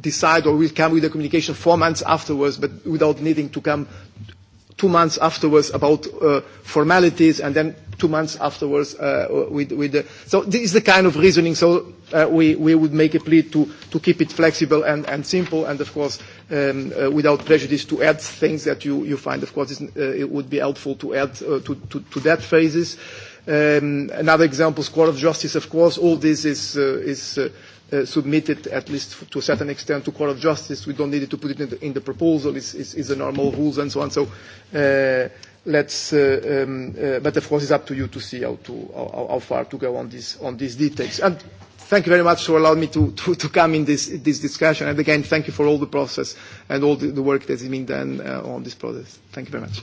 decide or will come with a communication four months afterwards, but without needing to come two months afterwards about uh, formalities and then two months afterwards uh, with, with the, so this is the kind of reasoning so uh, we, we would make a plea to, to keep it flexible and, and simple and of course um, uh, without prejudice to add things that you, you find of course uh, it would be helpful to add uh, to, to, to that phases um, another example score of justice of course all this is, uh, is uh, uh, submitted, at least to a certain extent, to Court of Justice. We don't need to put it in the, in the proposal. It's, it's, it's the normal rules and so on. So uh, let's, uh, um, uh, but of course it's up to you to see how, to, how, how far to go on, this, on these details. And thank you very much for allowing me to, to, to come in this, this discussion. And again, thank you for all the process and all the, the work that has been done uh, on this process. Thank you very much.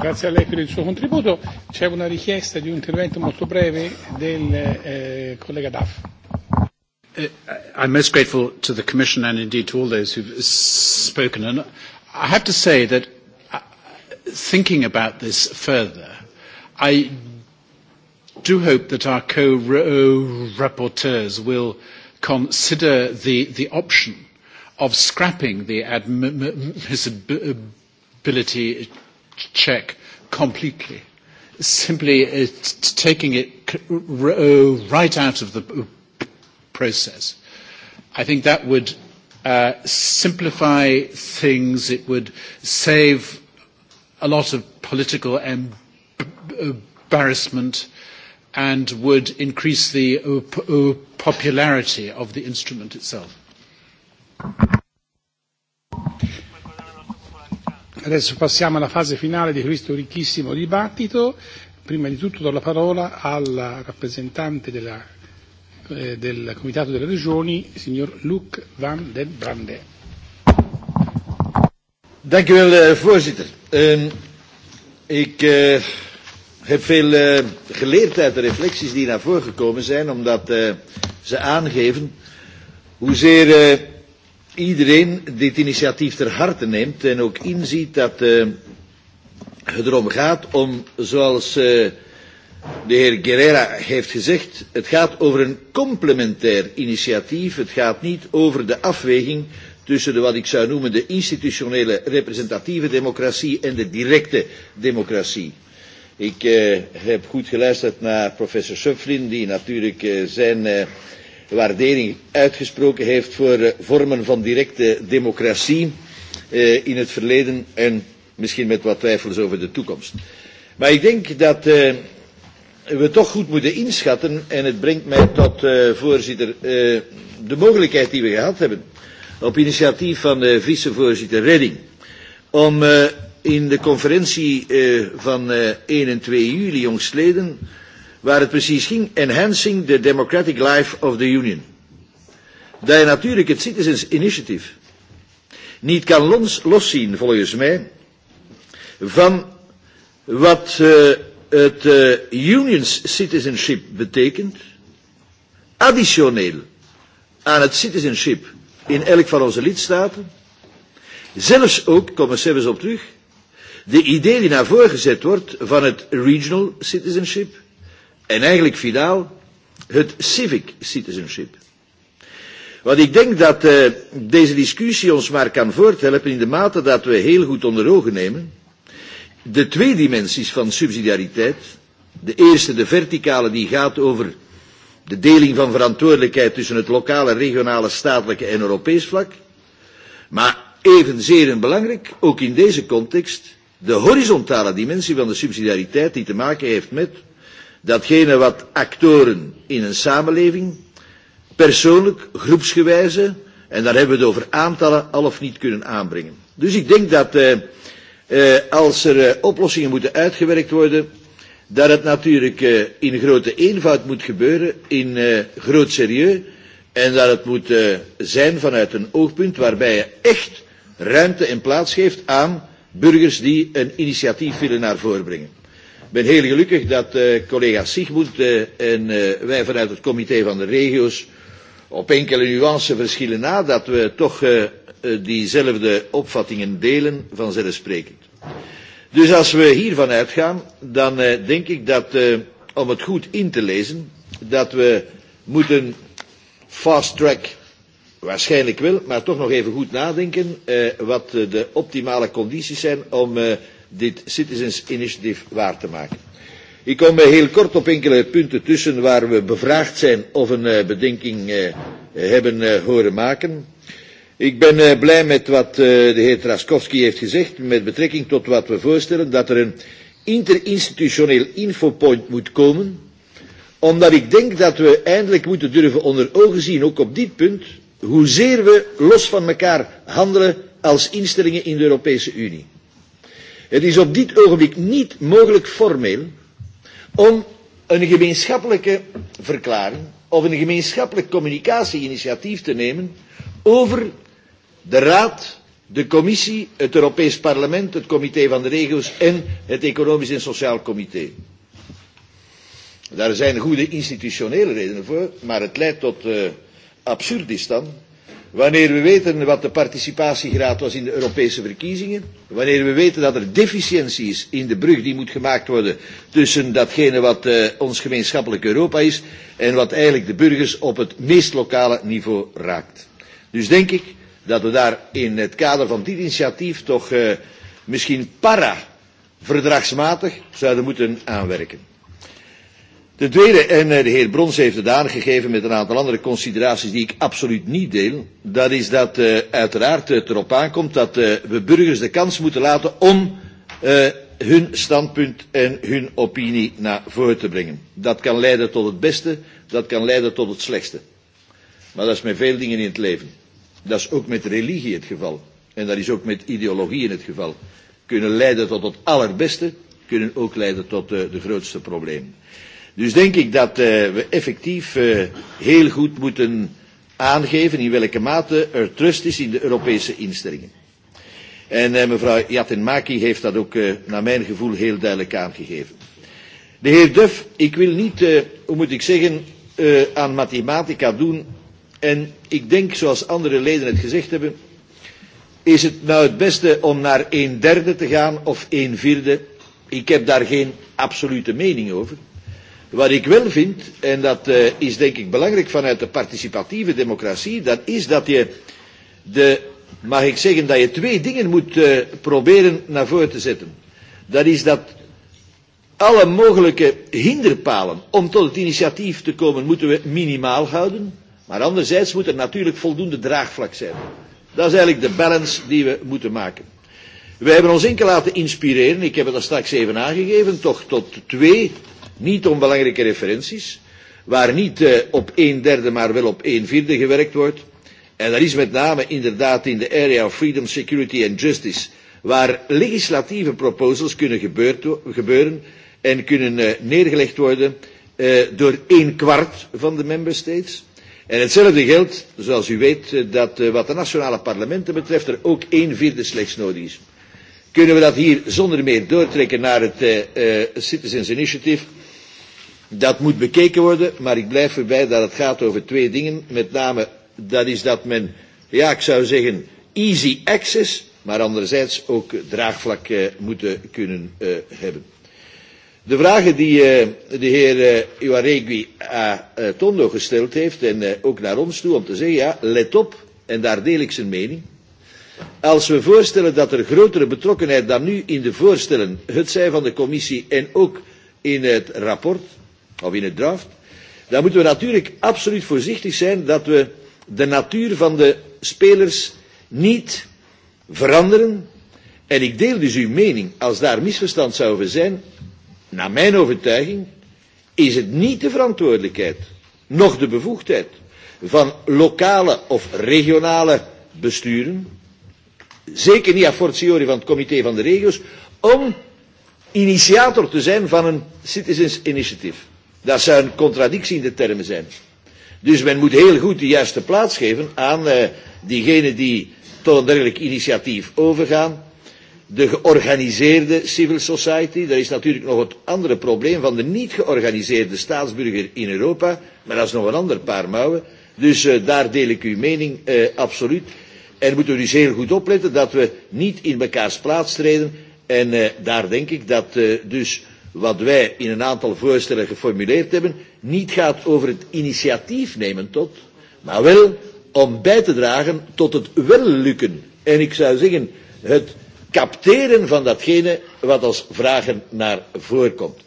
Grazie a lei per il suo contributo. C'è una richiesta di un intervento molto breve del eh, collega Daff. Uh, I'm most grateful to the Commission and indeed to all those who've spoken. And I have to say that uh, thinking about this further, I do hope that our co-rapporteurs will consider the, the option of scrapping the admissibility check completely, simply uh, taking it right out of the process. I think that would uh, simplify things. It would save a lot of political uh, embarrassment and would increase the uh, uh, popularity of the instrument itself. Adesso passiamo alla fase finale di questo ricchissimo dibattito. Prima di tutto do la parola al rappresentante della Eh, del Comitato delle Regioni, signor Luc van den Brande. Dank u wel, eh, voorzitter. Um, ik uh, heb veel uh, geleerd uit de reflecties die naar voren gekomen zijn, omdat uh, ze aangeven hoezeer uh, iedereen dit initiatief ter harte neemt en ook inziet dat uh, het erom gaat om, zoals uh, de heer Guerrera heeft gezegd, het gaat over een complementair initiatief. Het gaat niet over de afweging tussen de, wat ik zou noemen de institutionele representatieve democratie en de directe democratie. Ik eh, heb goed geluisterd naar professor Schöpflin, die natuurlijk eh, zijn eh, waardering uitgesproken heeft voor eh, vormen van directe democratie eh, in het verleden en misschien met wat twijfels over de toekomst. Maar ik denk dat eh, we toch goed moeten inschatten. En het brengt mij tot, uh, voorzitter, uh, de mogelijkheid die we gehad hebben op initiatief van de vicevoorzitter Redding om uh, in de conferentie uh, van uh, 1 en 2 juli jongstleden, waar het precies ging, Enhancing the Democratic Life of the Union, dat je natuurlijk het Citizens Initiative niet kan loszien, volgens mij, van wat uh, het uh, eh, union citizenship betekent, additioneel aan het citizenship in elk van onze lidstaten, zelfs ook, commissaris op terug, de idee die naar voren gezet wordt van het regional citizenship en eigenlijk finaal het civic citizenship. Want ik denk dat uh, deze discussie ons maar kan voorthelpen in de mate dat we heel goed onder ogen nemen de twee dimensies van subsidiariteit. De eerste, de verticale, die gaat over de deling van verantwoordelijkheid tussen het lokale, regionale, statelijke en Europees vlak. Maar evenzeer en belangrijk, ook in deze context, de horizontale dimensie van de subsidiariteit die te maken heeft met datgene wat actoren in een samenleving persoonlijk, groepsgewijze, en daar hebben we het over aantallen, al of niet kunnen aanbrengen. Dus ik denk dat eh, Eh, als er eh, oplossingen moeten uitgewerkt worden, dat het natuurlijk eh, in grote eenvoud moet gebeuren, in groot serieus, en dat het moet zijn vanuit een oogpunt waarbij je echt ruimte en plaats geeft aan burgers die een initiatief willen naar voren brengen. Ik ben heel gelukkig dat uh, collega Sigmund uh, en uh, wij vanuit het comité van de regio's op enkele nuanceverschillen na dat we toch uh, Eh, diezelfde opvattingen delen vanzelfsprekend. Dus als we hiervan uitgaan, dan uh, denk ik dat, uh, om het goed in te lezen, dat we moeten fast track, waarschijnlijk wel, maar toch nog even goed nadenken uh, wat uh, de optimale condities zijn om uh, dit Citizens Initiative waar te maken. Ik kom heel kort op enkele punten tussen waar we bevraagd zijn of een uh, bedenking uh, hebben uh, horen maken. Ik ben eh, blij met wat eh, de heer Traskowski heeft gezegd met betrekking tot wat we voorstellen, dat er een interinstitutioneel infopoint moet komen, omdat ik denk dat we eindelijk moeten durven onder ogen zien, ook op dit punt, hoezeer we los van elkaar handelen als instellingen in de Europese Unie. Het is op dit ogenblik niet mogelijk formeel om een gemeenschappelijke verklaring of een gemeenschappelijk communicatieinitiatief te nemen over de Raad, de Commissie, het Europees Parlement, het Comité van de Regio's en het Economisch en Sociaal Comité. Daar zijn goede institutionele redenen voor, maar het leidt tot uh, eh, absurdistan. Wanneer we weten wat de participatiegraad was in de Europese verkiezingen, wanneer we weten dat er deficiëntie is in de brug die moet gemaakt worden tussen datgene wat uh, ons gemeenschappelijk Europa is en wat eigenlijk de burgers op het meest lokale niveau raakt. Dus denk ik dat we daar in het kader van dit initiatief toch uh, misschien para-verdragsmatig zouden moeten aanwerken. Ten tweede, en eh, de heer Brons heeft het aangegeven met een aantal andere consideraties die ik absoluut niet deel, dat is dat uh, uiteraard het erop aankomt dat uh, we burgers de kans moeten laten om uh, hun standpunt en hun opinie naar voren te brengen. Dat kan leiden tot het beste, dat kan leiden tot het slechtste. Maar dat is met veel dingen in het leven. Dat is ook met religie het geval. En dat is ook met ideologie in het geval. Kunnen leiden tot het allerbeste, kunnen ook leiden tot uh, de grootste problemen. Dus denk ik dat uh, we effectief uh, heel goed moeten aangeven in welke mate er trust is in de Europese instellingen. En uh, mevrouw Yatinmaki heeft dat ook uh, naar mijn gevoel heel duidelijk aangegeven. De heer Duff, ik wil niet, uh, hoe moet ik zeggen, uh, aan mathematica doen En ik denk, zoals andere leden het gezegd hebben, is het nou het beste om naar een derde te gaan of een vierde? Ik heb daar geen absolute mening over. Wat ik wel vind, en dat uh, is denk ik belangrijk vanuit de participatieve democratie, dat is dat je de, mag ik zeggen, dat je twee dingen moet uh, proberen naar voren te zetten. Dat is dat alle mogelijke hinderpalen om tot het initiatief te komen, moeten we minimaal houden. Maar anderzijds moet er natuurlijk voldoende draagvlak zijn. Dat is eigenlijk de balance die we moeten maken. We hebben ons enkel laten inspireren, ik heb het al straks even aangegeven, toch tot twee niet onbelangrijke referenties, waar niet eh, op een derde maar wel op een vierde gewerkt wordt. En dat is met name inderdaad in de area of freedom, security and justice, waar legislatieve proposals kunnen gebeurt, gebeuren en kunnen eh, neergelegd worden eh, door een kwart van de member states En hetzelfde geldt, zoals u weet, eh, dat eh, wat de nationale parlementen betreft er ook één vierde slechts nodig is. Kunnen we dat hier zonder meer doortrekken naar het uh, Citizens Initiative? Dat moet bekeken worden, maar ik blijf erbij dat het gaat over twee dingen. Met name dat is dat men, ja ik zou zeggen, easy access, maar anderzijds ook draagvlak uh, moeten kunnen uh, hebben. De vragen die eh, de heer eh, Iwaregui a eh, Tondo gesteld heeft en ook naar ons toe om te zeggen, ja, let op, en daar deel ik zijn mening. Als we voorstellen dat er grotere betrokkenheid dan nu in de voorstellen, het zij van de commissie en ook in het rapport, of in het draft, dan moeten we natuurlijk absoluut voorzichtig zijn dat we de natuur van de spelers niet veranderen. En ik deel dus uw mening, als daar misverstand zou over zijn, Naar mijn overtuiging is het niet de verantwoordelijkheid, nog de bevoegdheid van lokale of regionale besturen, zeker niet a fortiori van het comité van de regio's, om initiator te zijn van een citizens initiative. Dat zou een contradictie in de termen zijn. Dus men moet heel goed de juiste plaats geven aan uh, diegenen die tot een dergelijk initiatief overgaan de georganiseerde civil society. Er is natuurlijk nog het andere probleem van de niet georganiseerde staatsburger in Europa. Maar dat is nog een ander paar mouwen. Dus uh, daar deel ik uw mening uh, absoluut. En moeten we dus heel goed opletten dat we niet in mekaars plaats treden. En uh, daar denk ik dat uh, dus wat wij in een aantal voorstellen geformuleerd hebben, niet gaat over het initiatief nemen tot, maar wel om bij te dragen tot het wel lukken. En ik zou zeggen, het capteren van datgene wat als vragen naar voren komt.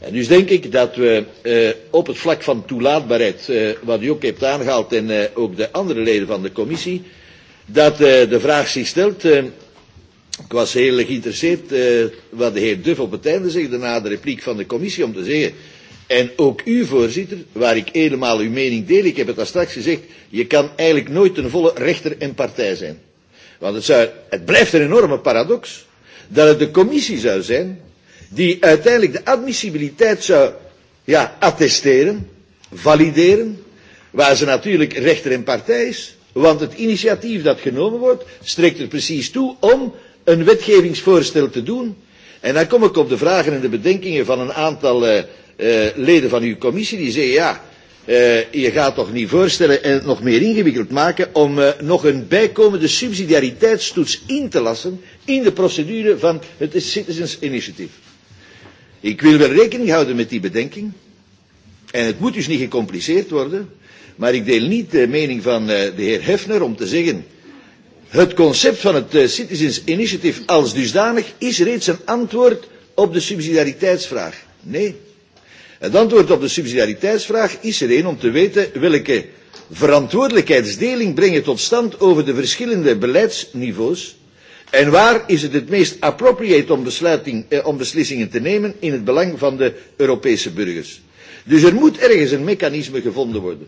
En dus denk ik dat we eh, op het vlak van toelaatbaarheid, eh, wat u ook hebt aangehaald en eh, ook de andere leden van de commissie, dat eh, de vraag zich stelt, eh, ik was heel geïnteresseerd eh, wat de heer Duff op het einde zegt, daarna de repliek van de commissie om te zeggen, en ook u voorzitter, waar ik helemaal uw mening deel, ik heb het al straks gezegd, je kan eigenlijk nooit een volle rechter en partij zijn. Want het, zou, het blijft een enorme paradox dat het de commissie zou zijn die uiteindelijk de admissibiliteit zou ja, attesteren, valideren, waar ze natuurlijk rechter en partij is, want het initiatief dat genomen wordt strekt er precies toe om een wetgevingsvoorstel te doen. En dan kom ik op de vragen en de bedenkingen van een aantal uh, uh, leden van uw commissie die zeggen ja, Eh, je gaat toch niet voorstellen en het nog meer ingewikkeld maken om uh, nog een bijkomende subsidiariteitstoets in te lassen in de procedure van het Citizens Initiative. Ik wil wel rekening houden met die bedenking. En het moet dus niet gecompliceerd worden. Maar ik deel niet de mening van uh, de heer Hefner om te zeggen het concept van het uh, Citizens Initiative als dusdanig is reeds een antwoord op de subsidiariteitsvraag. Nee, Het antwoord op de subsidiariteitsvraag is er één om te weten welke verantwoordelijkheidsdeling breng je tot stand over de verschillende beleidsniveaus en waar is het het meest appropriate om, eh, om beslissingen te nemen in het belang van de Europese burgers. Dus er moet ergens een mechanisme gevonden worden.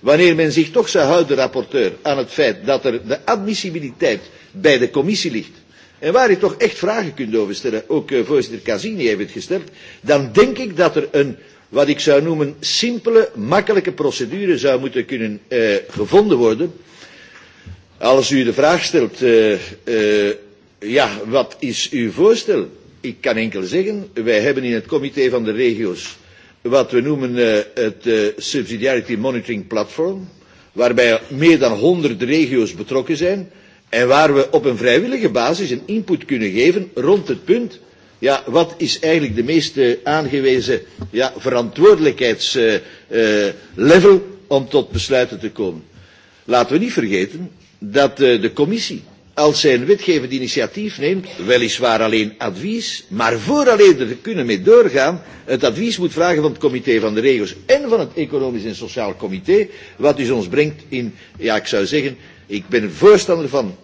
Wanneer men zich toch zou houden, rapporteur, aan het feit dat er de admissibiliteit bij de commissie ligt, en waar je toch echt vragen kunt over stellen, ook eh, voorzitter Casini heeft het gesteld, dan denk ik dat er een wat ik zou noemen simpele, makkelijke procedure zou moeten kunnen uh, gevonden worden. Als u de vraag stelt, uh, uh, ja, wat is uw voorstel? Ik kan enkel zeggen, wij hebben in het comité van de regio's wat we noemen uh, het uh, Subsidiarity Monitoring Platform, waarbij meer dan 100 regio's betrokken zijn en waar we op een vrijwillige basis een input kunnen geven rond het punt ja, wat is eigenlijk de meest aangewezen ja, verantwoordelijkheidslevel uh, uh, om tot besluiten te komen? Laten we niet vergeten dat uh, de commissie, als zij een wetgevend initiatief neemt, weliswaar alleen advies, maar vooraleer er kunnen mee doorgaan, het advies moet vragen van het comité van de regio's en van het economisch en sociaal comité, wat dus ons brengt in, ja ik zou zeggen, ik ben voorstander van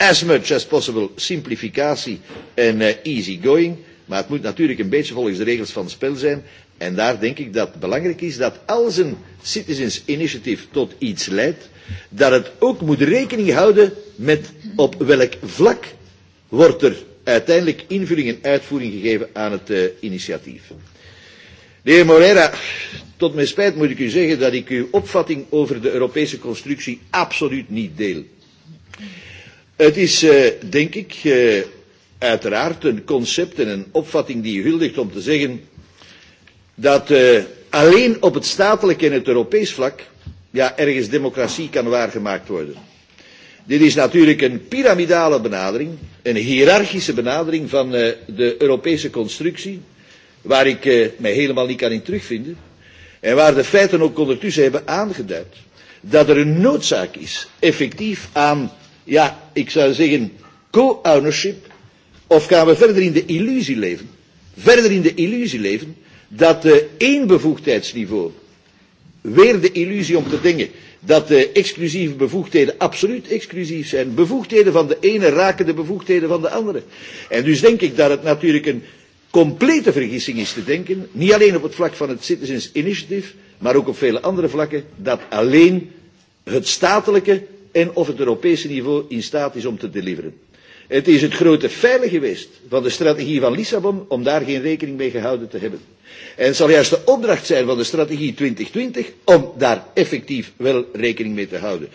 as much as possible simplificatie en uh, going. Maar het moet natuurlijk een beetje volgens de regels van het spel zijn. En daar denk ik dat het belangrijk is dat als een citizens initiative tot iets leidt, dat het ook moet rekening houden met op welk vlak wordt er uiteindelijk invulling en uitvoering gegeven aan het uh, initiatief. De heer Moreira, tot mijn spijt moet ik u zeggen dat ik uw opvatting over de Europese constructie absoluut niet deel. Het is, uh, denk ik, uh, uiteraard een concept en een opvatting die je huldigt om te zeggen dat uh, alleen op het statelijk en het Europees vlak ja, ergens democratie kan waargemaakt worden. Dit is natuurlijk een piramidale benadering, een hiërarchische benadering van de Europese constructie, waar ik mij helemaal niet kan in terugvinden. En waar de feiten ook ondertussen hebben aangeduid dat er een noodzaak is effectief aan ja, ik zou zeggen, co-ownership, of gaan we verder in de illusie leven, verder in de illusie leven, dat uh, één bevoegdheidsniveau, weer de illusie om te denken dat de eh, exclusieve bevoegdheden absoluut exclusief zijn. Bevoegdheden van de ene raken de bevoegdheden van de andere. En dus denk ik dat het natuurlijk een complete vergissing is te denken, niet alleen op het vlak van het Citizens Initiative, maar ook op vele andere vlakken, dat alleen het statelijke en of het Europese niveau in staat is om te deliveren. Het is het grote feilen geweest van de strategie van Lissabon om daar geen rekening mee gehouden te hebben. En het zal juist de opdracht zijn van de strategie 2020 om daar effectief wel rekening mee te houden.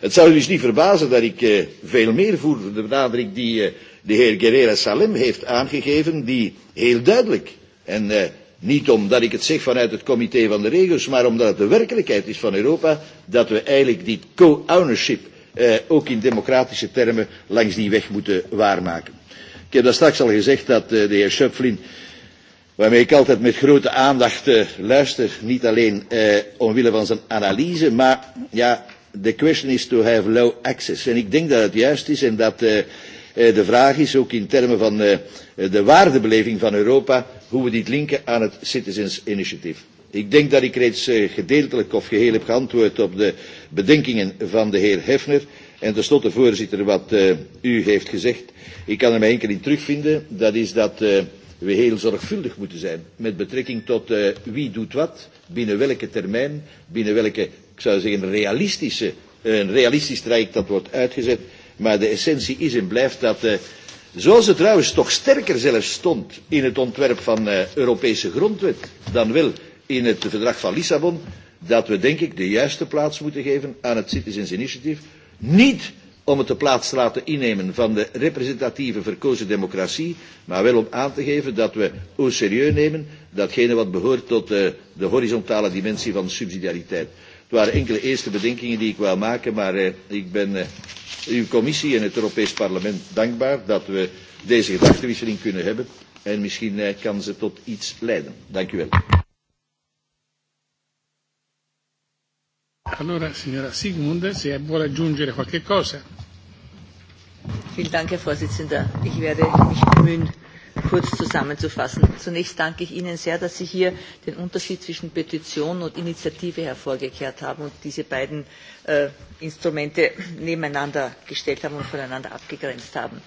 Het zou u dus niet verbazen dat ik eh, veel meer voer voor de benadering die eh, de heer Guerrera Salem heeft aangegeven, die heel duidelijk en eh, Niet omdat ik het zeg vanuit het comité van de regio's, maar omdat het de werkelijkheid is van Europa dat we eigenlijk die co-ownership eh, ook in democratische termen langs die weg moeten waarmaken. Ik heb daar straks al gezegd dat eh, de heer Schöpflin, waarmee ik altijd met grote aandacht eh, luister, niet alleen eh, omwille van zijn analyse, maar ja, the question is to have low access. En ik denk dat het juist is en dat... Eh, Eh, de vraag is ook in termen van eh, de waardebeleving van Europa, hoe we dit linken aan het Citizens Initiative. Ik denk dat ik reeds eh, gedeeltelijk of geheel heb geantwoord op de bedenkingen van de heer Hefner. En tenslotte, voorzitter, wat uh, u heeft gezegd, ik kan er maar enkel in terugvinden. Dat is dat uh, we heel zorgvuldig moeten zijn met betrekking tot uh, wie doet wat, binnen welke termijn, binnen welke, ik zou zeggen, realistische, een realistisch traject dat wordt uitgezet. Maar de essentie is en blijft dat, uh, zoals het trouwens toch sterker zelfs stond in het ontwerp van uh, Europese grondwet dan wel in het verdrag van Lissabon, dat we denk ik de juiste plaats moeten geven aan het Citizens Initiative. Niet om het de plaats te laten innemen van de representatieve verkozen democratie, maar wel om aan te geven dat we au serieus nemen datgene wat behoort tot uh, de horizontale dimensie van subsidiariteit. Het waren enkele eerste bedenkingen die ik wou maken, maar eh, ik ben eh, uw commissie en het Europees Parlement dankbaar dat we deze gedachtenwisseling kunnen hebben. En misschien eh, kan ze tot iets leiden. Dank u wel. Allora, signora Sigmund, se vuole aggiungere qualche cosa. Vielen Dank, Herr werde mich bemühen kurz zusammenzufassen. Zunächst danke ich Ihnen sehr, dass Sie hier den Unterschied zwischen Petition und Initiative hervorgekehrt haben und diese beiden äh, Instrumente nebeneinander gestellt haben und voneinander abgegrenzt haben.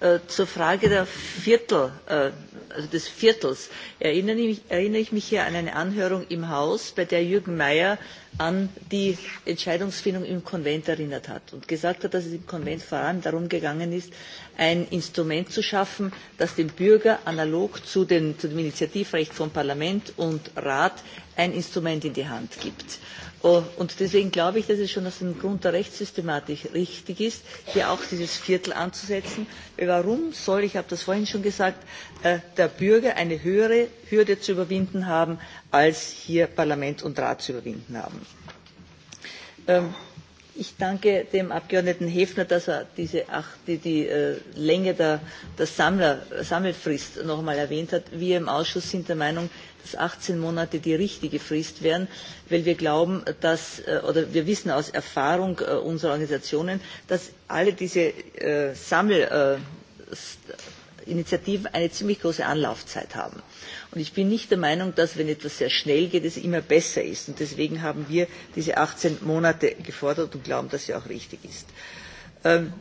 Äh, zur Frage der Viertel, äh, also des Viertels erinnere ich, erinnere ich mich hier an eine Anhörung im Haus, bei der Jürgen Mayer an die Entscheidungsfindung im Konvent erinnert hat und gesagt hat, dass es im Konvent vor allem darum gegangen ist, ein Instrument zu schaffen, das dem Bürger analog zu, den, zu dem Initiativrecht von Parlament und Rat ein Instrument in die Hand gibt. Oh, und deswegen glaube ich, dass es schon aus dem Grund der Rechtssystematik richtig ist, hier auch dieses Viertel anzusetzen. Warum soll, ich habe das vorhin schon gesagt, Äh, der bürger eine höhere hürde zu überwinden haben als hier parlament und rat zu überwinden haben. Ähm, ich danke dem abgeordneten häfner dass er diese die, die äh, länge der, der Sammler, sammelfrist noch einmal erwähnt hat. wir im ausschuss sind der meinung dass achtzehn monate die richtige frist wären weil wir glauben dass äh, oder wir wissen aus erfahrung unserer organisationen dass alle diese sammel Initiativen eine ziemlich große Anlaufzeit haben. Und ich bin nicht der Meinung, dass wenn etwas sehr schnell geht, es immer besser ist. Und deswegen haben wir diese 18 Monate gefordert und glauben, dass sie auch richtig ist. Ähm,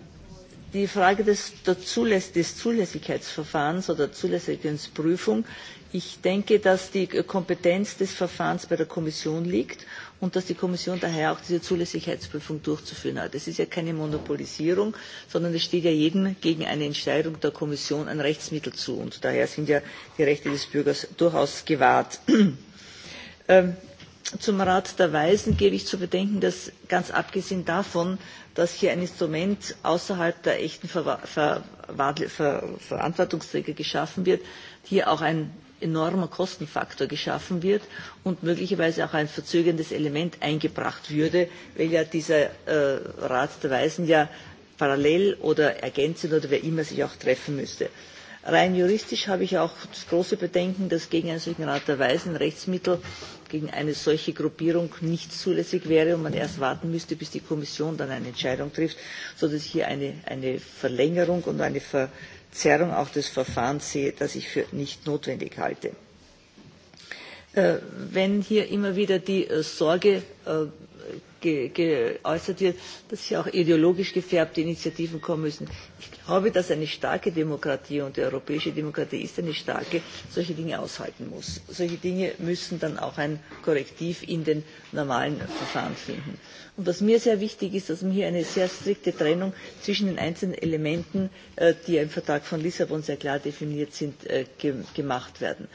die Frage des, der Zuläss des Zulässigkeitsverfahrens oder Zulässigkeitsprüfung. Ich denke, dass die Kompetenz des Verfahrens bei der Kommission liegt und dass die Kommission daher auch diese Zulässigkeitsprüfung durchzuführen hat. Es ist ja keine Monopolisierung, sondern es steht ja jedem gegen eine Entscheidung der Kommission ein Rechtsmittel zu. Und daher sind ja die Rechte des Bürgers durchaus gewahrt. Ähm, zum Rat der Weisen gebe ich zu bedenken, dass ganz abgesehen davon, dass hier ein Instrument außerhalb der echten Ver Ver Ver Verantwortungsträger geschaffen wird, hier auch ein enormer Kostenfaktor geschaffen wird und möglicherweise auch ein verzögerndes Element eingebracht würde, weil ja dieser äh, Rat der Weisen ja parallel oder ergänzend oder wer immer sich auch treffen müsste. Rein juristisch habe ich auch das große Bedenken, dass gegen einen solchen Rat der Weisen Rechtsmittel gegen eine solche Gruppierung nicht zulässig wäre und man erst warten müsste, bis die Kommission dann eine Entscheidung trifft, sodass hier eine, eine Verlängerung und eine Ver, Verzerrung auch des Verfahrens sehe, das ich für nicht notwendig halte. Äh, wenn hier immer wieder die äh, Sorge äh, geäußert wird, dass hier auch ideologisch gefärbte Initiativen kommen müssen. Ich habe, dass eine er starke Demokratie und die europäische Demokratie ist eine er starke, solche Dinge aushalten muss. Solche Dinge müssen dann auch ein Korrektiv in den normalen Verfahren finden. Und was mir sehr wichtig ist, dass man hier eine sehr strikte Trennung zwischen den einzelnen Elementen, äh, die im Vertrag von Lissabon sehr klar definiert sind, äh, gemacht werden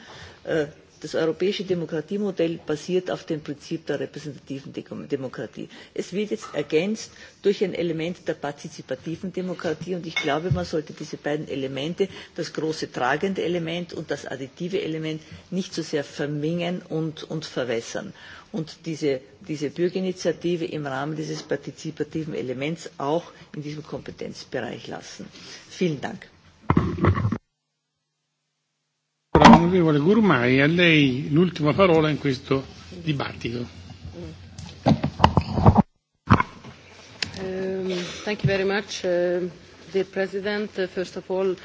äh, das europäische Demokratiemodell basiert auf dem Prinzip der repräsentativen Demokratie. Es wird jetzt ergänzt durch ein Element der partizipativen Demokratie und ich glaube, man sollte diese beiden Elemente, das große tragende Element und das additive Element, nicht so sehr vermengen und, und verwässern und diese, diese Bürgerinitiative im Rahmen dieses partizipativen Elements auch in diesem Kompetenzbereich lassen. Vielen Dank. Onorevole Gurmai, a lei l'ultima parola in questo dibattito. Um, thank you very much, uh, dear President. Uh, first of all,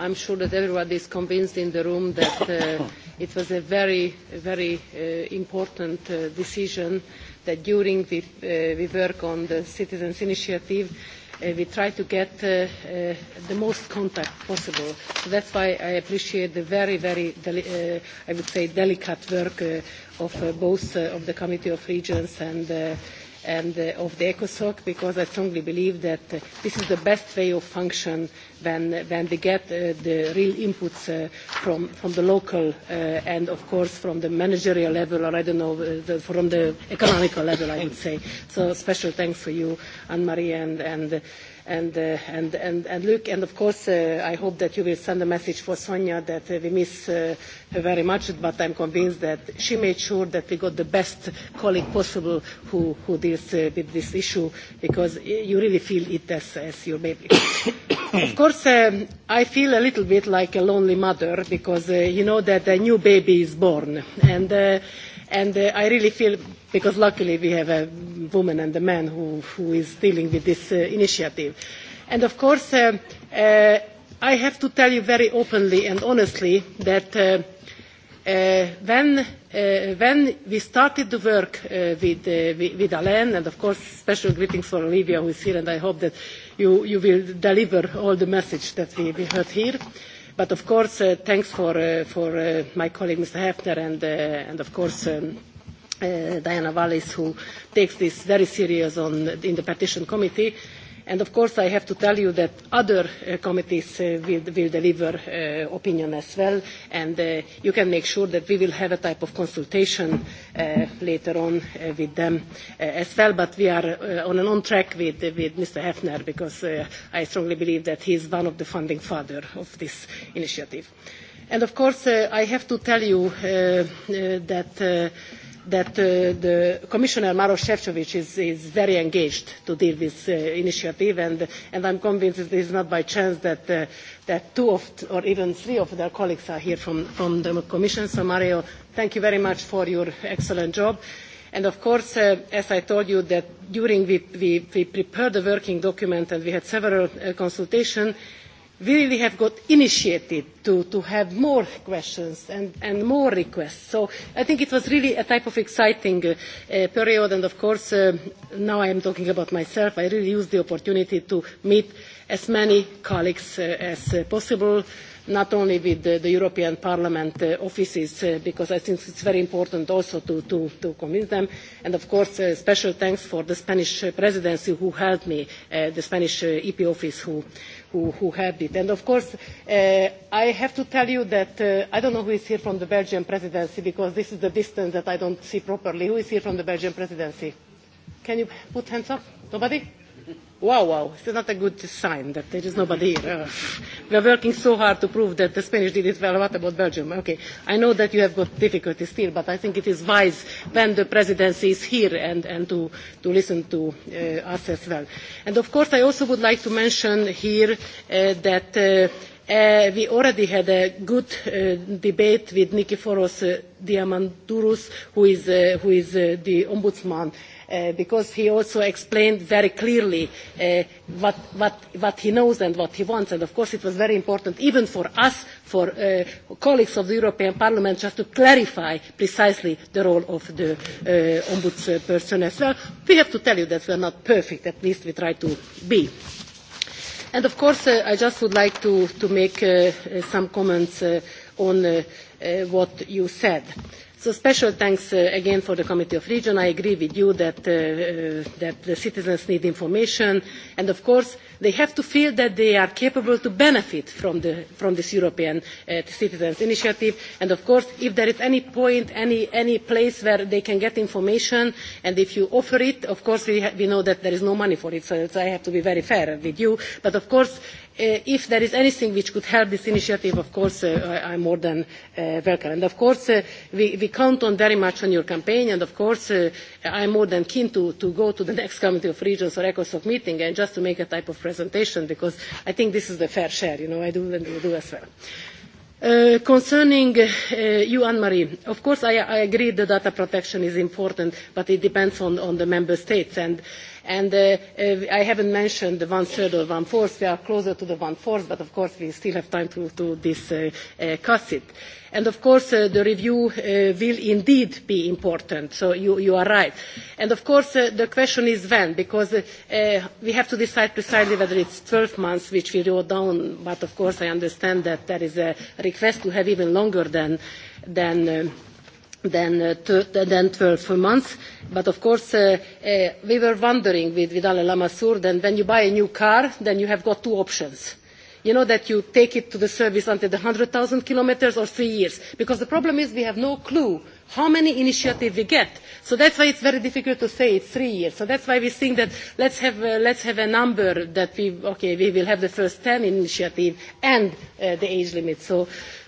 I'm sure that everybody is convinced in the room that uh, it was a very, very uh, important uh, decision that during the, uh, we work on the Citizens Initiative, uh, uh, we try to get uh, uh, the most contact possible. So that's why I appreciate the very, very, uh, I would say, delicate work uh, of uh, both uh, of the Committee of Regions and uh, and uh, of the ECOSOC because I strongly believe that uh, this is the best way of function when, when they get uh, the real inputs uh, from, from the local uh, and of course from the managerial level or I don't know, uh, the, from the economical level I would say. So special thanks for you, Anne-Marie and, and uh, and, uh, and, and, and Luke. And of course, uh, I hope that you will send a message for Sonia that uh, we miss uh, her very much, but I'm convinced that she made sure that we got the best colleague possible who, who deals uh, with this issue, because you really feel it as, as your baby. of course, um, I feel a little bit like a lonely mother, because uh, you know that a new baby is born. And... Uh, And uh, I really feel, because luckily we have a woman and a man who, who is dealing with this uh, initiative. And of course, uh, uh, I have to tell you very openly and honestly that uh, uh, when, uh, when we started the work uh, with, uh, with Alain, and of course special greetings for Olivia who is here, and I hope that you, you will deliver all the message that we, we heard here, uh, But of course, uh, thanks for, uh, for uh, my colleague Mr. Hefner and, uh, and of course um, uh, Diana Wallis who takes this very serious on, in the petition committee And of course, I have to tell you that other uh, committees uh, will, will deliver uh, opinion as well, and uh, you can make sure that we will have a type of consultation uh, later on uh, with them uh, as well. But we are uh, on an on track with, with Mr. Hefner because uh, I strongly believe that he is one of the founding father of this initiative. And of course, uh, I have to tell you uh, uh, that. Uh, that uh, the Commissioner Maros Shevchovich is, is very engaged to deal with this uh, initiative, and, and I'm convinced it is not by chance that, uh, that two of, t- or even three of their colleagues are here from, from the Commission. So, Mario, thank you very much for your excellent job. And of course, uh, as I told you, that during we, we, we prepared the working document and we had several uh, consultations, we really have got initiated to, to have more questions and, and more requests. So I think it was really a type of exciting uh, uh, period. And of course, uh, now I am talking about myself. I really used the opportunity to meet as many colleagues uh, as uh, possible, not only with the, the European Parliament uh, offices, uh, because I think it's very important also to, to, to convince them. And of course, uh, special thanks for the Spanish presidency who helped me, uh, the Spanish uh, EP office who, who, who it. And of course, uh, I have to tell you that uh, I don't know who is here from the Belgian presidency because this is the distance that I don't see properly. Who is here from the Belgian presidency? Can you put hands up? Nobody? Wow, wow, it's not a good sign that there is nobody here. Uh, we are working so hard to prove that the Spanish did it well. What about Belgium? Okay, I know that you have got difficulties still, but I think it is wise when the presidency is here and, and to, to listen to uh, us as well. And of course, I also would like to mention here uh, that uh, Uh, we already had a good uh, debate with Nikiforos uh, Diamandouros, who is, uh, who is uh, the ombudsman Uh, because he also explained very clearly uh, what, what, what he knows and what he wants. And of course it was very important even for us, for uh, colleagues of the European Parliament, just to clarify precisely the role of the uh, ombudsperson as well. We have to tell you that we are not perfect, at least we try to be. And of course, uh, I just would like to, to make uh, uh some comments uh, on uh, uh, what you said. Uh, So special thanks uh, again for the Committee of Region. I agree with you that, uh, uh that the citizens need information. And of course, they have to feel that they are capable to benefit from, the, from this European uh, Citizens Initiative. And of course, if there is any point, any, any place where they can get information, and if you offer it, of course, we, we know that there is no money for it, so, so I have to be very fair with you. But of course, Uh, if there is anything which could help this initiative, of course, uh, I am more than uh, welcome. And of course, uh, we, we, count on very much on your campaign, and of course, uh, I am more than keen to, to, go to the next Committee of Regions or ECOSOC meeting and just to make a type of presentation presentation because I think this is the fair share, you know, I do and you do as well. Uh, concerning uh, you, Anne-Marie, of course I, I agree the data protection is important, but it depends on, on the member states. And And uh, uh, I haven't mentioned the one-third or one-fourth. We are closer to the one-fourth, but of course we still have time to, to discuss uh, uh, it. And of course uh, the review uh, will indeed be important so you, you are right and of course uh, the question is when because we have to decide precisely whether it's 12 months which we wrote down but of course i understand that there is a request to have even longer than than than, uh, than 12 months. But of course, uh, uh, we were wondering with Vidal and Lamassoure that when you buy a new car, then you have got two options. You know that you take it to the service until the 100,000 kilometers or three years. Because the problem is we have no clue how many initiatives we get. So that's why it's very difficult to say it's three years. So that's why we think that let's have, uh, let's have a number that we, okay, we will have the first 10 initiative and uh, the age limit. So,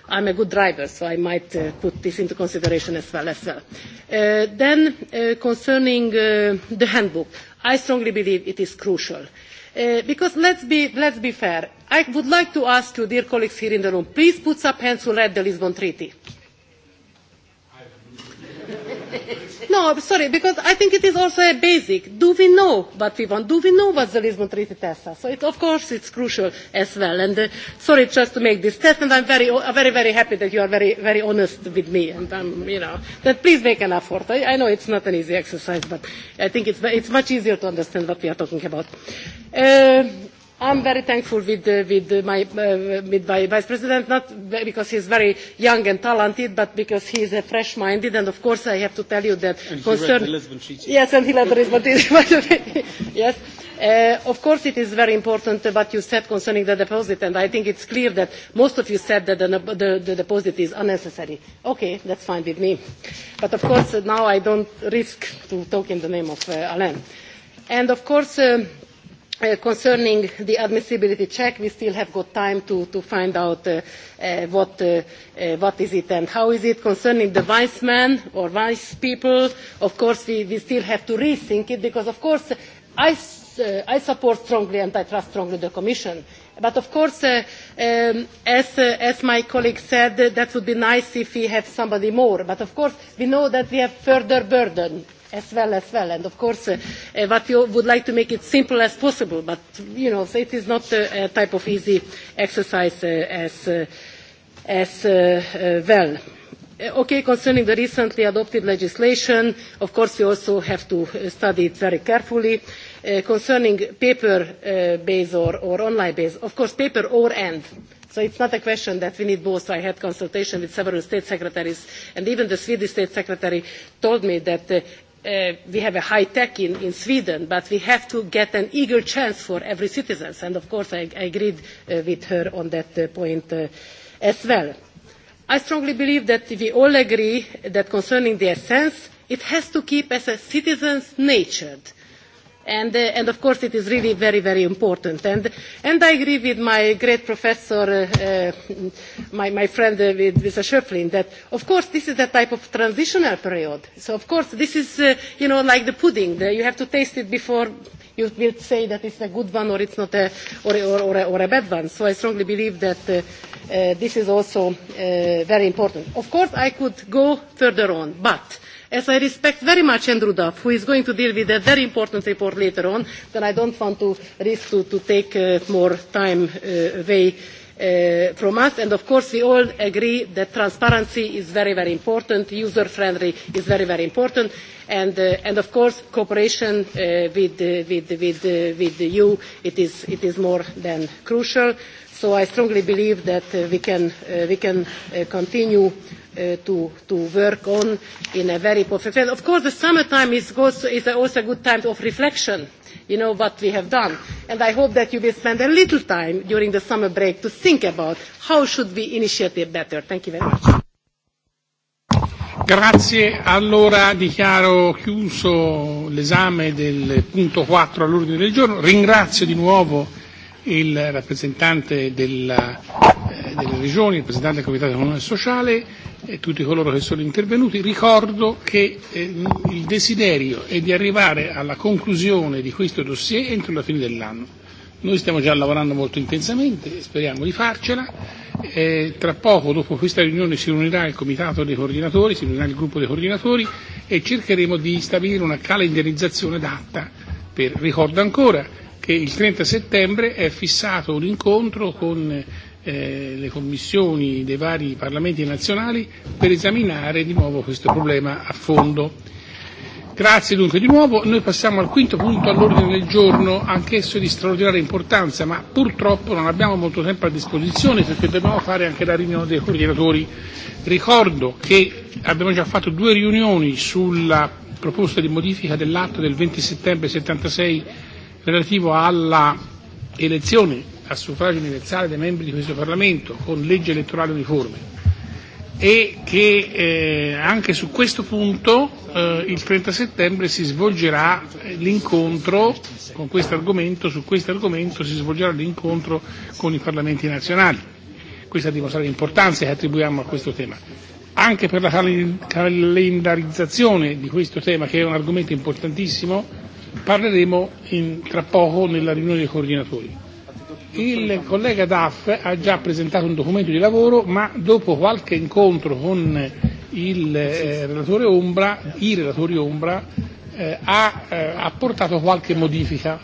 I'm a good driver, so I might uh, put this into consideration as well. As well. Uh, then, uh, concerning uh, the handbook, I strongly believe it is crucial. Uh, because let's be, let's be fair. I would like to ask you, dear colleagues here in the room, please put up hands who read the Lisbon Treaty. No, sorry, because I think it is also a basic. Do we know what we want? Do we know what the Lisbon Treaty tells us? So it, of course it's crucial as well. And uh, sorry, just to make this test, and I'm very, uh, very, very happy that you are very, very honest with me. And I'm, um, you know, that please make an effort. I, I know it's not an easy exercise, but I think it's, it's much easier to understand what we are talking about. Uh, I'm very thankful with, uh, with, my, uh, with my vice president, not because he's very young and talented, but because he is a fresh-minded, and of course I have to tell you that... And concern... he the Lisbon Treaty. Yes, and he led the Lisbon Treaty, yes. Uh, of course it is very important uh, what you said concerning the deposit, and I think it's clear that most of you said that the, the, the deposit is unnecessary. Okay, that's fine with me. But of course now I don't risk to talk in the name of uh, Alain. And of course... Um, Uh, concerning the admissibility check, we still have got time to, to find out uh, uh, what, uh, uh, is it and how is it. Concerning the vice men or vice people, of course, we, we still have to rethink it because, of course, I, I support strongly and I trust strongly the Commission. But of course, um, as, as, my colleague said, that would be nice if we have somebody more. But of course, we know that we have further burden as well as well. And of course, uh, uh, what you would like to make it simple as possible, but you know it is not a, a type of easy exercise uh, as uh, as uh, uh, well. Uh, okay, concerning the recently adopted legislation, of course, we also have to uh, study it very carefully. Uh, concerning paper-based uh, or, or online-based, of course, paper or and. So it's not a question that we need both. I had consultation with several state secretaries, and even the Swedish state secretary told me that uh, uh, we have a high tech in, in Sweden, but we have to get an equal chance for every citizen. And of course, I, I agreed uh, with her on that uh, point uh, as well. I strongly believe that we all agree that concerning the essence, it has to keep as a citizen's natured and, uh, and of course it is really very, very important. And, and I agree with my great professor, uh, uh, my, my friend uh, with Mr. Schöpflin, that of course this is the type of transitional period. So of course this is, uh, you know, like the pudding. The, you have to taste it before you will say that it's a good one or it's not a, or, or, or, a, or a bad one. So I strongly believe that uh, uh, this is also uh, very important. Of course I could go further on, but as I respect very much Andrew Duff, who is going to deal with a very important report later on, then I don't want to risk to, to take uh, more time uh, away uh, from us. And of course, we all agree that transparency is very, very important, user-friendly is very, very important, and, uh, and of course, cooperation uh, with, uh, with, with, uh, with you, it is, it is more than crucial So I strongly believe that uh, we can, uh, we can uh, continue uh, to, to work on in a very perfect way. Of course, the summertime is also, is also a good time of reflection, you know, what we have done. And I hope that you will spend a little time during the summer break to think about how should we initiate it better. Thank you very much. Grazie, allora dichiaro chiuso l'esame del punto 4 all'ordine del giorno. Ringrazio di nuovo il rappresentante della, eh, delle regioni, il rappresentante del Comitato economico sociale e tutti coloro che sono intervenuti. Ricordo che eh, il desiderio è di arrivare alla conclusione di questo dossier entro la fine dell'anno. Noi stiamo già lavorando molto intensamente, speriamo di farcela. Eh, tra poco, dopo questa riunione, si riunirà il comitato dei coordinatori, si riunirà il gruppo dei coordinatori e cercheremo di stabilire una calendarizzazione adatta per, ricordo ancora, che il 30 settembre è fissato un incontro con eh, le commissioni dei vari parlamenti nazionali per esaminare di nuovo questo problema a fondo. Grazie dunque di nuovo. Noi passiamo al quinto punto all'ordine del giorno, anch'esso di straordinaria importanza, ma purtroppo non abbiamo molto tempo a disposizione perché dobbiamo fare anche la riunione dei coordinatori. Ricordo che abbiamo già fatto due riunioni sulla proposta di modifica dell'atto del 20 settembre 1976 relativo alla elezione a suffragio universale dei membri di questo Parlamento con legge elettorale uniforme e che eh, anche su questo punto eh, il 30 settembre si svolgerà l'incontro con questo argomento, su questo argomento si svolgerà l'incontro con i parlamenti nazionali. Questa dimostra l'importanza che attribuiamo a questo tema. Anche per la calendarizzazione di questo tema, che è un argomento importantissimo, parleremo in, tra poco nella riunione dei coordinatori. Il collega Daff ha già presentato un documento di lavoro, ma dopo qualche incontro con il eh, relatore Ombra, i relatori Ombra, eh, ha eh, apportato qualche modifica.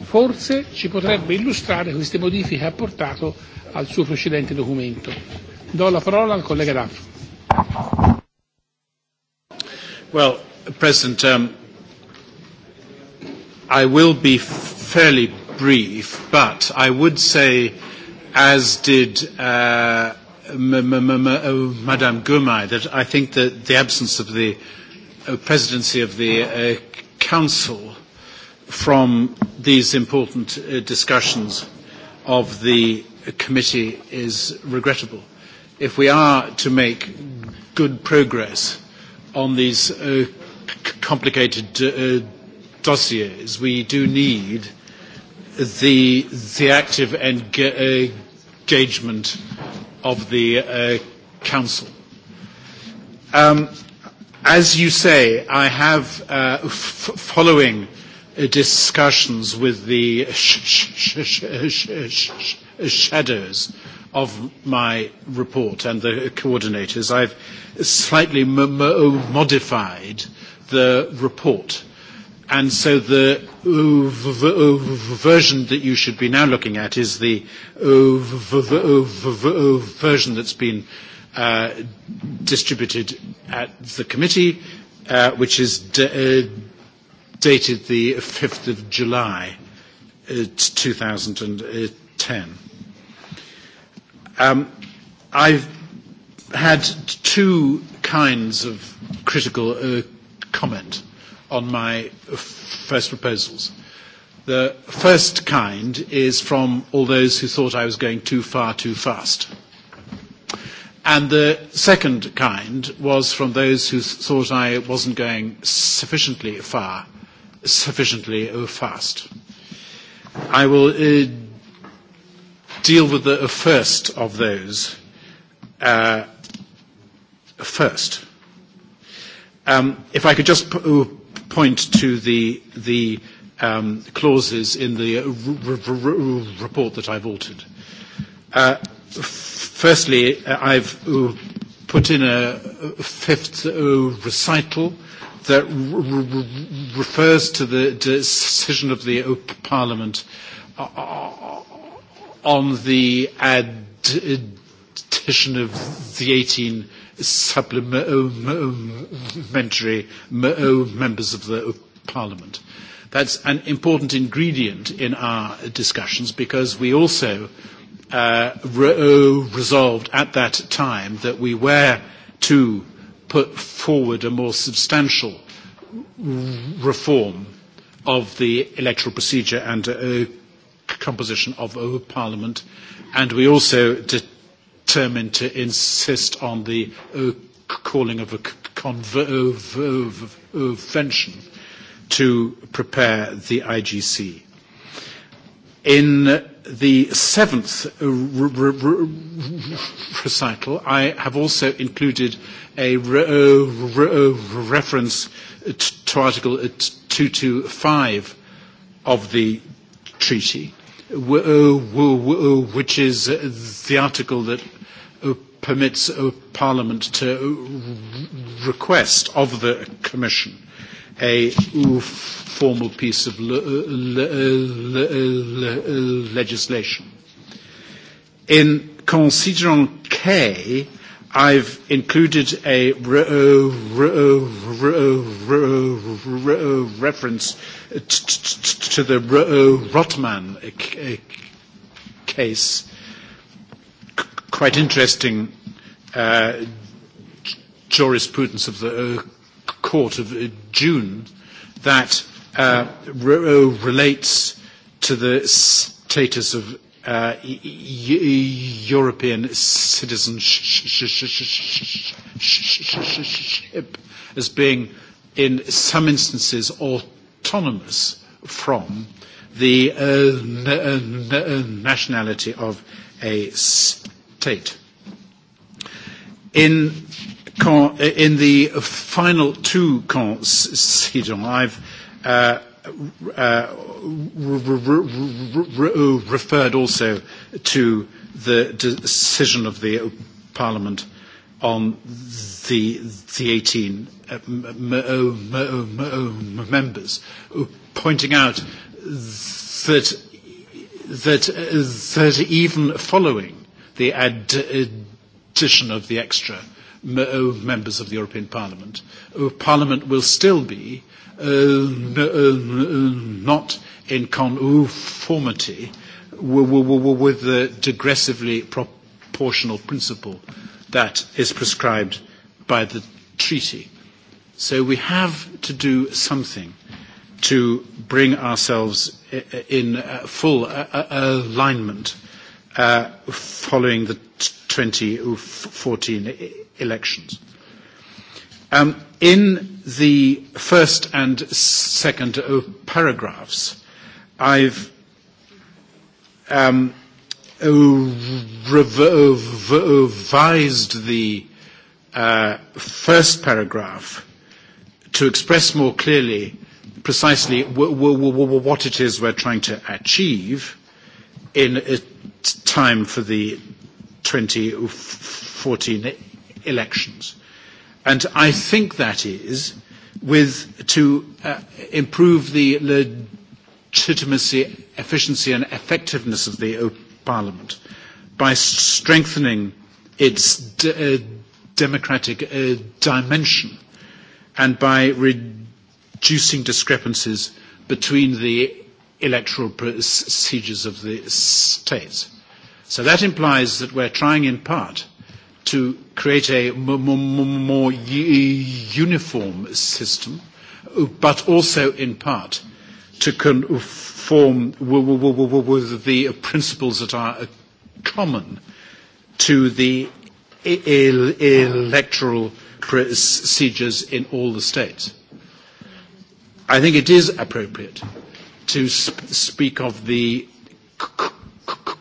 Forse ci potrebbe illustrare queste modifiche apportato al suo precedente documento. Do la parola al collega Daff. Well, President, um, I will be fairly brief, but I would say, as did uh, oh, Madame that I think that the absence of the uh, presidency of the uh, Council from these important uh, discussions of the committee is regrettable. If we are to make good progress on these uh, complicated uh, dossiers, we do need the, the active enga engagement of the uh, Council. Um, as you say, I have, uh, following discussions with the sh sh sh shadows of my report and the coordinators, I've slightly modified the report And so the uh, uh, version that you should be now looking at is the uh, version that's been uh, distributed at the committee, uh, which is d- uh, dated the 5th of July, uh, 2010. Um, I've had two kinds of critical uh, comment on my first proposals. The first kind is from all those who thought I was going too far too fast. And the second kind was from those who thought I wasn't going sufficiently far, sufficiently fast. I will uh, deal with the first of those uh, first. Um, if I could just p- point to the, the um, clauses in the uh, report that I've altered. Uh, firstly, uh, I've uh, put in a fifth recital that refers to the decision of the Parliament on the addition of the 18 supplementary oh, oh, oh, members of the parliament. That's an important ingredient in our discussions because we also uh, re resolved at that time that we were to put forward a more substantial reform of the electoral procedure and uh, composition of uh, Parliament. And we also de determined to insist on the uh, calling of a convention uh, uh, uh, to prepare the IGC. In the seventh recital, I have also included a reference to Article 225 of the treaty, which is the article that permits uh, Parliament to request of the Commission a formal piece of uh, uh, uh, legislation. In considering K, I've included a reference to the Rotman case quite interesting uh, jurisprudence of the uh, Court of uh, June that uh, re- uh, relates to the status of uh, e- e- European citizenship as being, in some instances, autonomous from the uh, n- uh, n- uh, nationality of a Tate. In, con, in the final two considérants, I've uh, uh, referred also to the decision of the Parliament on the, the 18 uh, members, pointing out that, that, uh, that even following the addition of the extra uh, members of the European Parliament. Uh, Parliament will still be uh, uh not in conformity with the digressively proportional principle that is prescribed by the treaty. So we have to do something to bring ourselves in full alignment Uh, following the 2014 e-, elections. Um, in the first and second uh, paragraphs, I've um, uh, revised the uh, first paragraph to express more clearly precisely what it is we're trying to achieve in uh, time for the 2014 elections. And I think that is with to uh, improve the legitimacy, efficiency and effectiveness of the uh, Parliament by strengthening its d- uh, democratic uh, dimension and by reducing discrepancies between the electoral procedures of the states. So that implies that we're trying in part to create a more uniform system, but also in part to conform with the principles that are uh, common to the e-, electoral procedures in all the states. I think it is appropriate to sp speak of the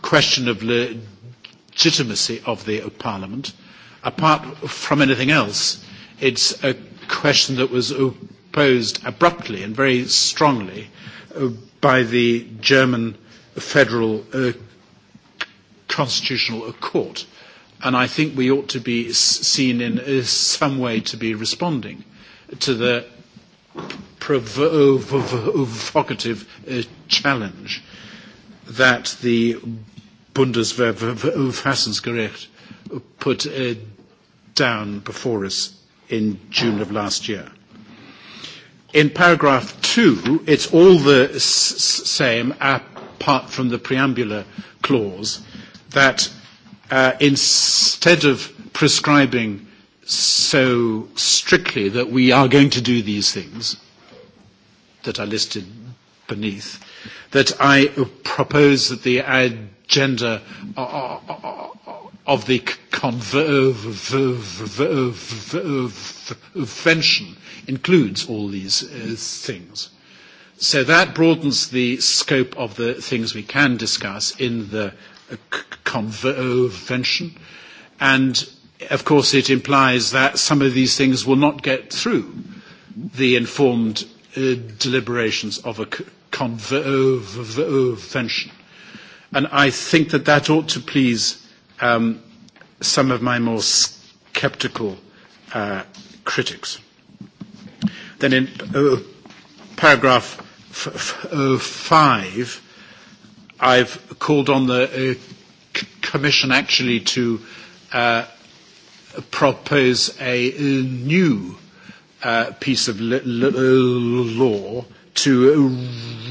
question of legitimacy of the Parliament. Apart from anything else, it's a question that was posed abruptly and very strongly uh, by the German Federal uh, Constitutional Court. And I think we ought to be seen in uh, some way to be responding to the provocative uh, challenge that the Bundesverfassungsgericht put uh, down before us in June of last year. In paragraph two, it's all the s- same apart from the preambular clause that uh, instead of prescribing so strictly that we are going to do these things that are listed beneath, that I propose that the agenda uh, uh, uh, of the convention includes all these things. So that broadens the scope of the things we can discuss in the convention. And of course, it implies that some of these things will not get through the informed uh, deliberations of a convention. And I think that that ought to please um, some of my more sceptical uh, critics. Then in uh, paragraph f- f- uh, five, I've called on the uh, c- Commission actually to uh, propose a new uh, piece of law to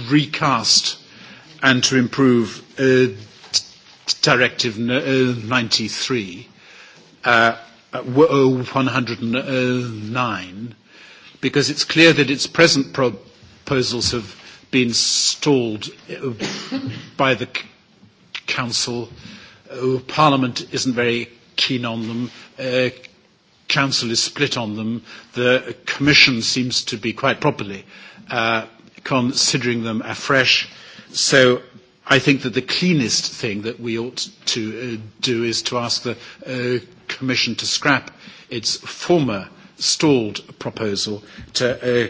recast and to improve uh, Directive 93, uh, 109, uh, uh, because it's clear that its present proposals have been stalled uh, by the Council. Parliament isn't very keen on them. Uh, Council is split on them. The Commission seems to be quite properly uh, considering them afresh. So I think that the cleanest thing that we ought to uh, do is to ask the uh, Commission to scrap its former stalled proposal to uh,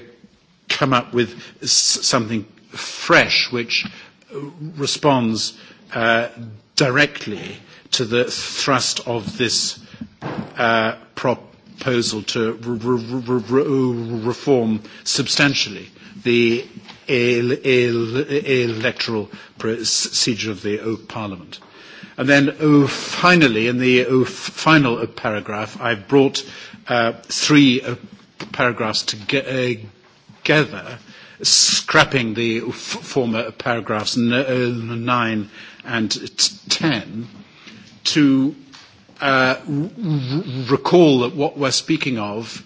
come up with s- something fresh which uh, responds uh, directly to the thrust of this uh, proposal to reform substantially the electoral procedure of the o Parliament. And then oh, finally, in the oh, final oh, paragraph, I've brought uh, three uh, paragraphs together, uh, scrapping the former paragraphs 9 uh, and 10 to uh, r- recall that what we're speaking of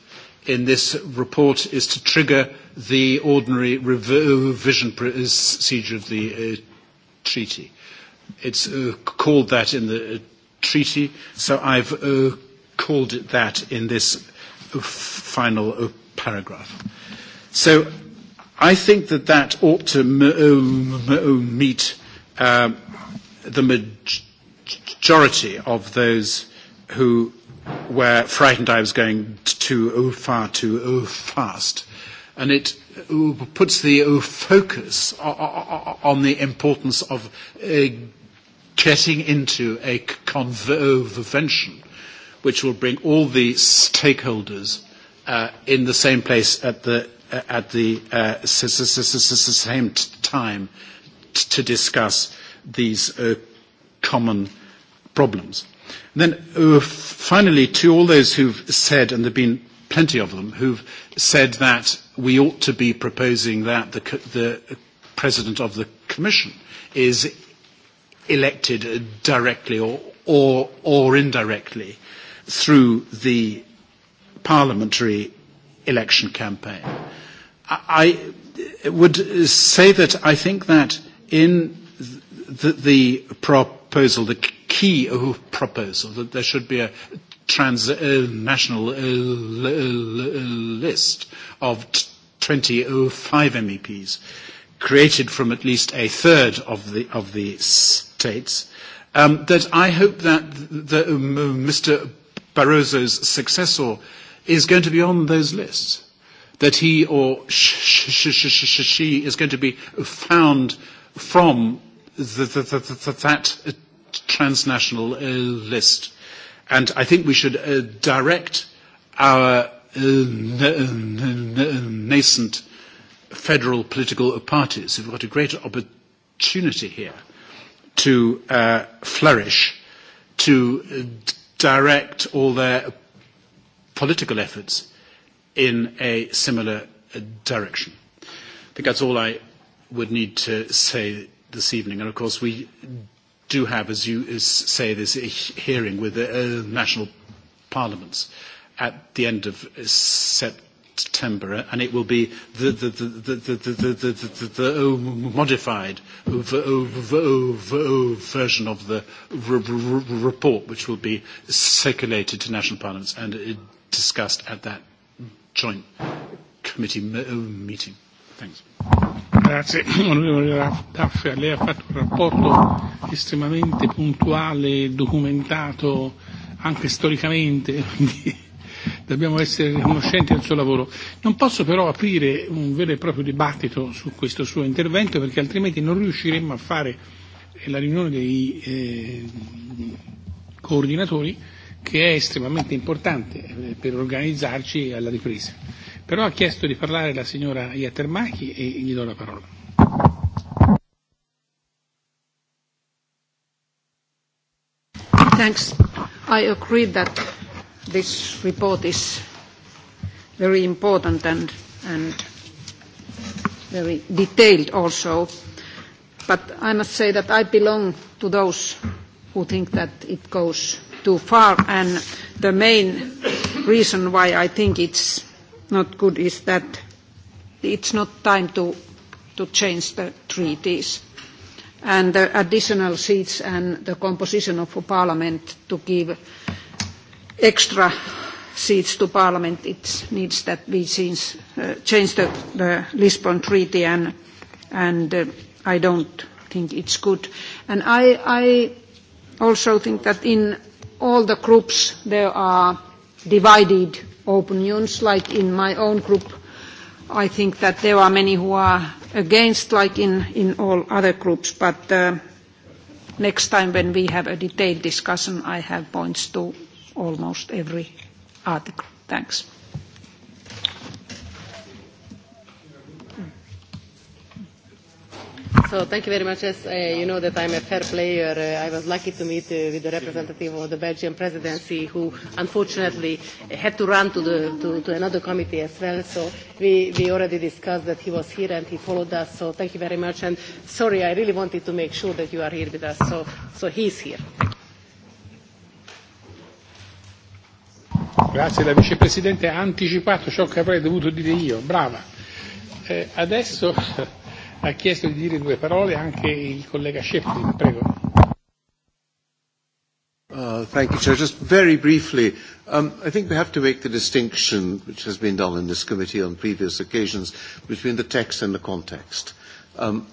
in this report is to trigger the ordinary revision procedure of the uh, treaty. It's uh, called that in the uh, treaty, so I've uh, called it that in this uh, final uh, paragraph. So I think that that ought to m- uh, m- m- meet uh, the majority majority of those who were frightened I was going too oh, far too oh, fast. And it uh, puts the oh, focus on the importance of uh, getting into a convention which will bring all the stakeholders uh, in the same place at the, uh, at the uh, same time to discuss these uh, common problems. And then uh, finally, to all those who've said, and there have been plenty of them, who've said that we ought to be proposing that the, the president of the commission is elected directly or, or, or indirectly through the parliamentary election campaign. I, I would say that I think that in the, the proposal the key uh, proposal that there should be a transnational uh, uh, uh, uh, list of 25 MEPs created from at least a third of the, of the states, um, that I hope that the, um, uh, Mr. Barroso's successor is going to be on those lists, that he or sh- sh- sh- sh- she is going to be found from the, the, the, the, that uh, transnational uh, list. And I think we should uh, direct our uh, nascent federal political parties have got a great opportunity here to uh, flourish, to uh, direct all their political efforts in a similar uh, direction. I think that's all I would need to say this evening. And of course, we do have, as you say, this hearing with the uh, national parliaments at the end of September, and it will be the, the, the, the, the, the, the, the modified version of the report, which will be circulated to national parliaments and discussed at that joint committee meeting. Thanks. Grazie onorevole Raffia, lei ha fatto un rapporto estremamente puntuale, e documentato anche storicamente, quindi dobbiamo essere riconoscenti del suo lavoro. Non posso però aprire un vero e proprio dibattito su questo suo intervento perché altrimenti non riusciremmo a fare eh, la riunione dei eh, coordinatori che è estremamente importante eh, per organizzarci alla ripresa. Però ha chiesto di parlare la signora Iatermachi e gli do la parola. Thanks. I agree that this report is very important and, and very detailed also. But I must say that I belong to those who think that it goes too far. And the main reason why I think it's not good is that it's not time to, to change the treaties and the additional seats and the composition of a parliament to give extra seats to parliament, it needs that we change, uh, change the, the Lisbon Treaty and, and uh, I don't think it's good. And I, I also think that in all the groups there are divided opinions, like in my own group, I think that there are many who are against, like in, in all other groups, but uh, next time when we have a detailed discussion, I have points to almost every article. Thanks. So thank you very much. As uh, you know that I'm a fair player, uh, I was lucky to meet uh, with the representative of the Belgian presidency who unfortunately had to run to, the, to, to another committee as well. So we, we already discussed that he was here and he followed us. So thank you very much. And sorry, I really wanted to make sure that you are here with us. So, so he's here. Grazie, la vicepresidente ha anticipato ciò che avrei dovuto dire io. Brava. Eh, adesso ha chiesto di dire due parole anche il collega Sheffield, prego. Uh, thank you, Chair. Just very briefly, um, I think we have to make the distinction, which has been done in this committee on previous occasions, between the text and the context. Um,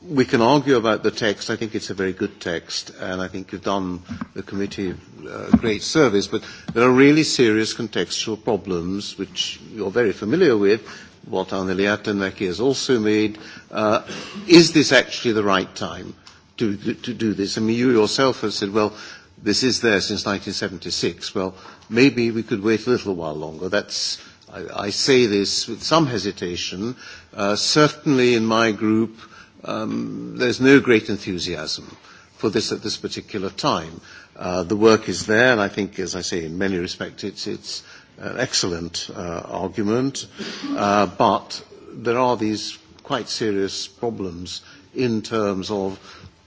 we can argue about the text. I think it's a very good text, and I think you've done the committee a uh, great service. But there are really serious contextual problems, which you're very familiar with, what Anneli Attanek has also made, uh, is this actually the right time to, to do this? I mean, you yourself have said, well, this is there since 1976. Well, maybe we could wait a little while longer. That's, I, I say this with some hesitation. Uh, certainly in my group, um, there's no great enthusiasm for this at this particular time. Uh, the work is there, and I think, as I say, in many respects, it's, it's an excellent uh, argument, uh, but there are these quite serious problems in terms of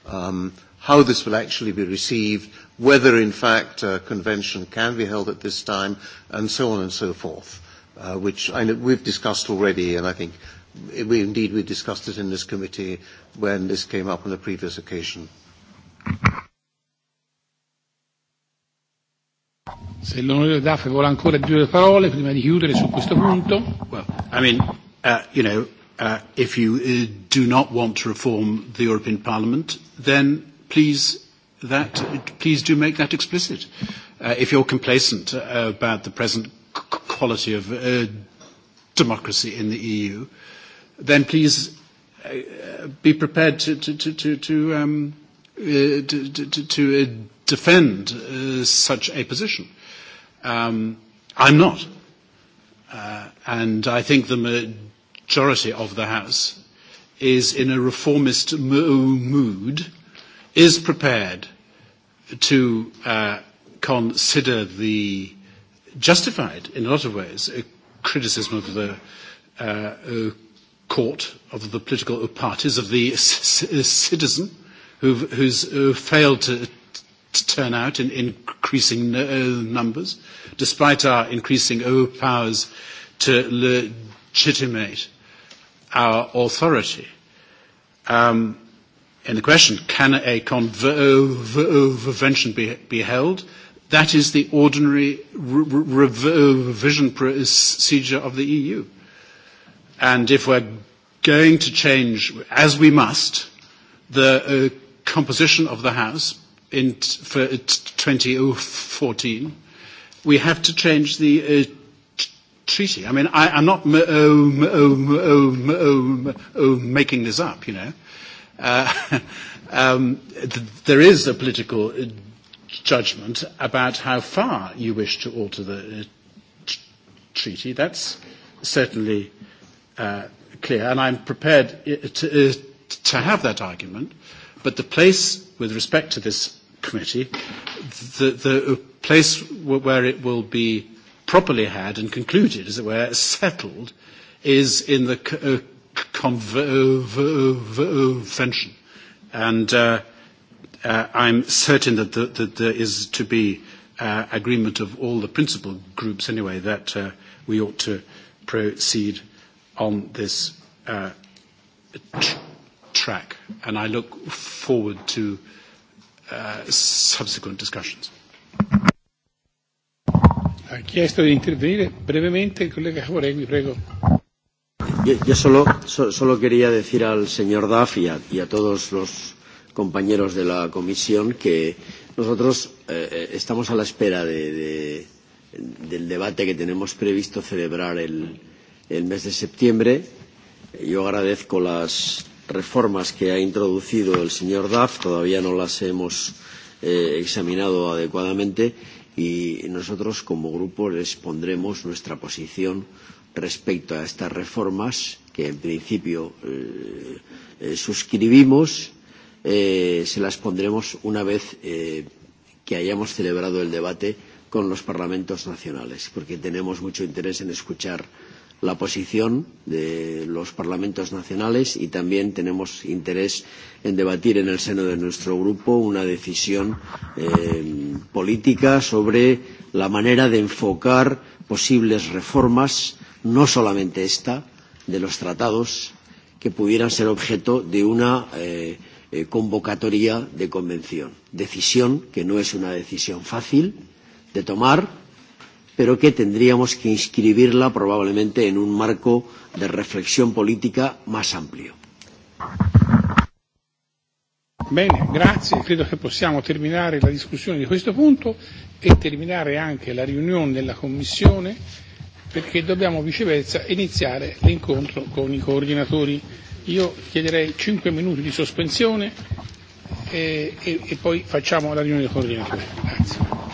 um, how this will actually be received, whether in fact a convention can be held at this time, and so on and so forth, uh, which I know we've discussed already, and I think we, indeed we discussed it in this committee when this came up on a previous occasion. Se l'onorevole Daffe vuole ancora due parole prima di chiudere su questo punto. Well, I mean, uh, you know, uh, if you uh, do not want to reform the European Parliament, then please, that, please do make that explicit. Uh, if you're complacent uh, about the present quality of uh, democracy in the EU, then please uh, be prepared to, to, to, to, to, um, uh, to, to, to uh, defend uh, such a position. Um, I'm not. Uh, and I think the majority of the House is in a reformist mood, is prepared to uh, consider the justified, in a lot of ways, a uh, criticism of the uh, uh, court, of the political parties, of the c- c- citizen who've, who's uh, failed to turn out in increasing numbers, despite our increasing powers to legitimate our authority. Um, and the question, can a convention be, be held? That is the ordinary revision procedure of the EU. And if we're going to change, as we must, the uh, composition of the House in for 2014, we have to change the uh, treaty. I mean, I, I'm not m- oh, oh, oh, oh, making this up, you know. Uh, um, th- there is a political judgment about how far you wish to alter the uh, t- treaty. That's certainly uh, clear, and I'm prepared to, uh, to have that argument. But the place with respect to this Committee, the, the place where it will be properly had and concluded, as it were, settled, is in the uh, convention. And uh, uh, I'm certain that, the, that there is to be uh, agreement of all the principal groups, anyway, that uh, we ought to proceed on this uh, tr- track. And I look forward to Uh, subsequent discussions. Ha chiesto di intervenire brevemente il collega Jauregui, prego. Yo, yo solo, so, solo quería decir al señor Duff y a, y a todos los compañeros de la comisión que nosotros eh, estamos a la espera de, de, del debate que tenemos previsto celebrar el, el mes de septiembre. Yo agradezco las, reformas que ha introducido el señor Duff, todavía no las hemos eh, examinado adecuadamente y nosotros como grupo les pondremos nuestra posición respecto a estas reformas que en principio eh, eh, suscribimos, eh, se las pondremos una vez eh, que hayamos celebrado el debate con los parlamentos nacionales, porque tenemos mucho interés en escuchar la posición de los parlamentos nacionales y también tenemos interés en debatir en el seno de nuestro grupo una decisión eh, política sobre la manera de enfocar posibles reformas, no solamente esta, de los tratados que pudieran ser objeto de una eh, eh convocatoria de convención. Decisión que no es una decisión fácil de tomar, pero que tendríamos que inscribirla probablemente en un marco de reflexión política más amplio. Bene, grazie. Credo che possiamo terminare la discussione di questo punto e terminare anche la riunione della Commissione perché dobbiamo viceversa iniziare l'incontro con i coordinatori. Io chiederei 5 minuti di sospensione e, e, e poi facciamo la riunione dei coordinatori. Grazie.